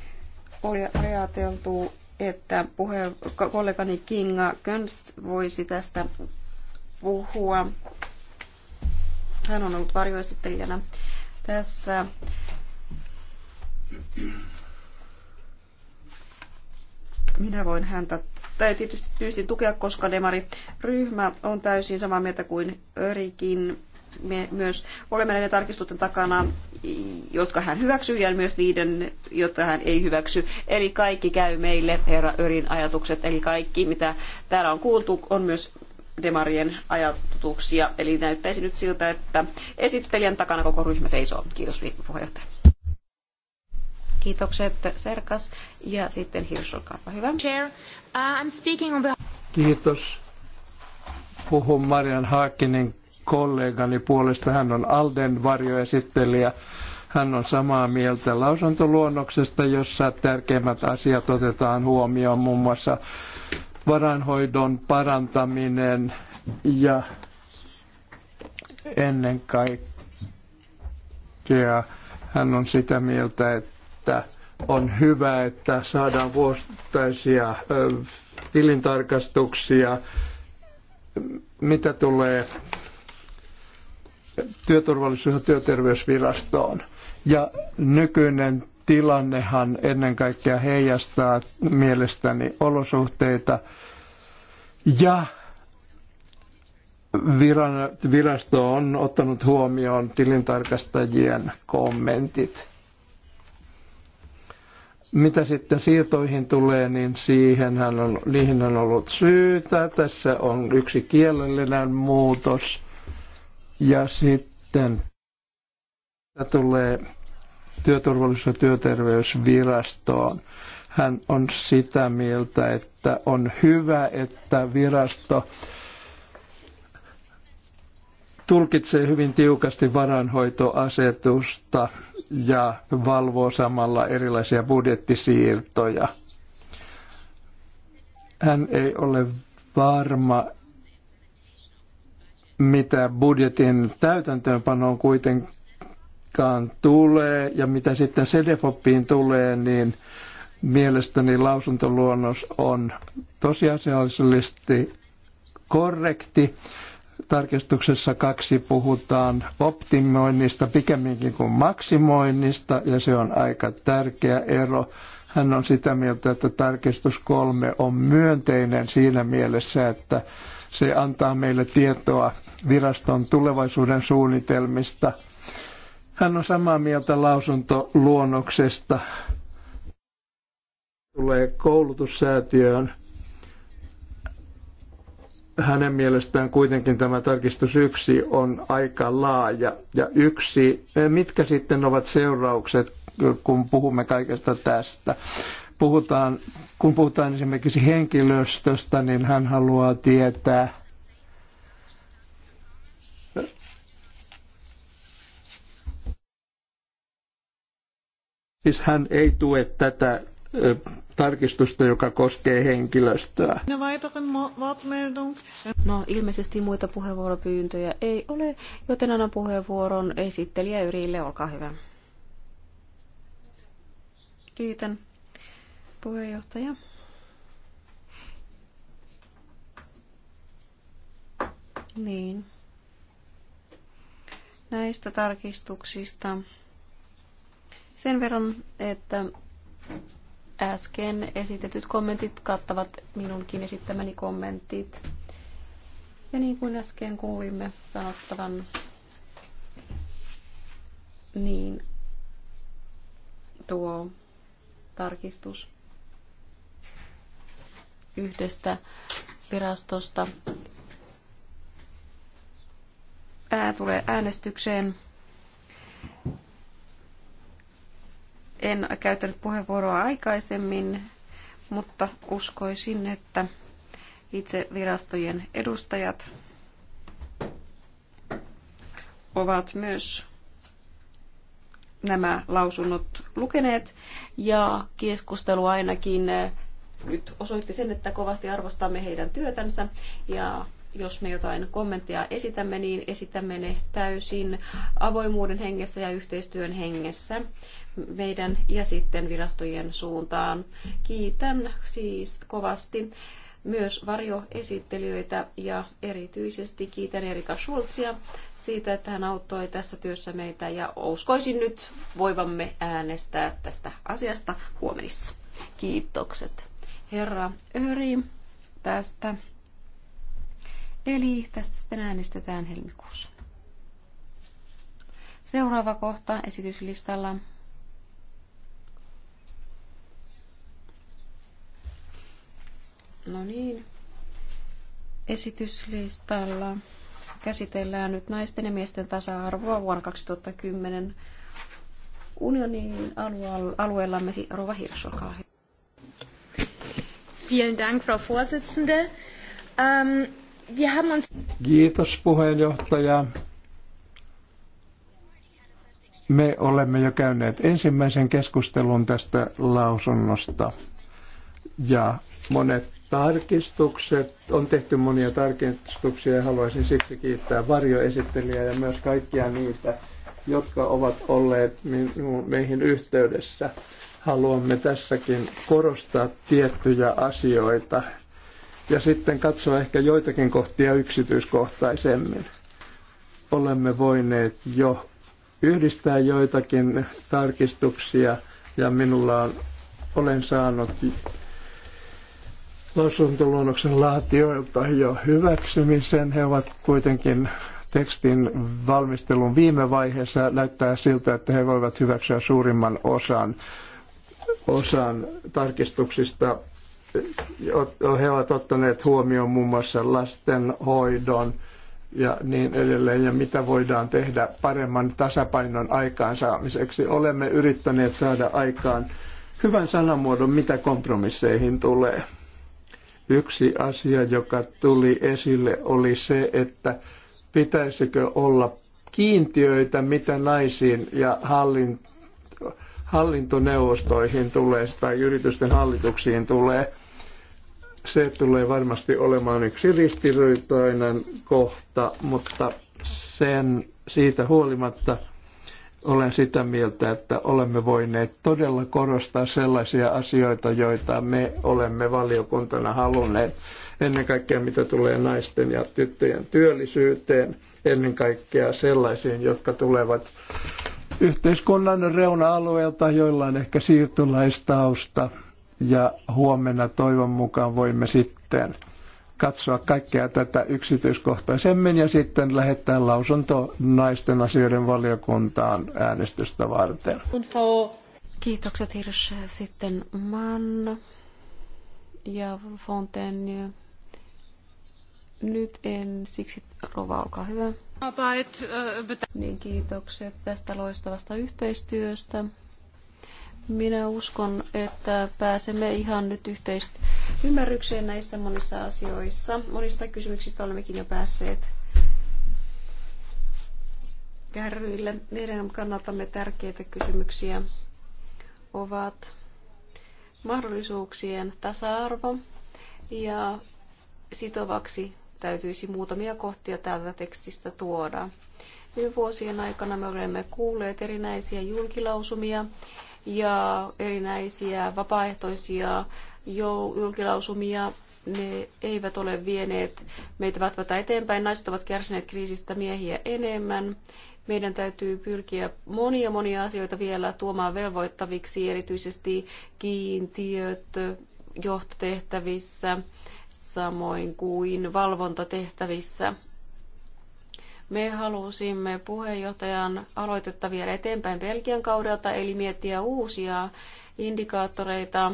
oli ajateltu että puhe, kollegani Kinga Köns voisi tästä puhua. Hän on ollut varjoesittelijänä tässä. Minä voin häntä tai tietysti tyystin tukea, koska demari ryhmä on täysin samaa mieltä kuin Örikin me myös olemme näiden tarkistusten takana, jotka hän hyväksyy ja myös niiden, jotka hän ei hyväksy. Eli kaikki käy meille, herra Örin ajatukset, eli kaikki mitä täällä on kuultu on myös demarien ajatuksia. Eli näyttäisi nyt siltä, että esittelijän takana koko ryhmä seisoo. Kiitos puheenjohtaja. Kiitokset Serkas ja sitten Hirsch, olkaapa hyvä. Chair, uh, I'm speaking on the... Kiitos. Puhun Marian Haakinen kollegani puolesta. Hän on Alden varjoesittelijä. Hän on samaa mieltä lausuntoluonnoksesta, jossa tärkeimmät asiat otetaan huomioon, muun muassa varanhoidon parantaminen ja ennen kaikkea hän on sitä mieltä, että on hyvä, että saadaan vuosittaisia tilintarkastuksia, mitä tulee työturvallisuus- ja työterveysvirastoon. Ja nykyinen tilannehan ennen kaikkea heijastaa mielestäni olosuhteita ja virasto on ottanut huomioon tilintarkastajien kommentit. Mitä sitten siirtoihin tulee, niin siihen on, on ollut syytä. Tässä on yksi kielellinen muutos – ja sitten tulee työturvallisuus- ja työterveysvirastoon. Hän on sitä mieltä, että on hyvä, että virasto tulkitsee hyvin tiukasti varanhoitoasetusta ja valvoo samalla erilaisia budjettisiirtoja. Hän ei ole varma, mitä budjetin täytäntöönpanoon kuitenkaan tulee ja mitä sitten Sedefopiin tulee, niin mielestäni lausuntoluonnos on tosiasiallisesti korrekti. Tarkistuksessa kaksi puhutaan optimoinnista pikemminkin kuin maksimoinnista ja se on aika tärkeä ero. Hän on sitä mieltä, että tarkistus kolme on myönteinen siinä mielessä, että se antaa meille tietoa viraston tulevaisuuden suunnitelmista. Hän on samaa mieltä lausuntoluonnoksesta. Tulee koulutussäätiöön. Hänen mielestään kuitenkin tämä tarkistus yksi on aika laaja. Ja yksi, mitkä sitten ovat seuraukset, kun puhumme kaikesta tästä? puhutaan, kun puhutaan esimerkiksi henkilöstöstä, niin hän haluaa tietää, Siis hän ei tue tätä tarkistusta, joka koskee henkilöstöä. No ilmeisesti muita puheenvuoropyyntöjä ei ole, joten annan puheenvuoron esittelijä Yrille, olkaa hyvä. Kiitän puheenjohtaja. Niin. Näistä tarkistuksista sen verran, että äsken esitetyt kommentit kattavat minunkin esittämäni kommentit. Ja niin kuin äsken kuulimme sanottavan, niin tuo tarkistus yhdestä virastosta. Pää tulee äänestykseen. En käyttänyt puheenvuoroa aikaisemmin, mutta uskoisin, että itse virastojen edustajat ovat myös nämä lausunnot lukeneet ja keskustelu ainakin nyt osoitti sen, että kovasti arvostamme heidän työtänsä ja jos me jotain kommenttia esitämme, niin esitämme ne täysin avoimuuden hengessä ja yhteistyön hengessä meidän ja sitten virastojen suuntaan. Kiitän siis kovasti myös varjoesittelijöitä ja erityisesti kiitän Erika Schulzia siitä, että hän auttoi tässä työssä meitä ja uskoisin nyt voivamme äänestää tästä asiasta huomenissa. Kiitokset herra Öri tästä. Eli tästä sitten äänestetään helmikuussa. Seuraava kohta esityslistalla No niin. Esityslistalla käsitellään nyt naisten ja miesten tasa-arvoa vuonna 2010 unionin alueellamme. Rova Hirsch, Vielen Dank, Frau Vorsitzende. Ähm, wir haben uns... Kiitos puheenjohtaja. Me olemme jo käyneet ensimmäisen keskustelun tästä lausunnosta ja monet tarkistukset, on tehty monia tarkistuksia ja haluaisin siksi kiittää varjoesittelijää ja myös kaikkia niitä, jotka ovat olleet meihin yhteydessä haluamme tässäkin korostaa tiettyjä asioita ja sitten katsoa ehkä joitakin kohtia yksityiskohtaisemmin. Olemme voineet jo yhdistää joitakin tarkistuksia ja minulla on, olen saanut lausuntoluonnoksen laatioilta jo hyväksymisen. He ovat kuitenkin tekstin valmistelun viime vaiheessa näyttää siltä, että he voivat hyväksyä suurimman osan osan tarkistuksista he ovat ottaneet huomioon muun muassa lastenhoidon ja niin edelleen, ja mitä voidaan tehdä paremman tasapainon aikaansaamiseksi. Olemme yrittäneet saada aikaan hyvän sanamuodon, mitä kompromisseihin tulee. Yksi asia, joka tuli esille, oli se, että pitäisikö olla kiintiöitä, mitä naisiin ja hallintoon hallintoneuvostoihin tulee tai yritysten hallituksiin tulee. Se tulee varmasti olemaan yksi ristiriitainen kohta, mutta sen siitä huolimatta olen sitä mieltä, että olemme voineet todella korostaa sellaisia asioita, joita me olemme valiokuntana halunneet. Ennen kaikkea mitä tulee naisten ja tyttöjen työllisyyteen, ennen kaikkea sellaisiin, jotka tulevat yhteiskunnan reuna-alueelta, joilla on ehkä siirtolaistausta. Ja huomenna toivon mukaan voimme sitten katsoa kaikkea tätä yksityiskohtaisemmin ja sitten lähettää lausunto naisten asioiden valiokuntaan äänestystä varten. Kiitokset Hirsch. Sitten Mann ja Fontaine. Nyt en siksi rova, olkaa hyvä. Niin, kiitokset tästä loistavasta yhteistyöstä. Minä uskon, että pääsemme ihan nyt yhteisymmärrykseen näissä monissa asioissa. Monista kysymyksistä olemmekin jo päässeet kärryille. Meidän kannaltamme tärkeitä kysymyksiä ovat mahdollisuuksien tasa-arvo ja sitovaksi täytyisi muutamia kohtia täältä tekstistä tuoda. Viime vuosien aikana me olemme kuulleet erinäisiä julkilausumia ja erinäisiä vapaaehtoisia julkilausumia. Ne eivät ole vieneet meitä välttämättä eteenpäin. Naiset ovat kärsineet kriisistä miehiä enemmän. Meidän täytyy pyrkiä monia monia asioita vielä tuomaan velvoittaviksi, erityisesti kiintiöt johtotehtävissä samoin kuin valvontatehtävissä. Me halusimme puheenjohtajan aloitetta viedä eteenpäin Belgian kaudelta, eli miettiä uusia indikaattoreita,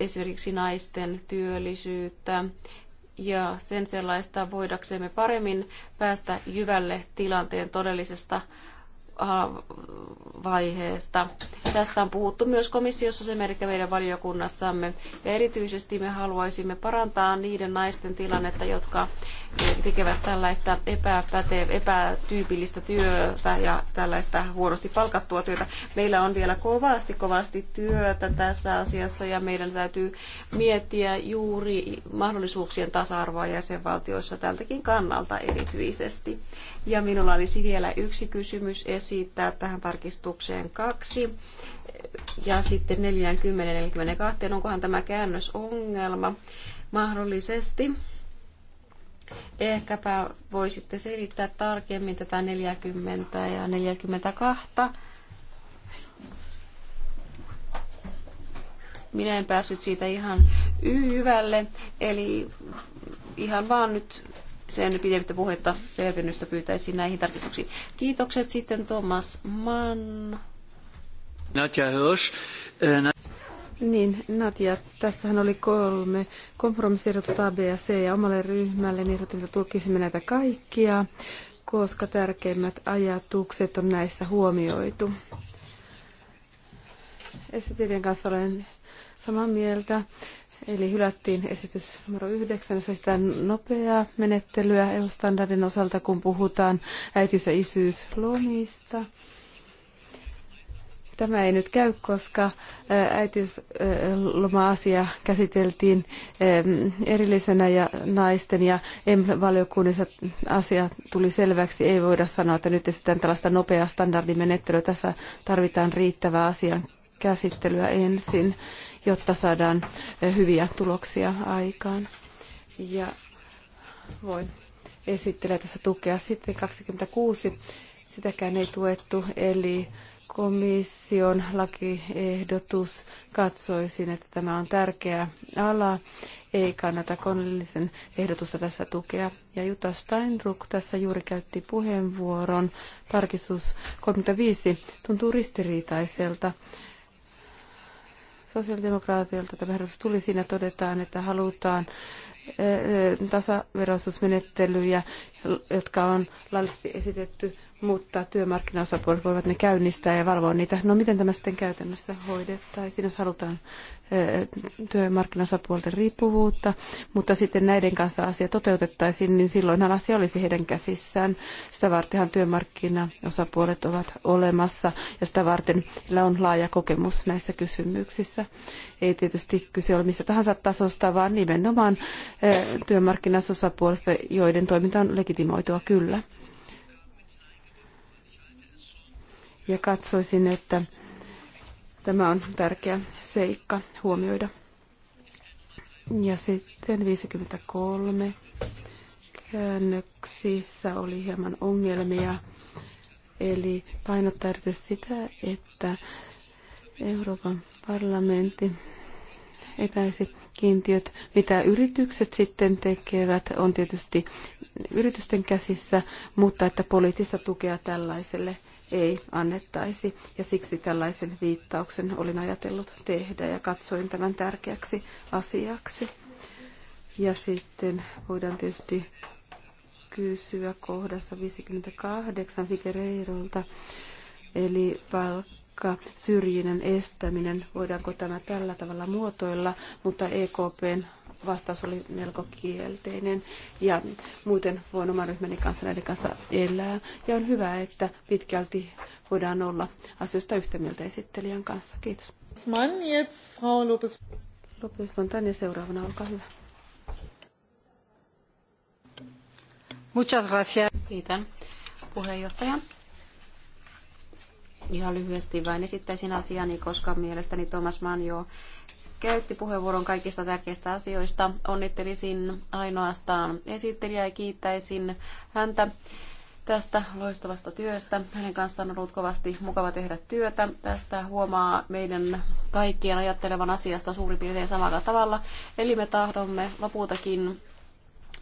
esimerkiksi naisten työllisyyttä ja sen sellaista voidaksemme paremmin päästä jyvälle tilanteen todellisesta vaiheesta. Tästä on puhuttu myös komissiossa se merkki meidän valiokunnassamme. Ja erityisesti me haluaisimme parantaa niiden naisten tilannetta, jotka tekevät tällaista epäpäte, epätyypillistä työtä ja tällaista huonosti palkattua työtä. Meillä on vielä kovasti, kovasti työtä tässä asiassa ja meidän täytyy miettiä juuri mahdollisuuksien tasa-arvoa jäsenvaltioissa tältäkin kannalta erityisesti. Ja minulla olisi vielä yksi kysymys esittää tähän tarkistukseen kaksi. Ja sitten 40-42, onkohan tämä käännösongelma mahdollisesti? Ehkäpä voisitte selittää tarkemmin tätä 40 ja 42. Minä en päässyt siitä ihan yhyvälle, eli ihan vaan nyt sen pidemmittä puhetta selvennystä pyytäisin näihin tarkistuksiin. Kiitokset sitten Thomas Mann. Nadja Hirsch. Äh, niin, Nadja, tässähän oli kolme kompromissiehdotusta A, B ja C ja omalle ryhmälle, niin ehdotin, että tulkisimme näitä kaikkia, koska tärkeimmät ajatukset on näissä huomioitu. Esitelijän kanssa olen samaa mieltä. Eli hylättiin esitys numero yhdeksän, jossa sitä nopeaa menettelyä EU-standardin osalta, kun puhutaan äitiys- ja isyyslomista. Tämä ei nyt käy, koska äitiysloma-asia käsiteltiin erillisenä ja naisten ja EM-valiokunnissa asia tuli selväksi. Ei voida sanoa, että nyt esitetään tällaista nopeaa standardimenettelyä. Tässä tarvitaan riittävää asian käsittelyä ensin jotta saadaan hyviä tuloksia aikaan. Ja voin esittelee tässä tukea. Sitten 26, sitäkään ei tuettu, eli komission lakiehdotus katsoisin, että tämä on tärkeä ala. Ei kannata koneellisen ehdotusta tässä tukea. Ja Jutta Steinruck tässä juuri käytti puheenvuoron. Tarkistus 35 tuntuu ristiriitaiselta sosiaalidemokraatilta tämä ehdotus tuli. Siinä todetaan, että halutaan eh, eh, tasaveroisuusmenettelyjä, jotka on laillisesti esitetty mutta työmarkkinaosapuolet voivat ne käynnistää ja valvoa niitä. No miten tämä sitten käytännössä hoidettaisiin, jos halutaan työmarkkinaosapuolten riippuvuutta, mutta sitten näiden kanssa asia toteutettaisiin, niin silloinhan asia olisi heidän käsissään. Sitä vartenhan työmarkkinaosapuolet ovat olemassa ja sitä varten heillä on laaja kokemus näissä kysymyksissä. Ei tietysti kyse ole mistä tahansa tasosta, vaan nimenomaan työmarkkinaosapuolista, joiden toiminta on legitimoitua kyllä. ja katsoisin, että tämä on tärkeä seikka huomioida. Ja sitten 53 käännöksissä oli hieman ongelmia. Eli painottaa erityisesti sitä, että Euroopan parlamentti epäisi kiintiöt. Mitä yritykset sitten tekevät, on tietysti yritysten käsissä, mutta että poliittista tukea tällaiselle ei annettaisi. Ja siksi tällaisen viittauksen olin ajatellut tehdä ja katsoin tämän tärkeäksi asiaksi. Ja sitten voidaan tietysti kysyä kohdassa 58 Figereirolta, eli palkka, syrjinnän estäminen, voidaanko tämä tällä tavalla muotoilla, mutta EKPn vastaus oli melko kielteinen ja muuten voin oman ryhmäni kanssa näiden kanssa elää. Ja on hyvä, että pitkälti voidaan olla asioista yhtä mieltä esittelijän kanssa. Kiitos. Mann, jetzt Frau Lopez. Lopez Montagne seuraavana, olkaa hyvä. Muchas gracias. Kiitän puheenjohtaja. Ihan lyhyesti vain esittäisin asiani, koska mielestäni Thomas Mann jo käytti puheenvuoron kaikista tärkeistä asioista. Onnittelisin ainoastaan esittelijää ja kiittäisin häntä tästä loistavasta työstä. Hänen kanssaan on ollut kovasti mukava tehdä työtä. Tästä huomaa meidän kaikkien ajattelevan asiasta suurin piirtein samalla tavalla. Eli me tahdomme lopultakin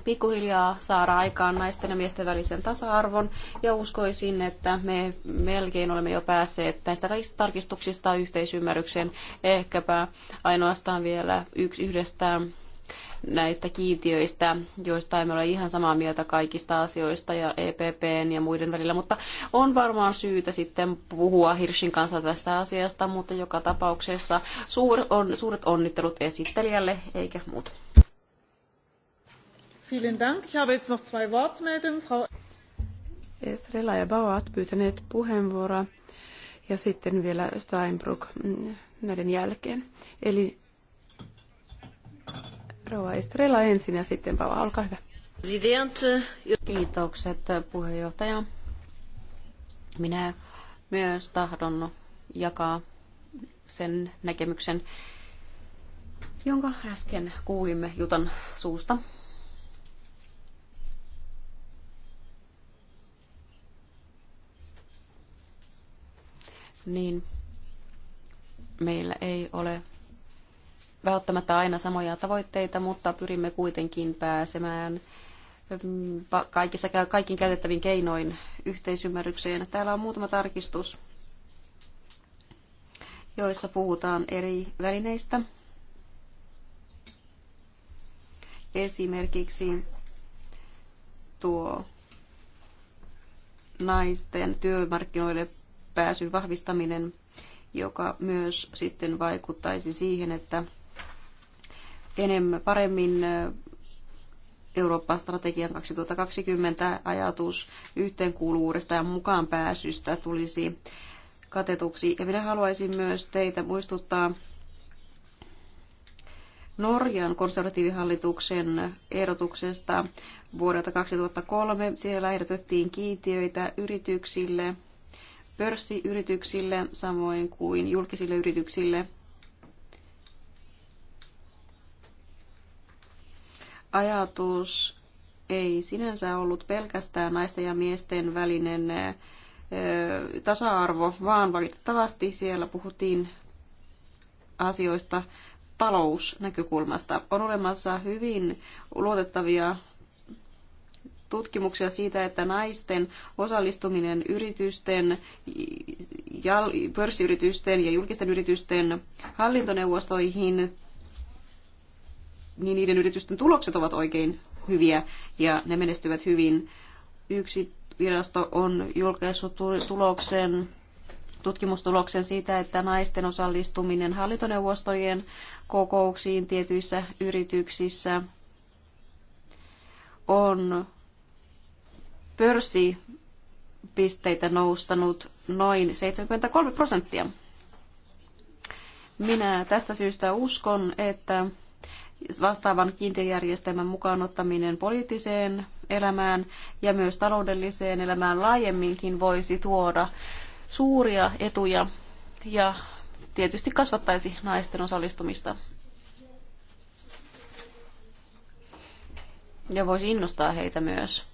pikkuhiljaa saada aikaan naisten ja miesten välisen tasa-arvon ja uskoisin, että me melkein olemme jo päässeet näistä kaikista tarkistuksista yhteisymmärrykseen ehkäpä ainoastaan vielä yksi yhdestä näistä kiintiöistä, joista emme ole ihan samaa mieltä kaikista asioista ja EPPn ja muiden välillä, mutta on varmaan syytä sitten puhua Hirschin kanssa tästä asiasta, mutta joka tapauksessa suur on, suuret onnittelut esittelijälle eikä muuta. Vielen Dank. Ich habe jetzt noch zwei Wortmeldungen. Frau Estrella ja Bauer ovat pyytäneet puheenvuoroa ja sitten vielä Steinbrück mm, näiden jälkeen. Eli Rouva Estrella ensin ja sitten Bauer, olkaa hyvä. Kiitokset puheenjohtaja. Minä myös tahdon jakaa sen näkemyksen, jonka äsken kuulimme Jutan suusta. niin meillä ei ole välttämättä aina samoja tavoitteita, mutta pyrimme kuitenkin pääsemään kaikissa, kaikin käytettävin keinoin yhteisymmärrykseen. Täällä on muutama tarkistus, joissa puhutaan eri välineistä. Esimerkiksi tuo naisten työmarkkinoille pääsyn vahvistaminen, joka myös sitten vaikuttaisi siihen, että enemmän, paremmin Euroopan strategian 2020 ajatus yhteenkuuluvuudesta ja mukaan pääsystä tulisi katetuksi. Ja minä haluaisin myös teitä muistuttaa Norjan konservatiivihallituksen ehdotuksesta vuodelta 2003. Siellä ehdotettiin kiintiöitä yrityksille – pörssiyrityksille samoin kuin julkisille yrityksille. Ajatus ei sinänsä ollut pelkästään naisten ja miesten välinen tasa-arvo, vaan valitettavasti siellä puhuttiin asioista talousnäkökulmasta. On olemassa hyvin luotettavia tutkimuksia siitä, että naisten osallistuminen yritysten, pörssiyritysten ja julkisten yritysten hallintoneuvostoihin, niin niiden yritysten tulokset ovat oikein hyviä ja ne menestyvät hyvin. Yksi virasto on julkaissut tuloksen tutkimustuloksen siitä, että naisten osallistuminen hallintoneuvostojen kokouksiin tietyissä yrityksissä on pörssipisteitä noustanut noin 73 prosenttia. Minä tästä syystä uskon, että vastaavan kiintiöjärjestelmän mukaan ottaminen poliittiseen elämään ja myös taloudelliseen elämään laajemminkin voisi tuoda suuria etuja ja tietysti kasvattaisi naisten osallistumista. Ja voisi innostaa heitä myös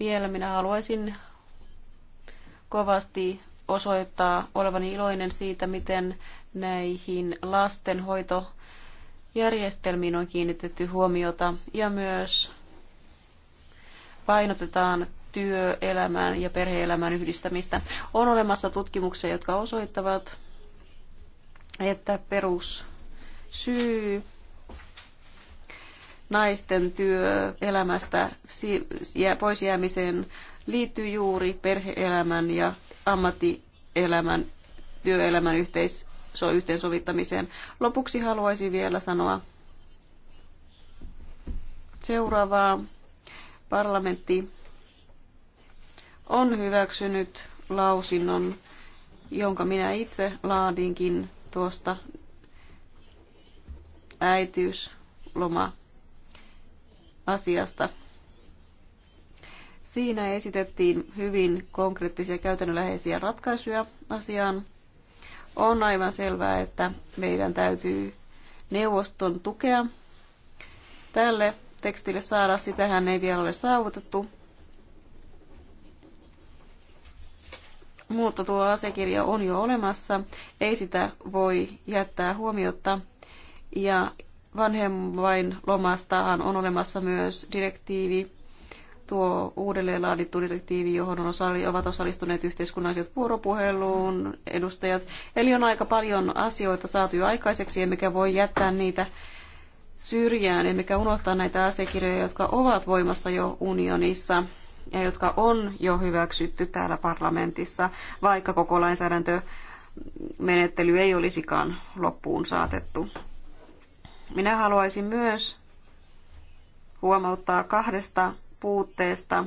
vielä minä haluaisin kovasti osoittaa olevani iloinen siitä, miten näihin lastenhoitojärjestelmiin on kiinnitetty huomiota ja myös painotetaan työelämään ja perheelämän yhdistämistä. On olemassa tutkimuksia, jotka osoittavat, että perussyy naisten työelämästä pois jäämiseen liittyy juuri perheelämän ja ammattielämän, työelämän yhteensovittamiseen. Lopuksi haluaisin vielä sanoa seuraavaa. Parlamentti on hyväksynyt lausinnon, jonka minä itse laadinkin tuosta äitiysloma asiasta. Siinä esitettiin hyvin konkreettisia käytännönläheisiä ratkaisuja asiaan. On aivan selvää, että meidän täytyy neuvoston tukea tälle tekstille saada. Sitähän ei vielä ole saavutettu. Mutta tuo asiakirja on jo olemassa. Ei sitä voi jättää huomiota. Ja vanhemmain lomastahan on olemassa myös direktiivi, tuo uudelleen laadittu direktiivi, johon on osalli, ovat osallistuneet yhteiskunnalliset vuoropuheluun edustajat. Eli on aika paljon asioita saatu jo aikaiseksi, emmekä voi jättää niitä syrjään, emmekä unohtaa näitä asiakirjoja, jotka ovat voimassa jo unionissa ja jotka on jo hyväksytty täällä parlamentissa, vaikka koko lainsäädäntö menettely ei olisikaan loppuun saatettu. Minä haluaisin myös huomauttaa kahdesta puutteesta,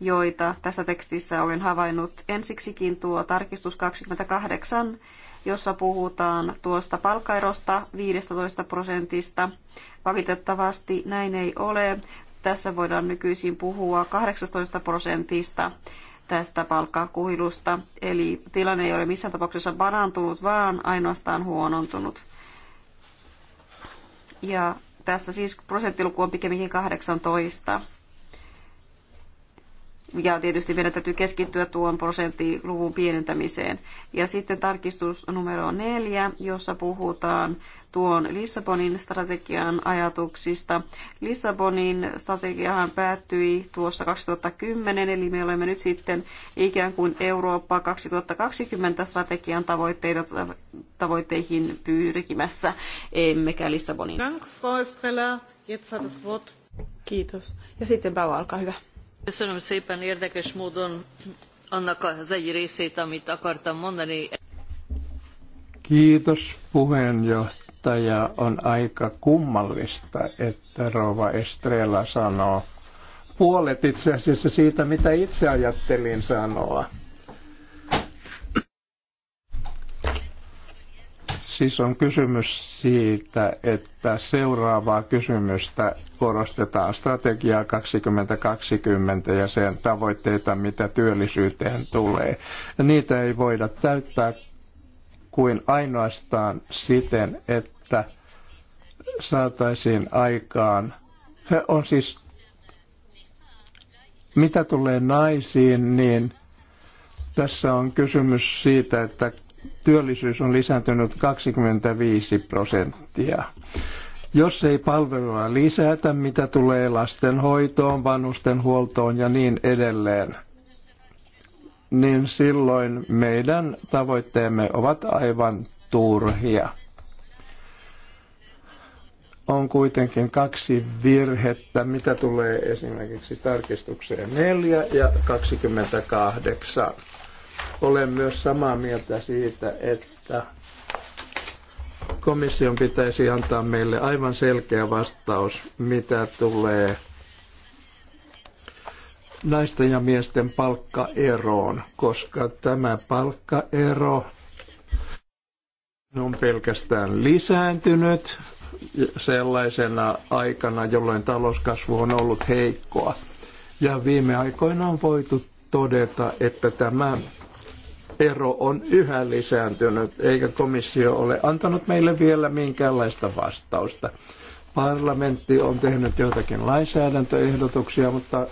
joita tässä tekstissä olen havainnut. Ensiksikin tuo tarkistus 28, jossa puhutaan tuosta palkkaerosta 15 prosentista. Valitettavasti näin ei ole. Tässä voidaan nykyisin puhua 18 prosentista tästä palkkakuhilusta. Eli tilanne ei ole missään tapauksessa parantunut, vaan ainoastaan huonontunut. Ja tässä siis prosenttiluku on pikemminkin 18. Ja tietysti meidän täytyy keskittyä tuon prosenttiluvun pienentämiseen. Ja sitten tarkistus numero neljä, jossa puhutaan tuon Lissabonin strategian ajatuksista. Lissabonin strategiahan päättyi tuossa 2010, eli me olemme nyt sitten ikään kuin Eurooppa 2020 strategian tavoitteita, tavoitteihin pyrkimässä, emmekä Lissabonin. Dank, Frau Estrella. Jetzt hat das Wort. Kiitos. Ja sitten Bauer, olkaa hyvä. Köszönöm szépen érdekes módon annak az egy részét, amit akartam mondani. Kiitos puheenjohtaja. On aika kummallista, että Rova Estrella sanoo puolet itse asiassa siitä, mitä itse ajattelin sanoa. siis on kysymys siitä, että seuraavaa kysymystä korostetaan strategiaa 2020 ja sen tavoitteita, mitä työllisyyteen tulee. Niitä ei voida täyttää kuin ainoastaan siten, että saataisiin aikaan. He on siis, mitä tulee naisiin, niin tässä on kysymys siitä, että työllisyys on lisääntynyt 25 prosenttia. Jos ei palvelua lisätä, mitä tulee lastenhoitoon, vanhustenhuoltoon ja niin edelleen, niin silloin meidän tavoitteemme ovat aivan turhia. On kuitenkin kaksi virhettä, mitä tulee esimerkiksi tarkistukseen 4 ja 28. Olen myös samaa mieltä siitä, että komission pitäisi antaa meille aivan selkeä vastaus, mitä tulee naisten ja miesten palkkaeroon, koska tämä palkkaero on pelkästään lisääntynyt sellaisena aikana, jolloin talouskasvu on ollut heikkoa. Ja viime aikoina on voitu todeta, että tämä ero on yhä lisääntynyt, eikä komissio ole antanut meille vielä minkäänlaista vastausta. Parlamentti on tehnyt joitakin lainsäädäntöehdotuksia, mutta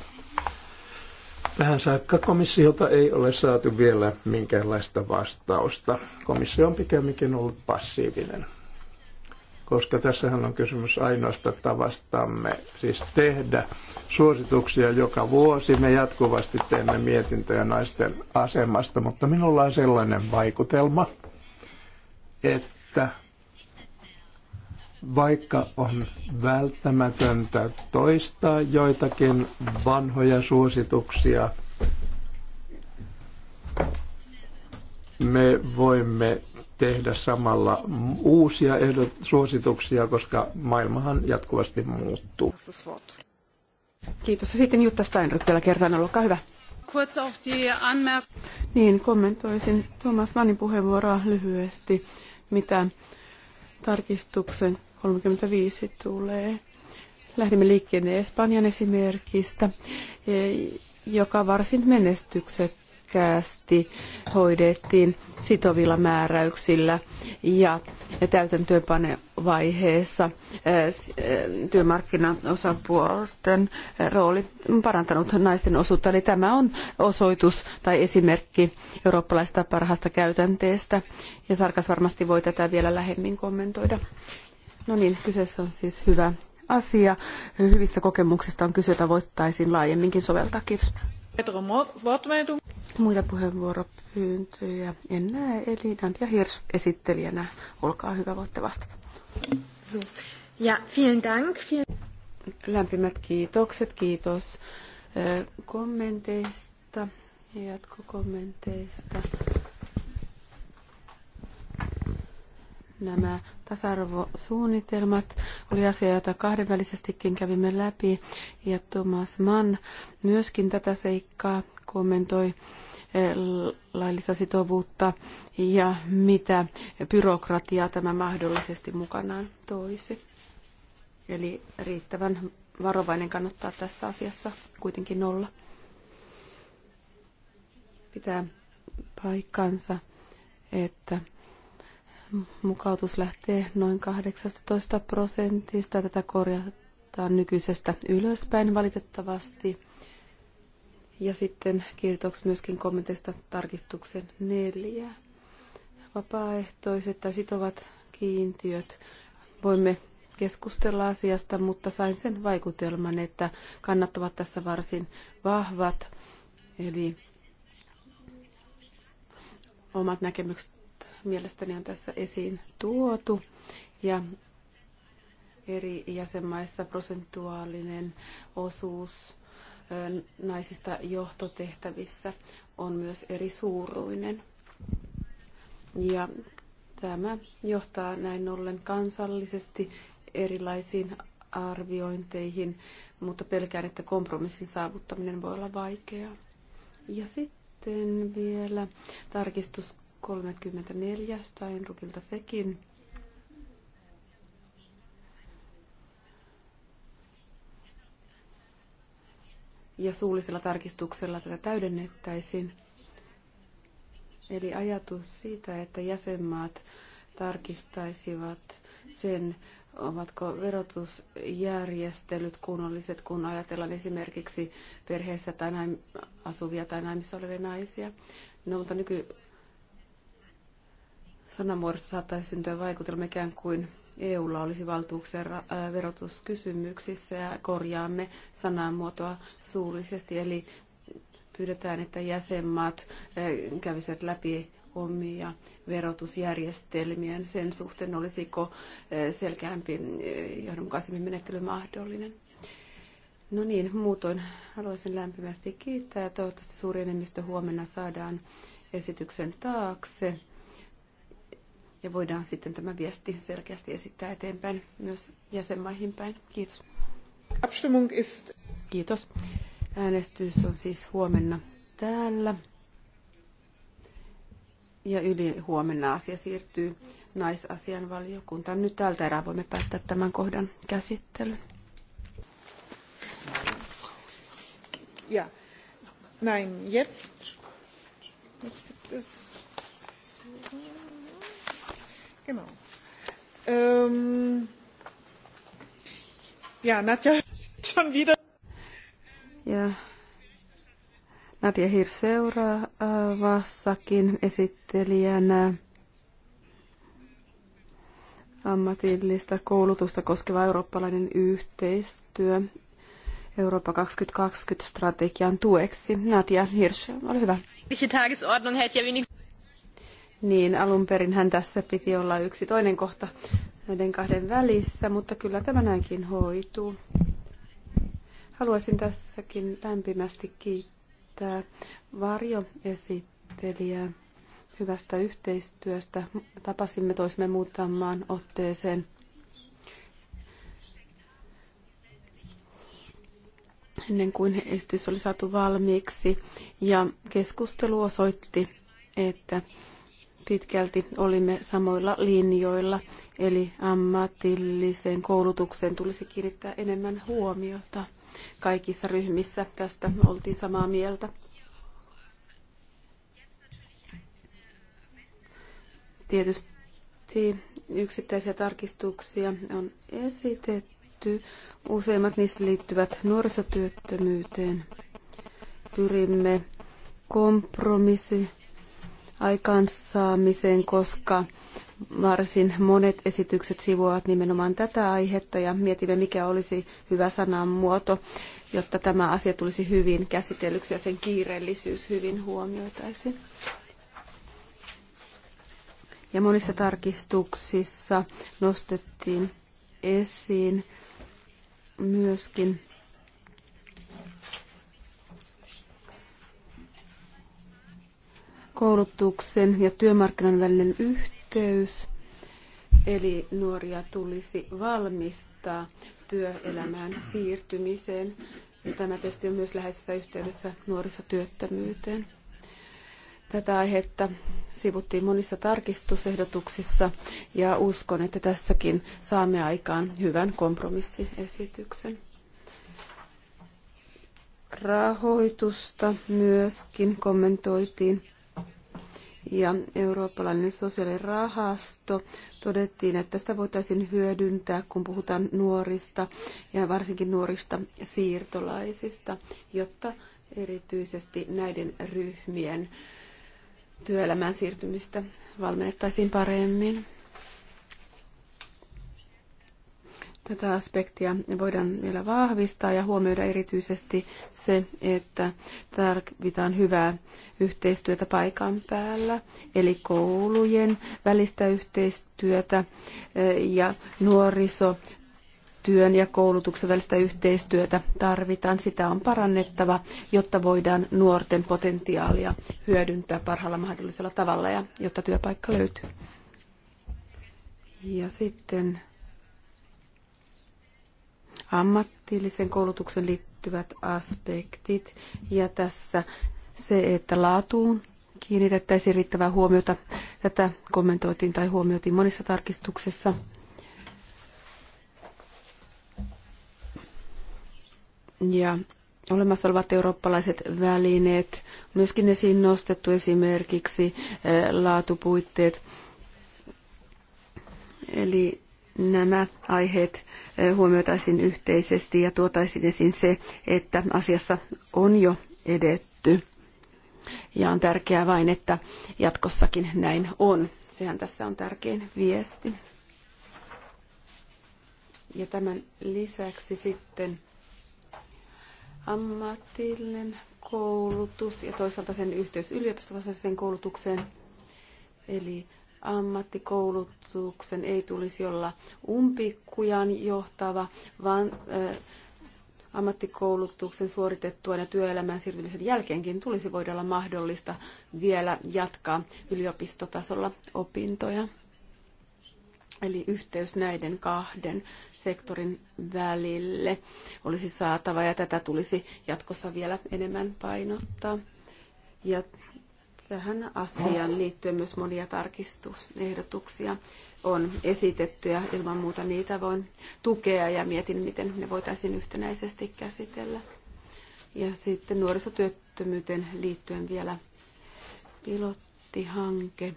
tähän saakka komissiota ei ole saatu vielä minkäänlaista vastausta. Komissio on pikemminkin ollut passiivinen koska tässähän on kysymys ainoasta tavastamme siis tehdä suosituksia joka vuosi. Me jatkuvasti teemme mietintöjä naisten asemasta, mutta minulla on sellainen vaikutelma, että vaikka on välttämätöntä toistaa joitakin vanhoja suosituksia, me voimme tehdä samalla uusia ehdot, suosituksia, koska maailmahan jatkuvasti muuttuu. Kiitos. Ja sitten Jutta Steinrück vielä kertaan, olkaa hyvä. Niin, kommentoisin Thomas Mannin puheenvuoroa lyhyesti, mitä tarkistuksen 35 tulee. Lähdimme liikkeelle Espanjan esimerkistä, e, joka varsin menestykset älykkäästi hoidettiin sitovilla määräyksillä ja täytäntöönpanevaiheessa eh, eh, työmarkkinaosapuolten rooli parantanut naisten osuutta. Eli tämä on osoitus tai esimerkki eurooppalaista parhaasta käytänteestä ja Sarkas varmasti voi tätä vielä lähemmin kommentoida. No niin, kyseessä on siis hyvä asia. Hyvistä kokemuksista on kyse, jota voittaisiin laajemminkin soveltaa. Kiitos. Muita puheenvuoropyyntöjä en näe, eli Dantia Hirs esittelijänä. Olkaa hyvä, voitte vastata. So. Ja, vielen dank. Vielen... Lämpimät kiitokset, kiitos kommenteista ja jatkokommenteista. Nämä Tasa-arvosuunnitelmat oli asia, jota kahdenvälisestikin kävimme läpi, ja Thomas Mann myöskin tätä seikkaa kommentoi eh, laillista sitovuutta ja mitä byrokratiaa tämä mahdollisesti mukanaan toisi. Eli riittävän varovainen kannattaa tässä asiassa kuitenkin olla. Pitää paikkansa, että mukautus lähtee noin 18 prosentista. Tätä korjataan nykyisestä ylöspäin valitettavasti. Ja sitten kiitoksi myöskin kommenteista tarkistuksen neljä. Vapaaehtoiset tai sitovat kiintiöt. Voimme keskustella asiasta, mutta sain sen vaikutelman, että kannattavat tässä varsin vahvat. Eli omat näkemykset mielestäni on tässä esiin tuotu. Ja eri jäsenmaissa prosentuaalinen osuus naisista johtotehtävissä on myös eri suuruinen. Ja tämä johtaa näin ollen kansallisesti erilaisiin arviointeihin, mutta pelkään, että kompromissin saavuttaminen voi olla vaikeaa. Ja sitten vielä tarkistus 34 Steinrukilta sekin. Ja suullisella tarkistuksella tätä täydennettäisiin. Eli ajatus siitä, että jäsenmaat tarkistaisivat sen, ovatko verotusjärjestelyt kunnolliset, kun ajatellaan esimerkiksi perheessä tai näin asuvia tai naimissa olevia naisia. No, mutta nyky sanamuodosta saattaisi syntyä vaikutelma ikään kuin EUlla olisi valtuuksia äh, verotuskysymyksissä ja korjaamme sanamuotoa suullisesti, eli pyydetään, että jäsenmaat äh, kävisivät läpi omia verotusjärjestelmiä sen suhteen, olisiko äh, selkeämpi johdonmukaisemmin menettely mahdollinen. No niin, muutoin haluaisin lämpimästi kiittää ja toivottavasti suuri enemmistö huomenna saadaan esityksen taakse ja voidaan sitten tämä viesti selkeästi esittää eteenpäin myös jäsenmaihin päin. Kiitos. Abstimmung ist... Kiitos. Äänestys on siis huomenna täällä. Ja yli huomenna asia siirtyy naisasian valiokuntaan. Nyt tältä erää voimme päättää tämän kohdan käsittelyn. Ja, näin, jetzt. Jetzt gibt es Genau. Ähm, ja, Nadja schon wieder. Ja. Nadia Hir seuraavassakin esittelijänä ammatillista koulutusta koskeva eurooppalainen yhteistyö Eurooppa 2020 strategian tueksi. Nadja Hirsch, ole hyvä niin alun perin hän tässä piti olla yksi toinen kohta näiden kahden välissä, mutta kyllä tämä näinkin hoituu. Haluaisin tässäkin lämpimästi kiittää varjoesittelijää hyvästä yhteistyöstä. Tapasimme toisemme muutamaan otteeseen. ennen kuin esitys oli saatu valmiiksi. Ja keskustelu osoitti, että pitkälti olimme samoilla linjoilla, eli ammatilliseen koulutukseen tulisi kiinnittää enemmän huomiota. Kaikissa ryhmissä tästä oltiin samaa mieltä. Tietysti yksittäisiä tarkistuksia on esitetty. Useimmat niistä liittyvät nuorisotyöttömyyteen. Pyrimme kompromissi aikaansaamiseen, koska varsin monet esitykset sivuavat nimenomaan tätä aihetta ja mietimme, mikä olisi hyvä muoto, jotta tämä asia tulisi hyvin käsitellyksi ja sen kiireellisyys hyvin huomioitaisiin. Ja monissa tarkistuksissa nostettiin esiin myöskin koulutuksen ja työmarkkinoiden välinen yhteys. Eli nuoria tulisi valmistaa työelämään siirtymiseen. Ja tämä tietysti on myös läheisessä yhteydessä nuorisotyöttömyyteen. Tätä aihetta sivuttiin monissa tarkistusehdotuksissa ja uskon, että tässäkin saamme aikaan hyvän kompromissiesityksen. Rahoitusta myöskin kommentoitiin ja eurooppalainen sosiaalirahasto. Todettiin, että sitä voitaisiin hyödyntää, kun puhutaan nuorista ja varsinkin nuorista siirtolaisista, jotta erityisesti näiden ryhmien työelämään siirtymistä valmennettaisiin paremmin. tätä aspektia voidaan vielä vahvistaa ja huomioida erityisesti se, että tarvitaan hyvää yhteistyötä paikan päällä, eli koulujen välistä yhteistyötä eh, ja nuoriso työn ja koulutuksen välistä yhteistyötä tarvitaan. Sitä on parannettava, jotta voidaan nuorten potentiaalia hyödyntää parhaalla mahdollisella tavalla ja jotta työpaikka löytyy. Ja sitten ammatillisen koulutuksen liittyvät aspektit ja tässä se, että laatuun kiinnitettäisiin riittävää huomiota. Tätä kommentoitiin tai huomioitiin monissa tarkistuksissa. Ja olemassa olevat eurooppalaiset välineet, myöskin esiin nostettu esimerkiksi eh, laatupuitteet. Eli nämä aiheet eh, huomioitaisiin yhteisesti ja tuotaisiin esiin se, että asiassa on jo edetty. Ja on tärkeää vain, että jatkossakin näin on. Sehän tässä on tärkein viesti. Ja tämän lisäksi sitten ammatillinen koulutus ja toisaalta sen yhteys yliopistotasoiseen koulutukseen. Eli ammattikoulutuksen ei tulisi olla umpikkujan johtava, vaan ammattikoulutuksen suoritettua ja työelämään siirtymisen jälkeenkin tulisi voida olla mahdollista vielä jatkaa yliopistotasolla opintoja. Eli yhteys näiden kahden sektorin välille olisi saatava ja tätä tulisi jatkossa vielä enemmän painottaa. Ja Tähän asiaan liittyen myös monia tarkistusehdotuksia on esitetty ja ilman muuta niitä voin tukea ja mietin, miten ne voitaisiin yhtenäisesti käsitellä. Ja sitten nuorisotyöttömyyteen liittyen vielä pilottihanke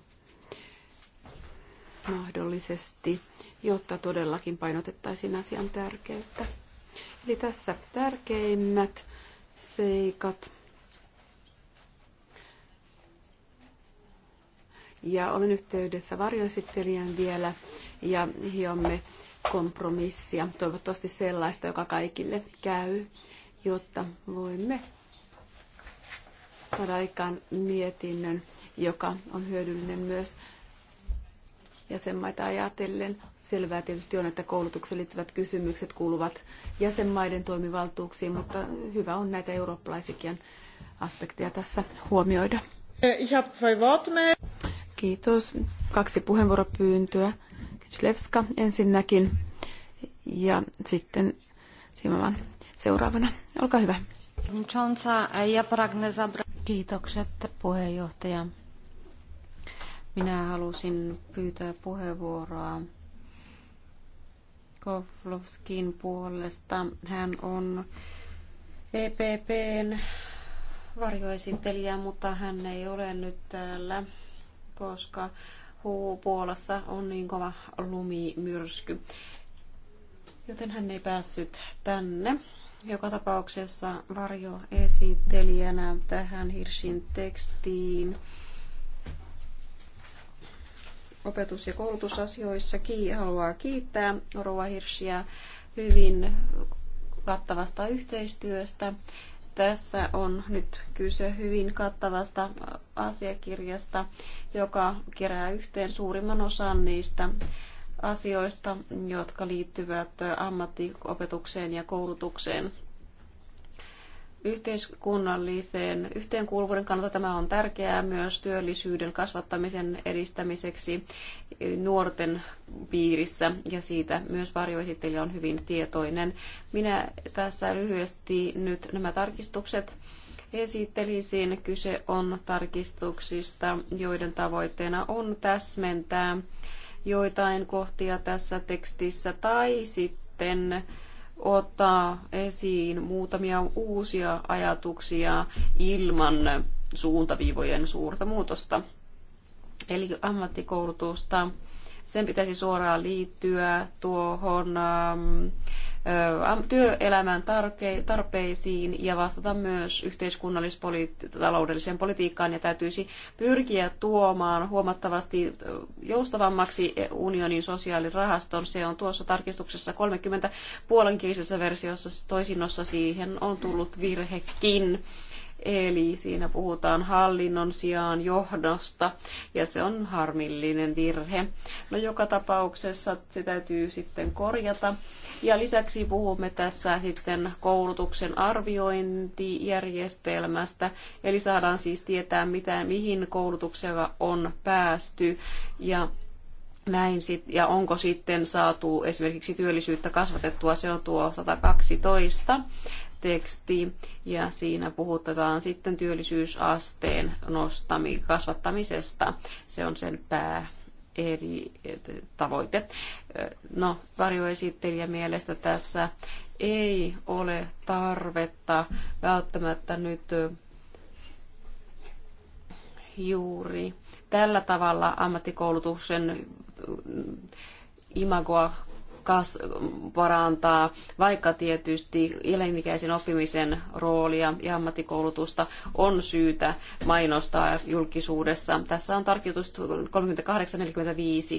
mahdollisesti, jotta todellakin painotettaisiin asian tärkeyttä. Eli tässä tärkeimmät seikat. ja olen yhteydessä varjoesittelijän vielä ja hiomme kompromissia, toivottavasti sellaista, joka kaikille käy, jotta voimme saada aikaan mietinnön, joka on hyödyllinen myös jäsenmaita ajatellen. Selvää tietysti on, että koulutukseen liittyvät kysymykset kuuluvat jäsenmaiden toimivaltuuksiin, mutta hyvä on näitä eurooppalaisikin aspekteja tässä huomioida. Eh, ich habe zwei Kiitos. Kaksi puheenvuoropyyntöä. Kitslevska ensinnäkin ja sitten Simavan seuraavana. Olkaa hyvä. Kiitokset puheenjohtaja. Minä halusin pyytää puheenvuoroa Kovlovskin puolesta. Hän on EPPn varjoesittelijä, mutta hän ei ole nyt täällä koska Puolassa on niin kova lumimyrsky. Joten hän ei päässyt tänne. Joka tapauksessa Varjo esittelijänä tähän Hirsin tekstiin opetus- ja koulutusasioissa haluaa kiittää Rova Hirsiä hyvin kattavasta yhteistyöstä tässä on nyt kyse hyvin kattavasta asiakirjasta, joka kerää yhteen suurimman osan niistä asioista, jotka liittyvät ammattiopetukseen ja koulutukseen yhteiskunnalliseen yhteenkuuluvuuden kannalta tämä on tärkeää myös työllisyyden kasvattamisen edistämiseksi nuorten piirissä ja siitä myös varjoesittelijä on hyvin tietoinen. Minä tässä lyhyesti nyt nämä tarkistukset esittelisin. Kyse on tarkistuksista, joiden tavoitteena on täsmentää joitain kohtia tässä tekstissä tai sitten ottaa esiin muutamia uusia ajatuksia ilman suuntaviivojen suurta muutosta. Eli ammattikoulutusta, sen pitäisi suoraan liittyä tuohon ähm, työelämän tarpeisiin ja vastata myös yhteiskunnallis-taloudelliseen politiikkaan ja täytyisi pyrkiä tuomaan huomattavasti joustavammaksi unionin sosiaalirahaston. Se on tuossa tarkistuksessa 30 puolenkielisessä versiossa toisinnossa siihen on tullut virhekin. Eli siinä puhutaan hallinnon sijaan johdosta, ja se on harmillinen virhe. No joka tapauksessa se täytyy sitten korjata. Ja lisäksi puhumme tässä sitten koulutuksen arviointijärjestelmästä, eli saadaan siis tietää, mitä, mihin koulutuksella on päästy, ja näin sit, ja onko sitten saatu esimerkiksi työllisyyttä kasvatettua, se on tuo 112 teksti ja siinä puhutaan sitten työllisyysasteen nostami, kasvattamisesta. Se on sen pää eri tavoite. No, varjoesittelijä mielestä tässä ei ole tarvetta välttämättä nyt juuri tällä tavalla ammattikoulutuksen imagoa kas- parantaa, vaikka tietysti elinikäisen oppimisen roolia ja ammattikoulutusta on syytä mainostaa julkisuudessa. Tässä on tarkoitus 38.45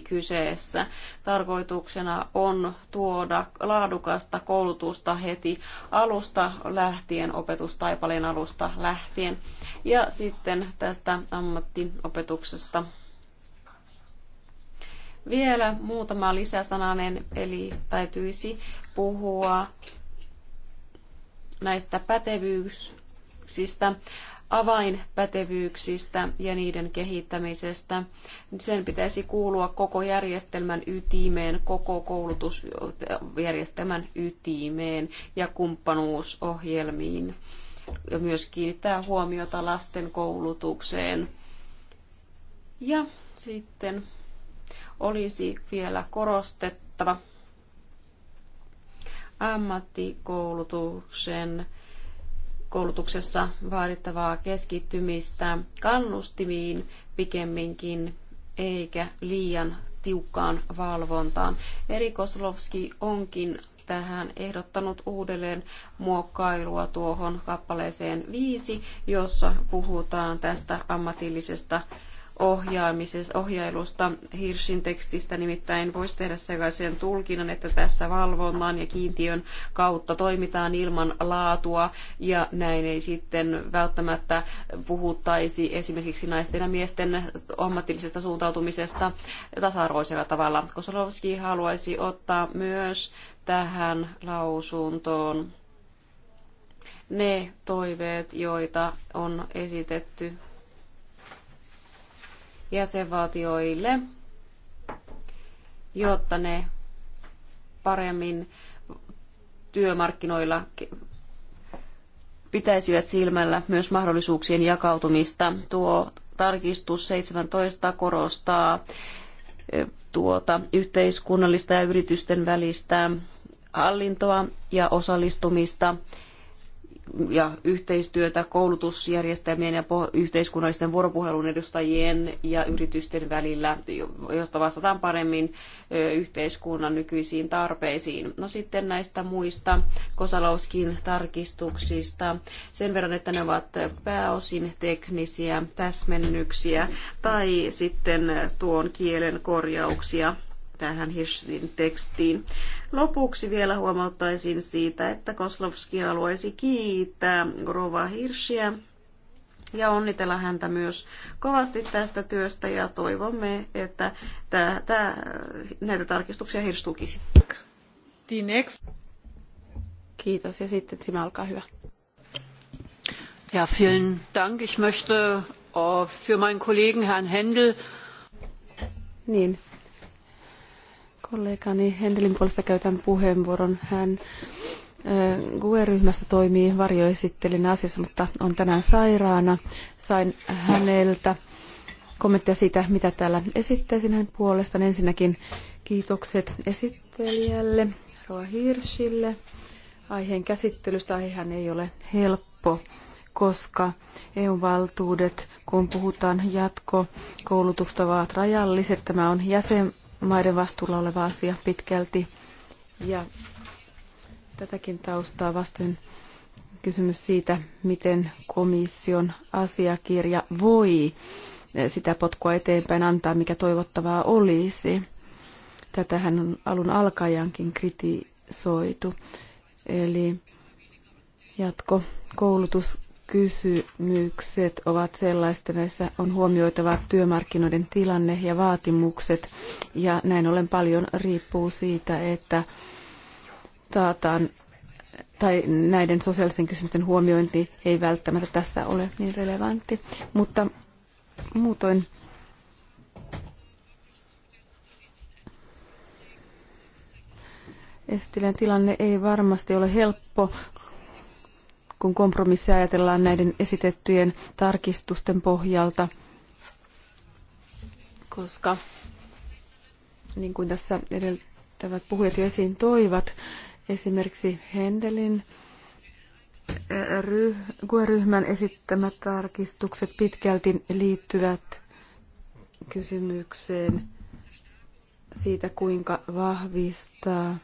kyseessä. Tarkoituksena on tuoda laadukasta koulutusta heti alusta lähtien, opetustaipaleen alusta lähtien. Ja sitten tästä ammattiopetuksesta vielä muutama lisäsananen, eli täytyisi puhua näistä pätevyyksistä, avainpätevyyksistä ja niiden kehittämisestä. Sen pitäisi kuulua koko järjestelmän ytimeen, koko koulutusjärjestelmän ytimeen ja kumppanuusohjelmiin. Ja myös kiinnittää huomiota lasten koulutukseen. Ja sitten olisi vielä korostettava ammattikoulutuksen koulutuksessa vaadittavaa keskittymistä kannustimiin pikemminkin eikä liian tiukkaan valvontaan. Erikoslovski onkin tähän ehdottanut uudelleen muokkailua tuohon kappaleeseen viisi, jossa puhutaan tästä ammatillisesta ohjaamisesta, ohjailusta Hirschin tekstistä, nimittäin voisi tehdä sellaisen tulkinnan, että tässä valvonnan ja kiintiön kautta toimitaan ilman laatua ja näin ei sitten välttämättä puhuttaisi esimerkiksi naisten ja miesten ammatillisesta suuntautumisesta tasa-arvoisella tavalla. Kosolowski haluaisi ottaa myös tähän lausuntoon ne toiveet, joita on esitetty jäsenvaltioille, jotta ne paremmin työmarkkinoilla pitäisivät silmällä myös mahdollisuuksien jakautumista. Tuo tarkistus 17 korostaa tuota yhteiskunnallista ja yritysten välistä hallintoa ja osallistumista ja yhteistyötä koulutusjärjestelmien ja yhteiskunnallisten vuoropuhelun edustajien ja yritysten välillä, josta vastataan paremmin yhteiskunnan nykyisiin tarpeisiin. No sitten näistä muista Kosalauskin tarkistuksista sen verran, että ne ovat pääosin teknisiä täsmennyksiä tai sitten tuon kielen korjauksia tähän Hirschin tekstiin. Lopuksi vielä huomauttaisin siitä, että Koslovski haluaisi kiittää Rova Hirschiä ja onnitella häntä myös kovasti tästä työstä ja toivomme, että tää, tää, näitä tarkistuksia Hirsch tukisi. Kiitos ja sitten Sima, alkaa hyvä. Ja, vielen Dank. Ich möchte äh, für meinen Kollegen Herrn Händel niin, kollegani Hendelin puolesta käytän puheenvuoron. Hän GUE-ryhmästä toimii varjoesittelinä asiassa, mutta on tänään sairaana. Sain häneltä kommentteja siitä, mitä täällä esittäisin hänen puolestaan. Ensinnäkin kiitokset esittelijälle, Roa Hirschille, aiheen käsittelystä. Aihehan ei ole helppo koska EU-valtuudet, kun puhutaan jatkokoulutuksesta, ovat rajalliset. Tämä on jäsen, maiden vastuulla oleva asia pitkälti. Ja tätäkin taustaa vasten kysymys siitä, miten komission asiakirja voi sitä potkua eteenpäin antaa, mikä toivottavaa olisi. Tätähän on alun alkajankin kritisoitu. Eli jatko koulutus kysymykset ovat sellaista, näissä on huomioitava työmarkkinoiden tilanne ja vaatimukset. Ja näin ollen paljon riippuu siitä, että taataan tai näiden sosiaalisten kysymysten huomiointi ei välttämättä tässä ole niin relevantti, mutta muutoin Estilän tilanne ei varmasti ole helppo, kun kompromissia ajatellaan näiden esitettyjen tarkistusten pohjalta, koska niin kuin tässä edeltävät puhujat jo esiin toivat, esimerkiksi Hendelin eh, ryhmän esittämät tarkistukset pitkälti liittyvät kysymykseen siitä, kuinka vahvistaa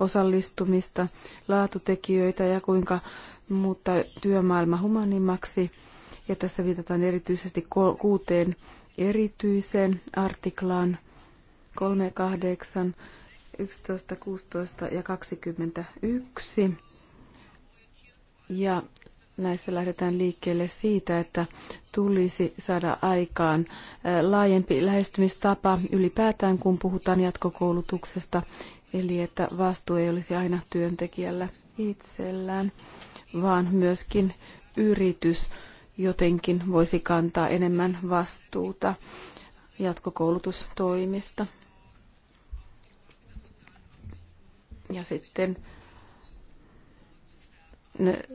osallistumista, laatutekijöitä ja kuinka muuttaa työmaailma humanimmaksi. Ja tässä viitataan erityisesti kuuteen erityiseen artiklaan 3, 8, 11, 16 ja 21. Ja näissä lähdetään liikkeelle siitä, että tulisi saada aikaan laajempi lähestymistapa ylipäätään, kun puhutaan jatkokoulutuksesta Eli että vastuu ei olisi aina työntekijällä itsellään, vaan myöskin yritys jotenkin voisi kantaa enemmän vastuuta jatkokoulutustoimista. Ja sitten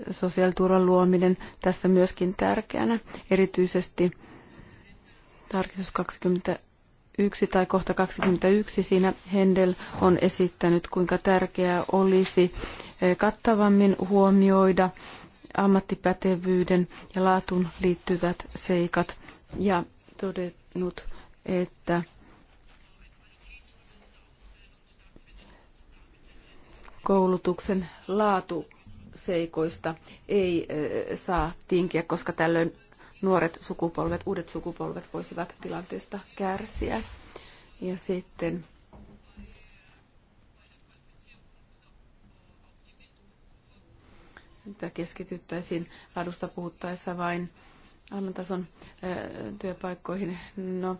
sosiaaliturvan luominen tässä myöskin tärkeänä, erityisesti tarkistus 20 1 tai kohta 21 siinä Hendel on esittänyt, kuinka tärkeää olisi eh, kattavammin huomioida ammattipätevyyden ja laatuun liittyvät seikat ja todennut, että koulutuksen laatu seikoista ei eh, saa tinkiä, koska tällöin nuoret sukupolvet, uudet sukupolvet voisivat tilanteesta kärsiä. Ja sitten että keskityttäisiin ladusta puhuttaessa vain alemman työpaikkoihin. No,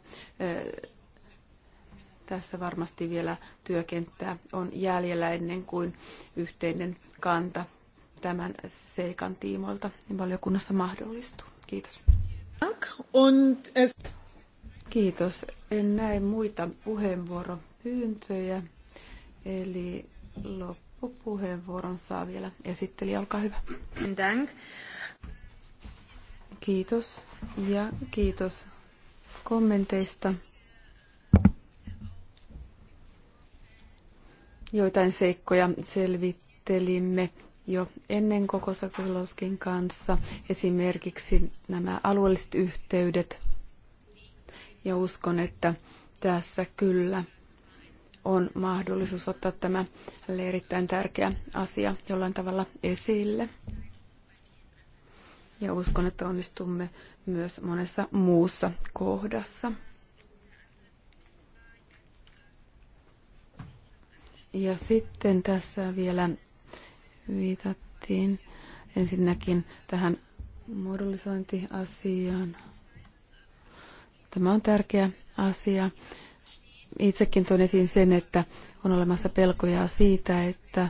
tässä varmasti vielä työkenttää on jäljellä ennen kuin yhteinen kanta tämän seikan tiimoilta valiokunnassa mahdollistuu. Kiitos. Kiitos. En näe muita puheenvuoropyyntöjä. Eli loppupuheenvuoron saa vielä esittelijä. Olkaa hyvä. Dank. Kiitos ja kiitos kommenteista. Joitain seikkoja selvittelimme jo ennen koko Sakosloskin kanssa, esimerkiksi nämä alueelliset yhteydet. Ja uskon, että tässä kyllä on mahdollisuus ottaa tämä erittäin tärkeä asia jollain tavalla esille. Ja uskon, että onnistumme myös monessa muussa kohdassa. Ja sitten tässä vielä viitattiin ensinnäkin tähän modulisointiasiaan. Tämä on tärkeä asia. Itsekin toin esiin sen, että on olemassa pelkoja siitä, että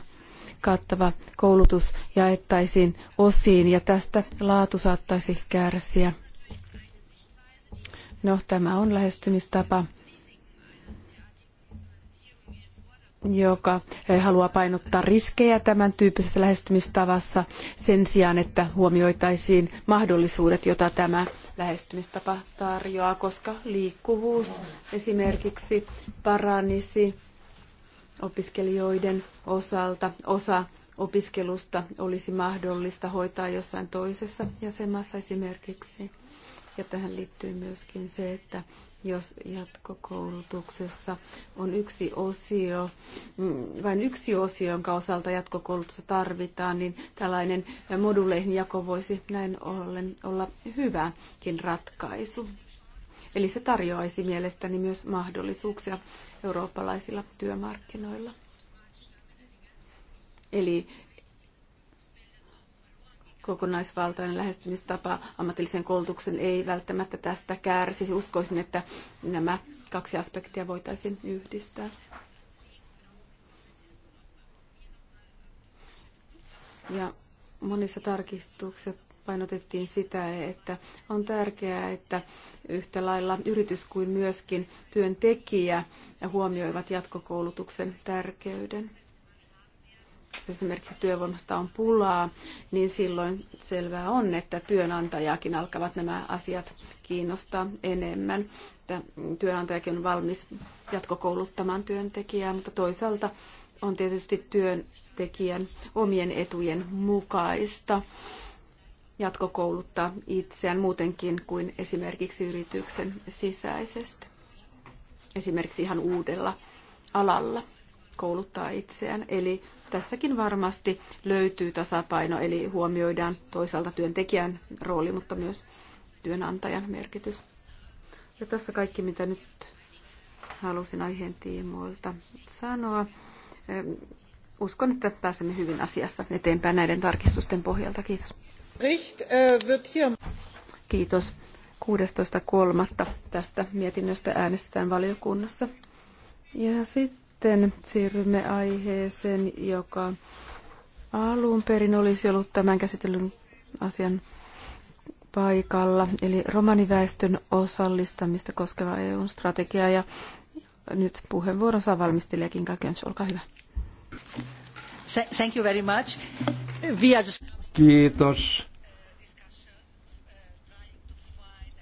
kattava koulutus jaettaisiin osiin ja tästä laatu saattaisi kärsiä. No, tämä on lähestymistapa, joka eh, haluaa painottaa riskejä tämän tyyppisessä lähestymistavassa sen sijaan, että huomioitaisiin mahdollisuudet, joita tämä lähestymistapa tarjoaa, koska liikkuvuus esimerkiksi paranisi opiskelijoiden osalta. Osa opiskelusta olisi mahdollista hoitaa jossain toisessa jäsenmaassa esimerkiksi. Ja tähän liittyy myöskin se, että jos jatkokoulutuksessa on yksi osio, mm, vain yksi osio, jonka osalta jatkokoulutusta tarvitaan, niin tällainen moduleihin jako voisi näin ollen olla hyväkin ratkaisu. Eli se tarjoaisi mielestäni myös mahdollisuuksia eurooppalaisilla työmarkkinoilla. Eli kokonaisvaltainen lähestymistapa ammatillisen koulutuksen ei välttämättä tästä kärsisi. Uskoisin, että nämä kaksi aspektia voitaisiin yhdistää. Ja monissa tarkistuksissa painotettiin sitä, että on tärkeää, että yhtä lailla yritys kuin myöskin työntekijä huomioivat jatkokoulutuksen tärkeyden jos esimerkiksi työvoimasta on pulaa, niin silloin selvää on, että työnantajakin alkavat nämä asiat kiinnostaa enemmän. Että työnantajakin on valmis jatkokouluttamaan työntekijää, mutta toisaalta on tietysti työntekijän omien etujen mukaista jatkokouluttaa itseään muutenkin kuin esimerkiksi yrityksen sisäisesti. Esimerkiksi ihan uudella alalla kouluttaa itseään. Eli tässäkin varmasti löytyy tasapaino, eli huomioidaan toisaalta työntekijän rooli, mutta myös työnantajan merkitys. Ja tässä kaikki, mitä nyt halusin aiheen tiimoilta sanoa. Uskon, että pääsemme hyvin asiassa eteenpäin näiden tarkistusten pohjalta. Kiitos. Richt, äh, wird hier... Kiitos. 16.3. tästä mietinnöstä äänestetään valiokunnassa. Ja sitten sitten siirrymme aiheeseen, joka alun perin olisi ollut tämän käsitellyn asian paikalla, eli romaniväestön osallistamista koskeva EU-strategia. Ja nyt puheenvuoron saa valmistelijakin Kakens, olkaa hyvä. Thank you very much. just... Kiitos.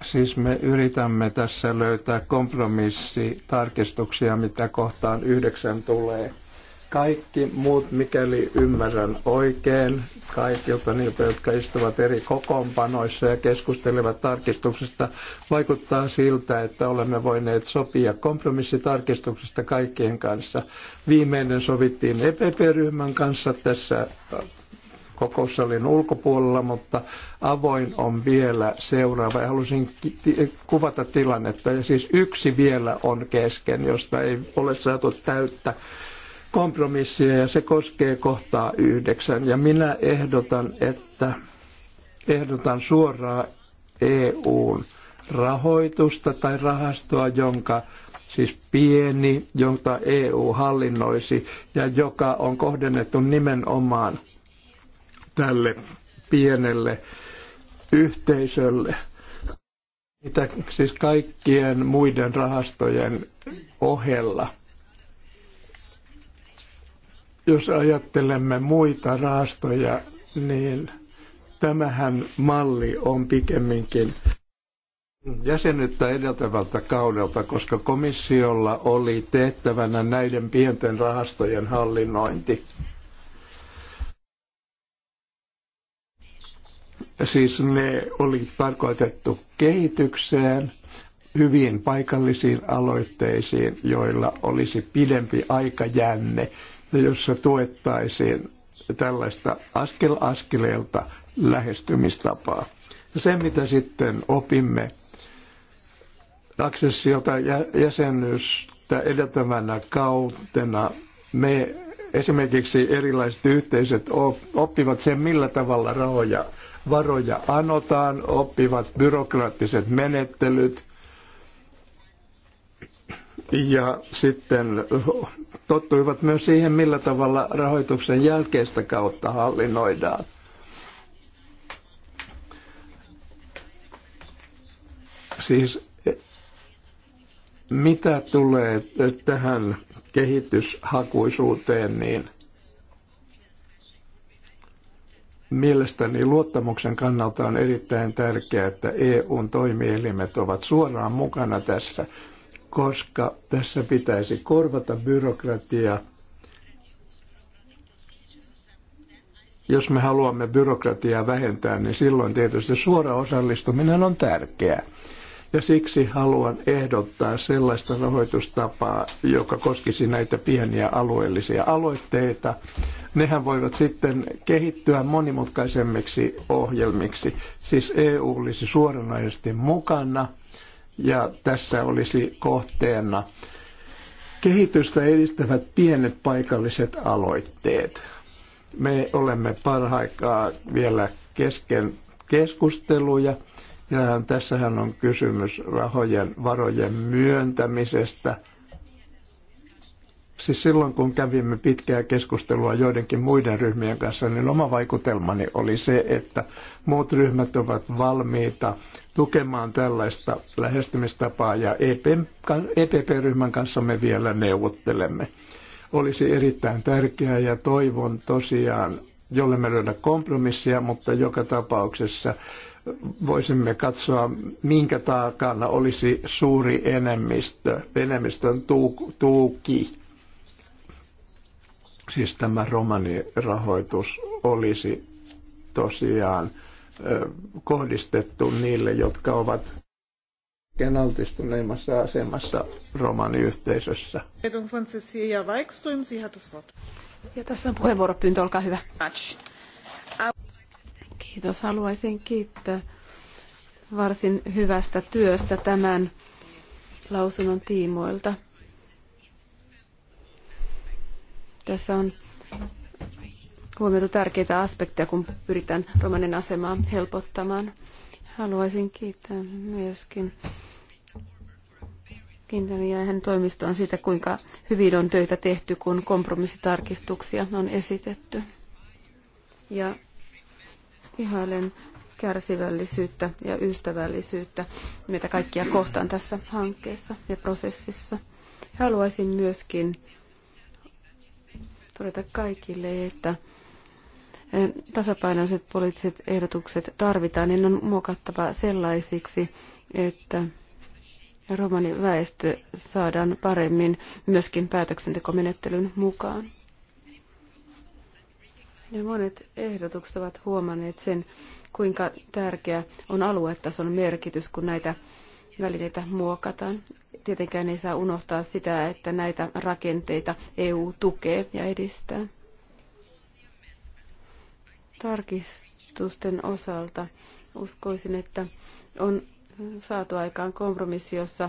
Siis me yritämme tässä löytää kompromissitarkistuksia, mitä kohtaan yhdeksän tulee. Kaikki muut, mikäli ymmärrän oikein, kaikilta niiltä, jotka istuvat eri kokoonpanoissa ja keskustelevat tarkistuksesta, vaikuttaa siltä, että olemme voineet sopia kompromissitarkistuksesta kaikkien kanssa. Viimeinen sovittiin EPP-ryhmän kanssa tässä kokoussalin ulkopuolella, mutta avoin on vielä seuraava. Ja halusin kuvata tilannetta. Ja siis yksi vielä on kesken, josta ei ole saatu täyttä kompromissia ja se koskee kohtaa yhdeksän. Ja minä ehdotan, että ehdotan suoraa EUn rahoitusta tai rahastoa, jonka siis pieni, jonka EU hallinnoisi ja joka on kohdennettu nimenomaan tälle pienelle yhteisölle. Mitä siis kaikkien muiden rahastojen ohella – jos ajattelemme muita rahastoja, niin tämähän malli on pikemminkin jäsenyyttä edeltävältä kaudelta, koska komissiolla oli tehtävänä näiden pienten rahastojen hallinnointi. Siis ne oli tarkoitettu kehitykseen, hyvin paikallisiin aloitteisiin, joilla olisi pidempi aikajänne, jossa tuettaisiin tällaista askel askeleelta lähestymistapaa. Ja se, mitä sitten opimme aksessiota jäsenyystä edeltävänä kautena, me esimerkiksi erilaiset yhteisöt oppivat sen, millä tavalla rahoja varoja anotaan, oppivat byrokraattiset menettelyt ja sitten tottuivat myös siihen, millä tavalla rahoituksen jälkeistä kautta hallinnoidaan. Siis mitä tulee tähän kehityshakuisuuteen, niin – Mielestäni luottamuksen kannalta on erittäin tärkeää, että EUn toimielimet ovat suoraan mukana tässä, koska tässä pitäisi korvata byrokratiaa jos me haluamme byrokratiaa vähentää, niin silloin tietysti suora osallistuminen on tärkeää. Ja siksi haluan ehdottaa sellaista rahoitustapaa, joka koskisi näitä pieniä alueellisia aloitteita. Nehän voivat sitten kehittyä monimutkaisemmiksi ohjelmiksi. Siis EU olisi suoranaisesti mukana ja tässä olisi kohteena kehitystä edistävät pienet paikalliset aloitteet. Me olemme parhaikaa vielä kesken keskusteluja – Kyllähän tässähän on kysymys rahojen, varojen myöntämisestä. Siis silloin kun kävimme pitkää keskustelua joidenkin muiden ryhmien kanssa, niin oma vaikutelmani oli se, että muut ryhmät ovat valmiita tukemaan tällaista lähestymistapaa ja EPP-ryhmän e kanssa me vielä neuvottelemme. Olisi erittäin tärkeää ja toivon tosiaan, jolle me löydä kompromissia, mutta joka tapauksessa voisimme katsoa, minkä taakana olisi suuri enemmistö, enemmistön tuuki. Siis tämä romanirahoitus olisi tosiaan kohdistettu niille, jotka ovat kaikkein altistuneimmassa asemassa romaniyhteisössä. Ja tässä on puheenvuoropyyntö, olkaa hyvä. Kiitos. Haluaisin kiittää varsin hyvästä työstä tämän lausunnon tiimoilta. Tässä on huomioitu tärkeitä aspekteja, kun pyritään romanin asemaa helpottamaan. Haluaisin kiittää myöskin Kintaria ja hänen toimistoon siitä, kuinka hyvin on töitä tehty, kun kompromissitarkistuksia on esitetty. Ja ihailen kärsivällisyyttä ja ystävällisyyttä meitä kaikkia kohtaan tässä hankkeessa ja prosessissa. Haluaisin myöskin todeta kaikille, että tasapainoiset poliittiset ehdotukset tarvitaan, niin on muokattava sellaisiksi, että romaniväestö saadaan paremmin myöskin päätöksentekomenettelyn mukaan. Ja monet ehdotukset ovat huomanneet sen, kuinka tärkeä on aluetason merkitys, kun näitä välineitä muokataan. Tietenkään ei saa unohtaa sitä, että näitä rakenteita EU tukee ja edistää. Tarkistusten osalta uskoisin, että on saatu aikaan kompromissi, jossa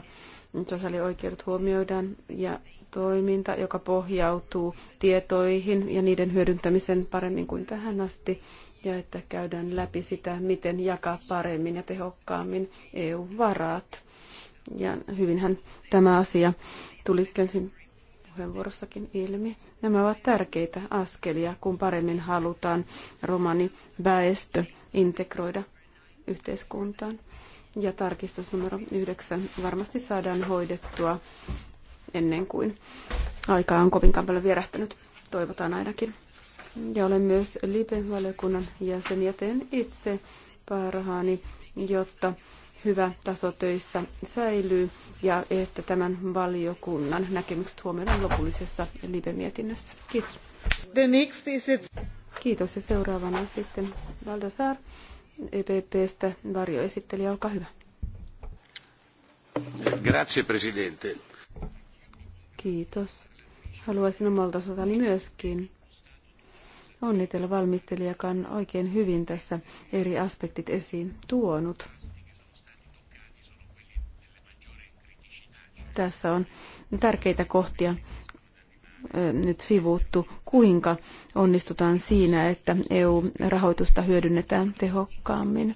sosiaalioikeudet huomioidaan ja toiminta, joka pohjautuu tietoihin ja niiden hyödyntämisen paremmin kuin tähän asti, ja että käydään läpi sitä, miten jakaa paremmin ja tehokkaammin EU-varat. Ja hyvinhän tämä asia tuli ensin puheenvuorossakin ilmi. Nämä ovat tärkeitä askelia, kun paremmin halutaan romani väestö integroida yhteiskuntaan. Ja tarkistus numero yhdeksän varmasti saadaan hoidettua ennen kuin aikaa on kovinkaan paljon vierähtänyt. Toivotaan ainakin. Ja olen myös libe valiokunnan jäsen ja teen itse parhaani, jotta hyvä taso töissä säilyy ja että tämän valiokunnan näkemykset huomioidaan lopullisessa libe mietinnössä Kiitos. The next is it. Kiitos ja seuraavana sitten Valdasar EPPstä varjoesittelijä, olkaa hyvä. Grazie Presidente. Kiitos. Haluaisin omalta osaltani myöskin onnitella on oikein hyvin tässä eri aspektit esiin tuonut. Tässä on tärkeitä kohtia nyt sivuuttu, kuinka onnistutaan siinä, että EU-rahoitusta hyödynnetään tehokkaammin.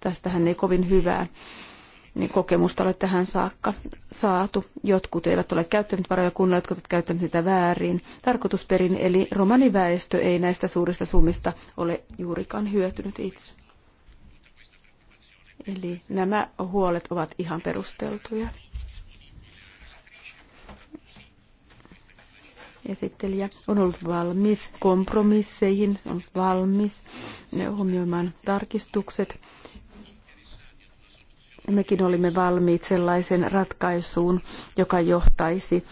Tästähän ei kovin hyvää niin kokemusta ole tähän saakka saatu. Jotkut eivät ole käyttäneet varoja kunnolla, jotkut ovat käyttäneet niitä väärin tarkoitusperin, eli romaniväestö ei näistä suurista summista ole juurikaan hyötynyt itse. Eli nämä huolet ovat ihan perusteltuja. esittelijä on ollut valmis kompromisseihin, on valmis huomioimaan tarkistukset mekin olimme valmiit sellaisen ratkaisuun, joka johtaisi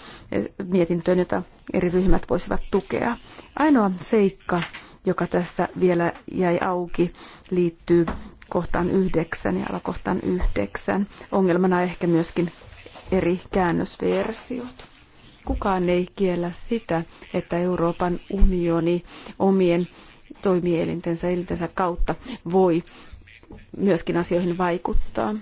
mietintöön, jota eri ryhmät voisivat tukea. Ainoa seikka, joka tässä vielä jäi auki, liittyy kohtaan yhdeksän ja alakohtaan yhdeksän. Ongelmana ehkä myöskin eri käännösversiot. Kukaan ei kiellä sitä, että Euroopan unioni omien toimielintensä elintensä kautta voi myöskin asioihin vaikuttaa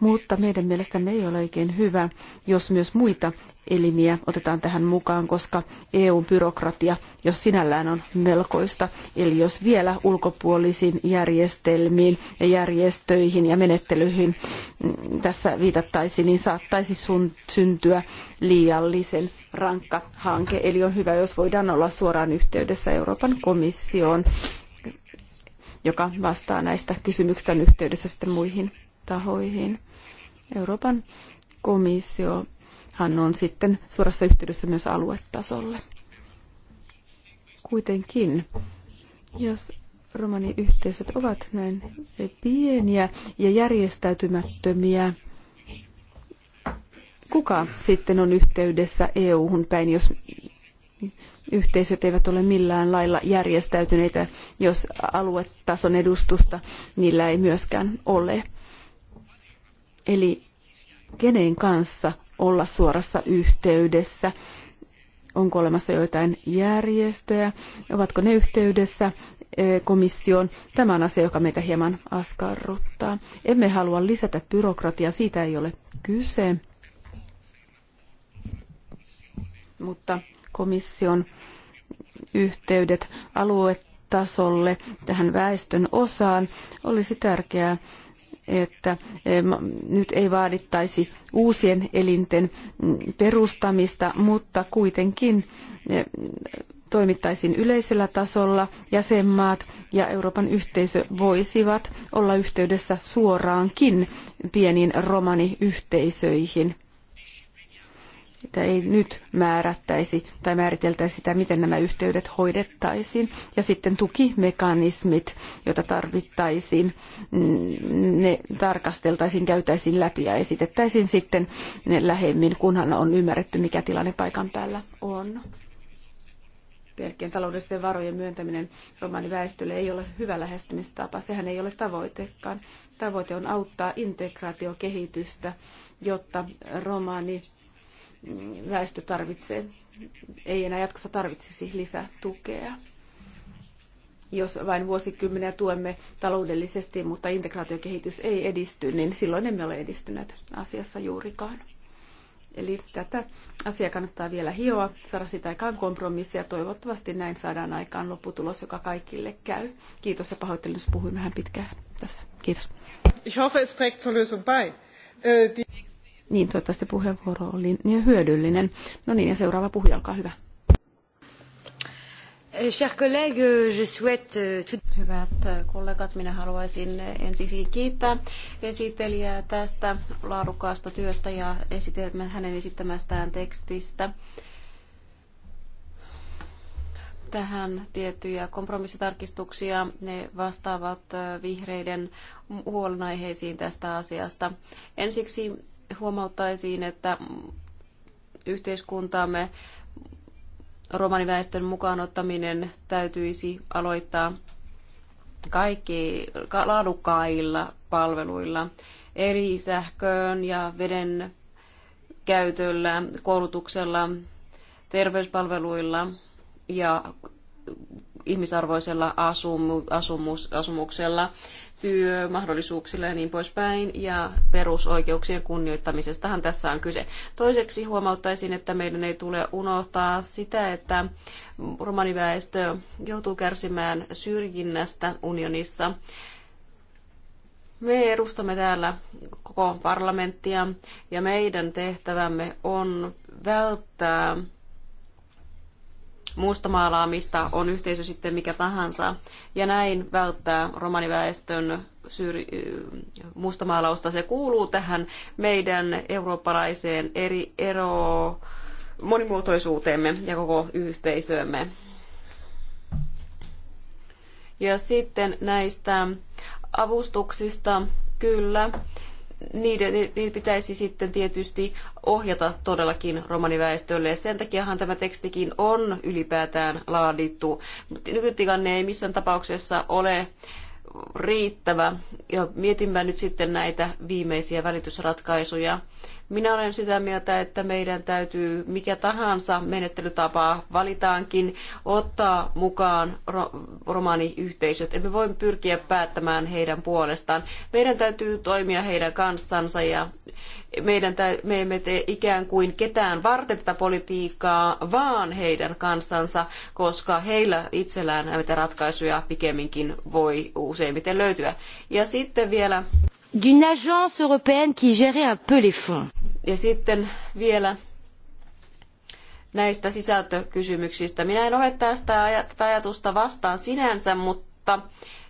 mutta meidän mielestämme ei ole oikein hyvä, jos myös muita elimiä otetaan tähän mukaan, koska EU-byrokratia jo sinällään on melkoista. Eli jos vielä ulkopuolisiin järjestelmiin ja järjestöihin ja menettelyihin mm, tässä viitattaisiin, niin saattaisi syntyä liiallisen rankka hanke. Eli on hyvä, jos voidaan olla suoraan yhteydessä Euroopan komissioon joka vastaa näistä kysymyksistä yhteydessä sitten muihin tahoihin. Euroopan komissiohan on sitten suorassa yhteydessä myös aluetasolle. Kuitenkin, jos romaniyhteisöt ovat näin pieniä ja järjestäytymättömiä, kuka sitten on yhteydessä EU-hun päin, jos yhteisöt eivät ole millään lailla järjestäytyneitä, jos aluetason edustusta niillä ei myöskään ole. Eli kenen kanssa olla suorassa yhteydessä? Onko olemassa joitain järjestöjä? Ovatko ne yhteydessä eh, komissioon? Tämä on asia, joka meitä hieman askarruttaa. Emme halua lisätä byrokratiaa, siitä ei ole kyse. Mutta komission yhteydet aluetasolle tähän väestön osaan olisi tärkeää että eh, nyt ei vaadittaisi uusien elinten mm, perustamista, mutta kuitenkin eh, toimittaisiin yleisellä tasolla, jäsenmaat ja Euroopan yhteisö voisivat olla yhteydessä suoraankin pieniin romaniyhteisöihin että ei nyt määrättäisi tai määriteltäisi sitä, miten nämä yhteydet hoidettaisiin. Ja sitten tukimekanismit, joita tarvittaisiin, mm, ne tarkasteltaisiin, käytäisiin läpi ja esitettäisiin sitten ne lähemmin, kunhan on ymmärretty, mikä tilanne paikan päällä on. Pelkkien taloudellisten varojen myöntäminen romaniväestölle ei ole hyvä lähestymistapa, sehän ei ole tavoitekaan. Tavoite on auttaa integraatiokehitystä, jotta romani väestö tarvitsee, ei enää jatkossa tarvitsisi lisää tukea. Jos vain vuosikymmeniä tuemme taloudellisesti, mutta integraatiokehitys ei edisty, niin silloin emme ole edistyneet asiassa juurikaan. Eli tätä asiaa kannattaa vielä hioa, saada sitä aikaan kompromissia. Toivottavasti näin saadaan aikaan lopputulos, joka kaikille käy. Kiitos ja pahoittelen, jos puhuin vähän pitkään tässä. Kiitos. Ich hoffe, es trägt zur Lösung bei. Äh, niin, toivottavasti puheenvuoro oli niin hyödyllinen. No niin, ja seuraava puhuja, olkaa hyvä. Eh, eh, eh, Hyvät kollegat, minä haluaisin ensiksi kiittää esittelijää tästä laadukkaasta työstä ja hänen esittämästään tekstistä. Tähän tiettyjä kompromissitarkistuksia, ne vastaavat vihreiden huolenaiheisiin tästä asiasta. Ensiksi huomauttaisiin, että yhteiskuntaamme romaniväestön mukaanottaminen täytyisi aloittaa kaikki laadukkailla palveluilla, eli sähköön ja veden käytöllä, koulutuksella, terveyspalveluilla ja ihmisarvoisella asumu, asumus, asumuksella, työmahdollisuuksilla ja niin poispäin, ja perusoikeuksien kunnioittamisestahan tässä on kyse. Toiseksi huomauttaisin, että meidän ei tule unohtaa sitä, että romaniväestö joutuu kärsimään syrjinnästä unionissa. Me edustamme täällä koko parlamenttia ja meidän tehtävämme on välttää maalaamista, on yhteisö sitten mikä tahansa. Ja näin välttää romaniväestön syrj- mustamaalausta. Se kuuluu tähän meidän eurooppalaiseen eri ero monimuotoisuuteemme ja koko yhteisöömme. Ja sitten näistä avustuksista, kyllä, niiden, niiden pitäisi sitten tietysti ohjata todellakin romaniväestölle. Sen takiahan tämä tekstikin on ylipäätään laadittu. Nykytilanne ei missään tapauksessa ole riittävä. Ja mietimme nyt sitten näitä viimeisiä välitysratkaisuja. Minä olen sitä mieltä, että meidän täytyy mikä tahansa menettelytapa valitaankin ottaa mukaan ro- romaniyhteisöt. Emme voi pyrkiä päättämään heidän puolestaan. Meidän täytyy toimia heidän kanssansa ja meidän tä- me emme tee ikään kuin ketään varten tätä politiikkaa, vaan heidän kansansa, koska heillä itsellään näitä ratkaisuja pikemminkin voi useimmiten löytyä. Ja sitten vielä d'une agence européenne qui gérait un peu les fonds. Ja sitten vielä näistä sisältökysymyksistä. Minä en ole tästä ajatusta vastaan sinänsä, mutta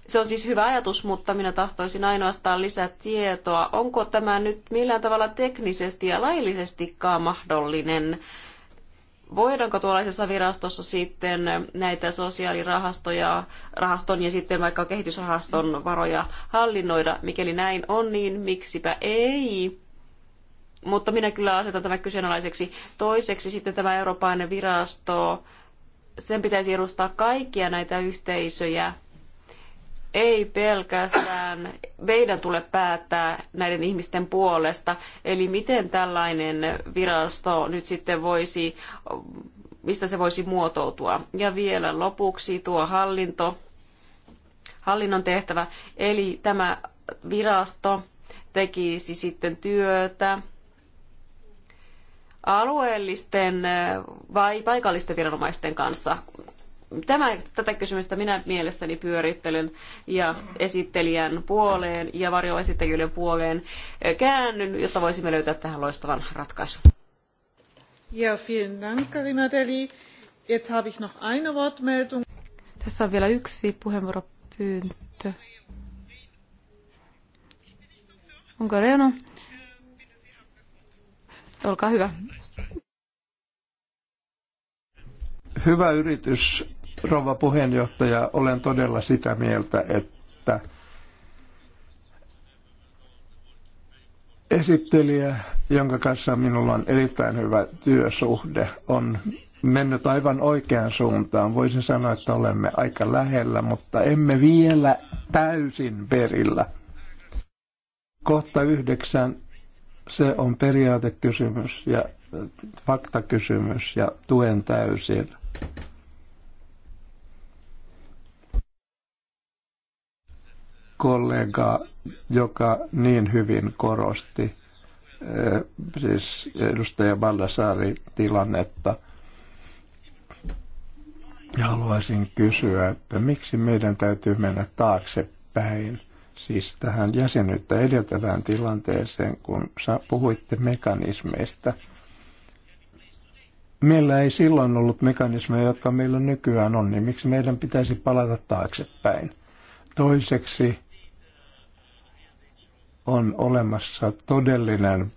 se on siis hyvä ajatus, mutta minä tahtoisin ainoastaan lisätietoa. Onko tämä nyt millään tavalla teknisesti ja laillisestikaan mahdollinen? Voidaanko tuollaisessa virastossa sitten näitä sosiaalirahastoja, rahaston ja sitten vaikka kehitysrahaston varoja hallinnoida? Mikäli näin on, niin miksipä ei? mutta minä kyllä asetan tämän kyseenalaiseksi. Toiseksi sitten tämä Euroopan virasto, sen pitäisi edustaa kaikkia näitä yhteisöjä, ei pelkästään meidän tule päättää näiden ihmisten puolesta. Eli miten tällainen virasto nyt sitten voisi, mistä se voisi muotoutua. Ja vielä lopuksi tuo hallinto, hallinnon tehtävä. Eli tämä virasto tekisi sitten työtä alueellisten vai paikallisten viranomaisten kanssa. Tämä, tätä kysymystä minä mielestäni pyörittelen ja esittelijän puoleen ja varjoesittelijöiden puoleen käännyn, jotta voisimme löytää tähän loistavan ratkaisun. Ja, vielen Dank, Karina Deli. Jetzt habe ich noch eine Wortmeldung. Tässä on vielä yksi puheenvuoropyyntö. Onko Reino? Olkaa hyvä. Hyvä yritys, rouva puheenjohtaja. Olen todella sitä mieltä, että esittelijä, jonka kanssa minulla on erittäin hyvä työsuhde, on mennyt aivan oikeaan suuntaan. Voisin sanoa, että olemme aika lähellä, mutta emme vielä täysin perillä. Kohta yhdeksän se on periaatekysymys ja faktakysymys ja tuen täysin. kollega, joka niin hyvin korosti eh, siis edustaja Baldassari tilannetta. Ja haluaisin kysyä, että miksi meidän täytyy mennä taaksepäin – siis tähän jäsenyyttä edeltävään tilanteeseen, kun sä puhuitte mekanismeista. Meillä ei silloin ollut mekanismeja, jotka meillä nykyään on, niin miksi meidän pitäisi palata taaksepäin? Toiseksi on olemassa todellinen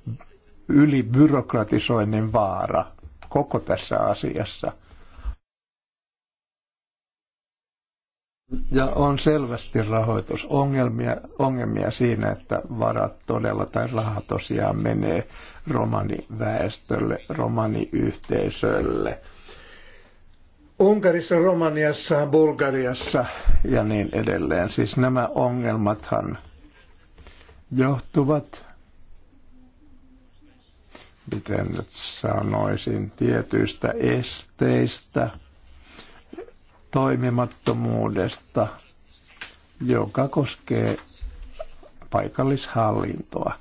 ylibyrokratisoinnin vaara koko tässä asiassa – Ja on selvästi rahoitusongelmia ongelmia siinä, että varat todella tai raha tosiaan menee romaniväestölle, romaniyhteisölle. Unkarissa, Romaniassa, Bulgariassa ja niin edelleen. Siis nämä ongelmathan johtuvat, miten nyt sanoisin, tietyistä esteistä – toimimattomuudesta, joka koskee paikallishallintoa.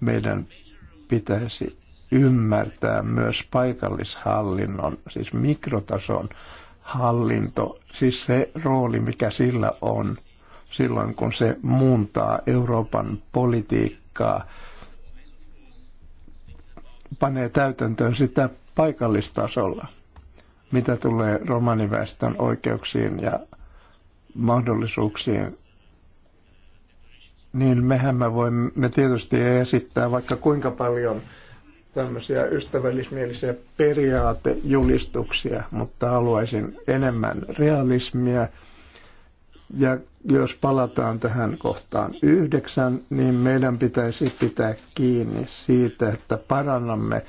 Meidän pitäisi ymmärtää myös paikallishallinnon, siis mikrotason hallinto, siis se rooli, mikä sillä on silloin, kun se muuntaa Euroopan politiikkaa, panee täytäntöön sitä paikallistasolla mitä tulee romaniväestön oikeuksiin ja mahdollisuuksiin, niin mehän me voimme tietysti esittää vaikka kuinka paljon tämmöisiä ystävällismielisiä periaatejulistuksia, mutta haluaisin enemmän realismia. Ja jos palataan tähän kohtaan yhdeksän, niin meidän pitäisi pitää kiinni siitä, että parannamme,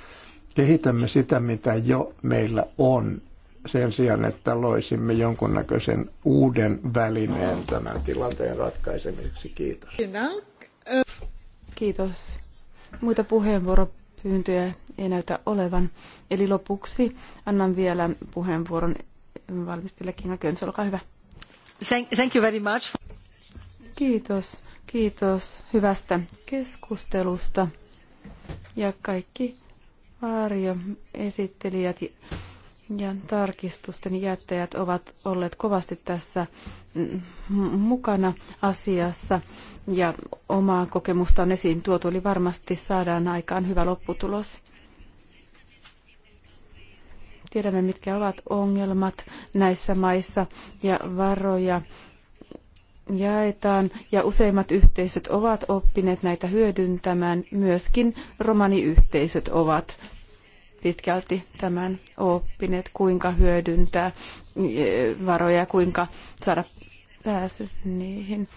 kehitämme sitä, mitä jo meillä on sen sijaan, että loisimme jonkunnäköisen uuden välineen tämän tilanteen ratkaisemiseksi. Kiitos. Kiitos. Muita puheenvuoropyyntöjä ei näytä olevan. Eli lopuksi annan vielä puheenvuoron valmistille Kiina Könsä, olkaa hyvä. Thank, you very much. Kiitos, kiitos hyvästä keskustelusta ja kaikki varjo esittelijät ja tarkistusten jättäjät ovat olleet kovasti tässä mukana asiassa ja omaa kokemusta on esiin tuotu, eli varmasti saadaan aikaan hyvä lopputulos. Tiedämme, mitkä ovat ongelmat näissä maissa ja varoja jaetaan ja useimmat yhteisöt ovat oppineet näitä hyödyntämään, myöskin romaniyhteisöt ovat pitkälti tämän oppineet, kuinka hyödyntää e, varoja, kuinka saada pääsy niihin.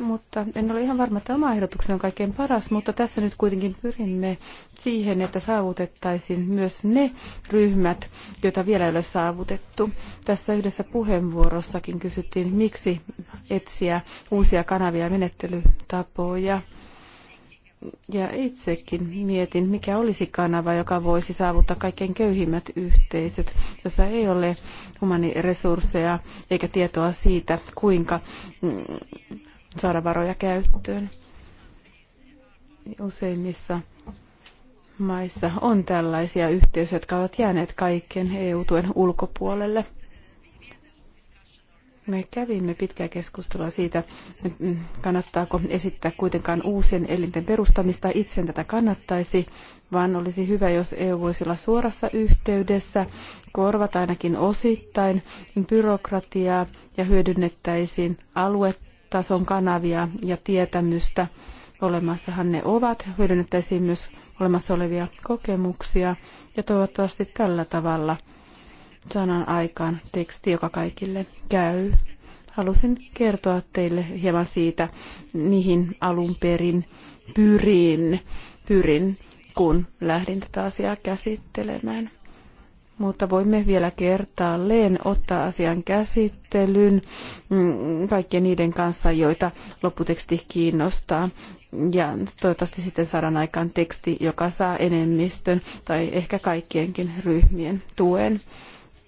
Mutta en ole ihan varma, että oma ehdotuksen on kaikkein paras, mutta tässä nyt kuitenkin pyrimme siihen, että saavutettaisiin myös ne ryhmät, joita vielä ei ole saavutettu. Tässä yhdessä puheenvuorossakin kysyttiin, miksi etsiä uusia kanavia ja menettelytapoja. Ja itsekin mietin, mikä olisi kanava, joka voisi saavuttaa kaikkein köyhimmät yhteisöt, jossa ei ole humaniresursseja eikä tietoa siitä, kuinka mm, saada varoja käyttöön. Useimmissa maissa on tällaisia yhteisöjä, jotka ovat jääneet kaiken EU-tuen ulkopuolelle – me kävimme pitkää keskustelua siitä, mm, kannattaako esittää kuitenkaan uusien elinten perustamista. Itse tätä kannattaisi, vaan olisi hyvä, jos EU voisi olla suorassa yhteydessä, korvata ainakin osittain byrokratiaa ja hyödynnettäisiin aluetason kanavia ja tietämystä. Olemassahan ne ovat. Hyödynnettäisiin myös olemassa olevia kokemuksia ja toivottavasti tällä tavalla – sanan aikaan teksti, joka kaikille käy. Halusin kertoa teille hieman siitä, mihin alun perin pyrin, pyrin kun lähdin tätä asiaa käsittelemään. Mutta voimme vielä kertaalleen ottaa asian käsittelyn mm, kaikkien niiden kanssa, joita lopputeksti kiinnostaa. Ja toivottavasti sitten saadaan aikaan teksti, joka saa enemmistön tai ehkä kaikkienkin ryhmien tuen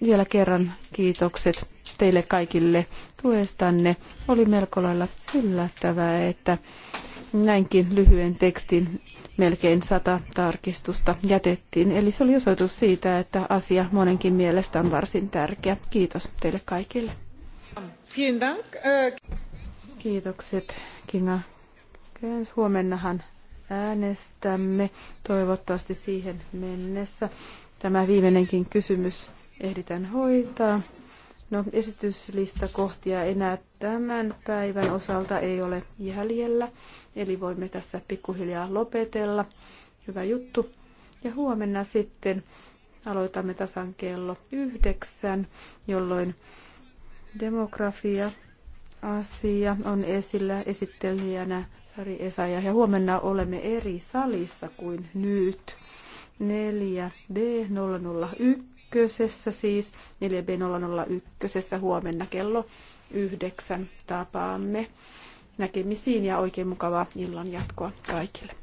vielä kerran kiitokset teille kaikille tuestanne. Oli melko lailla yllättävää, että näinkin lyhyen tekstin melkein sata tarkistusta jätettiin. Eli se oli osoitus siitä, että asia monenkin mielestä on varsin tärkeä. Kiitos teille kaikille. Kiitokset Kina. Huomennahan äänestämme toivottavasti siihen mennessä. Tämä viimeinenkin kysymys ehditään hoitaa. No, esityslistakohtia enää tämän päivän osalta ei ole jäljellä, eli voimme tässä pikkuhiljaa lopetella. Hyvä juttu. Ja huomenna sitten aloitamme tasan kello yhdeksän, jolloin demografia asia on esillä esittelijänä Sari Esaja. Ja huomenna olemme eri salissa kuin nyt. 4D001 siis 4B001 huomenna kello yhdeksän tapaamme näkemisiin ja oikein mukavaa illan jatkoa kaikille.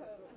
Thank you.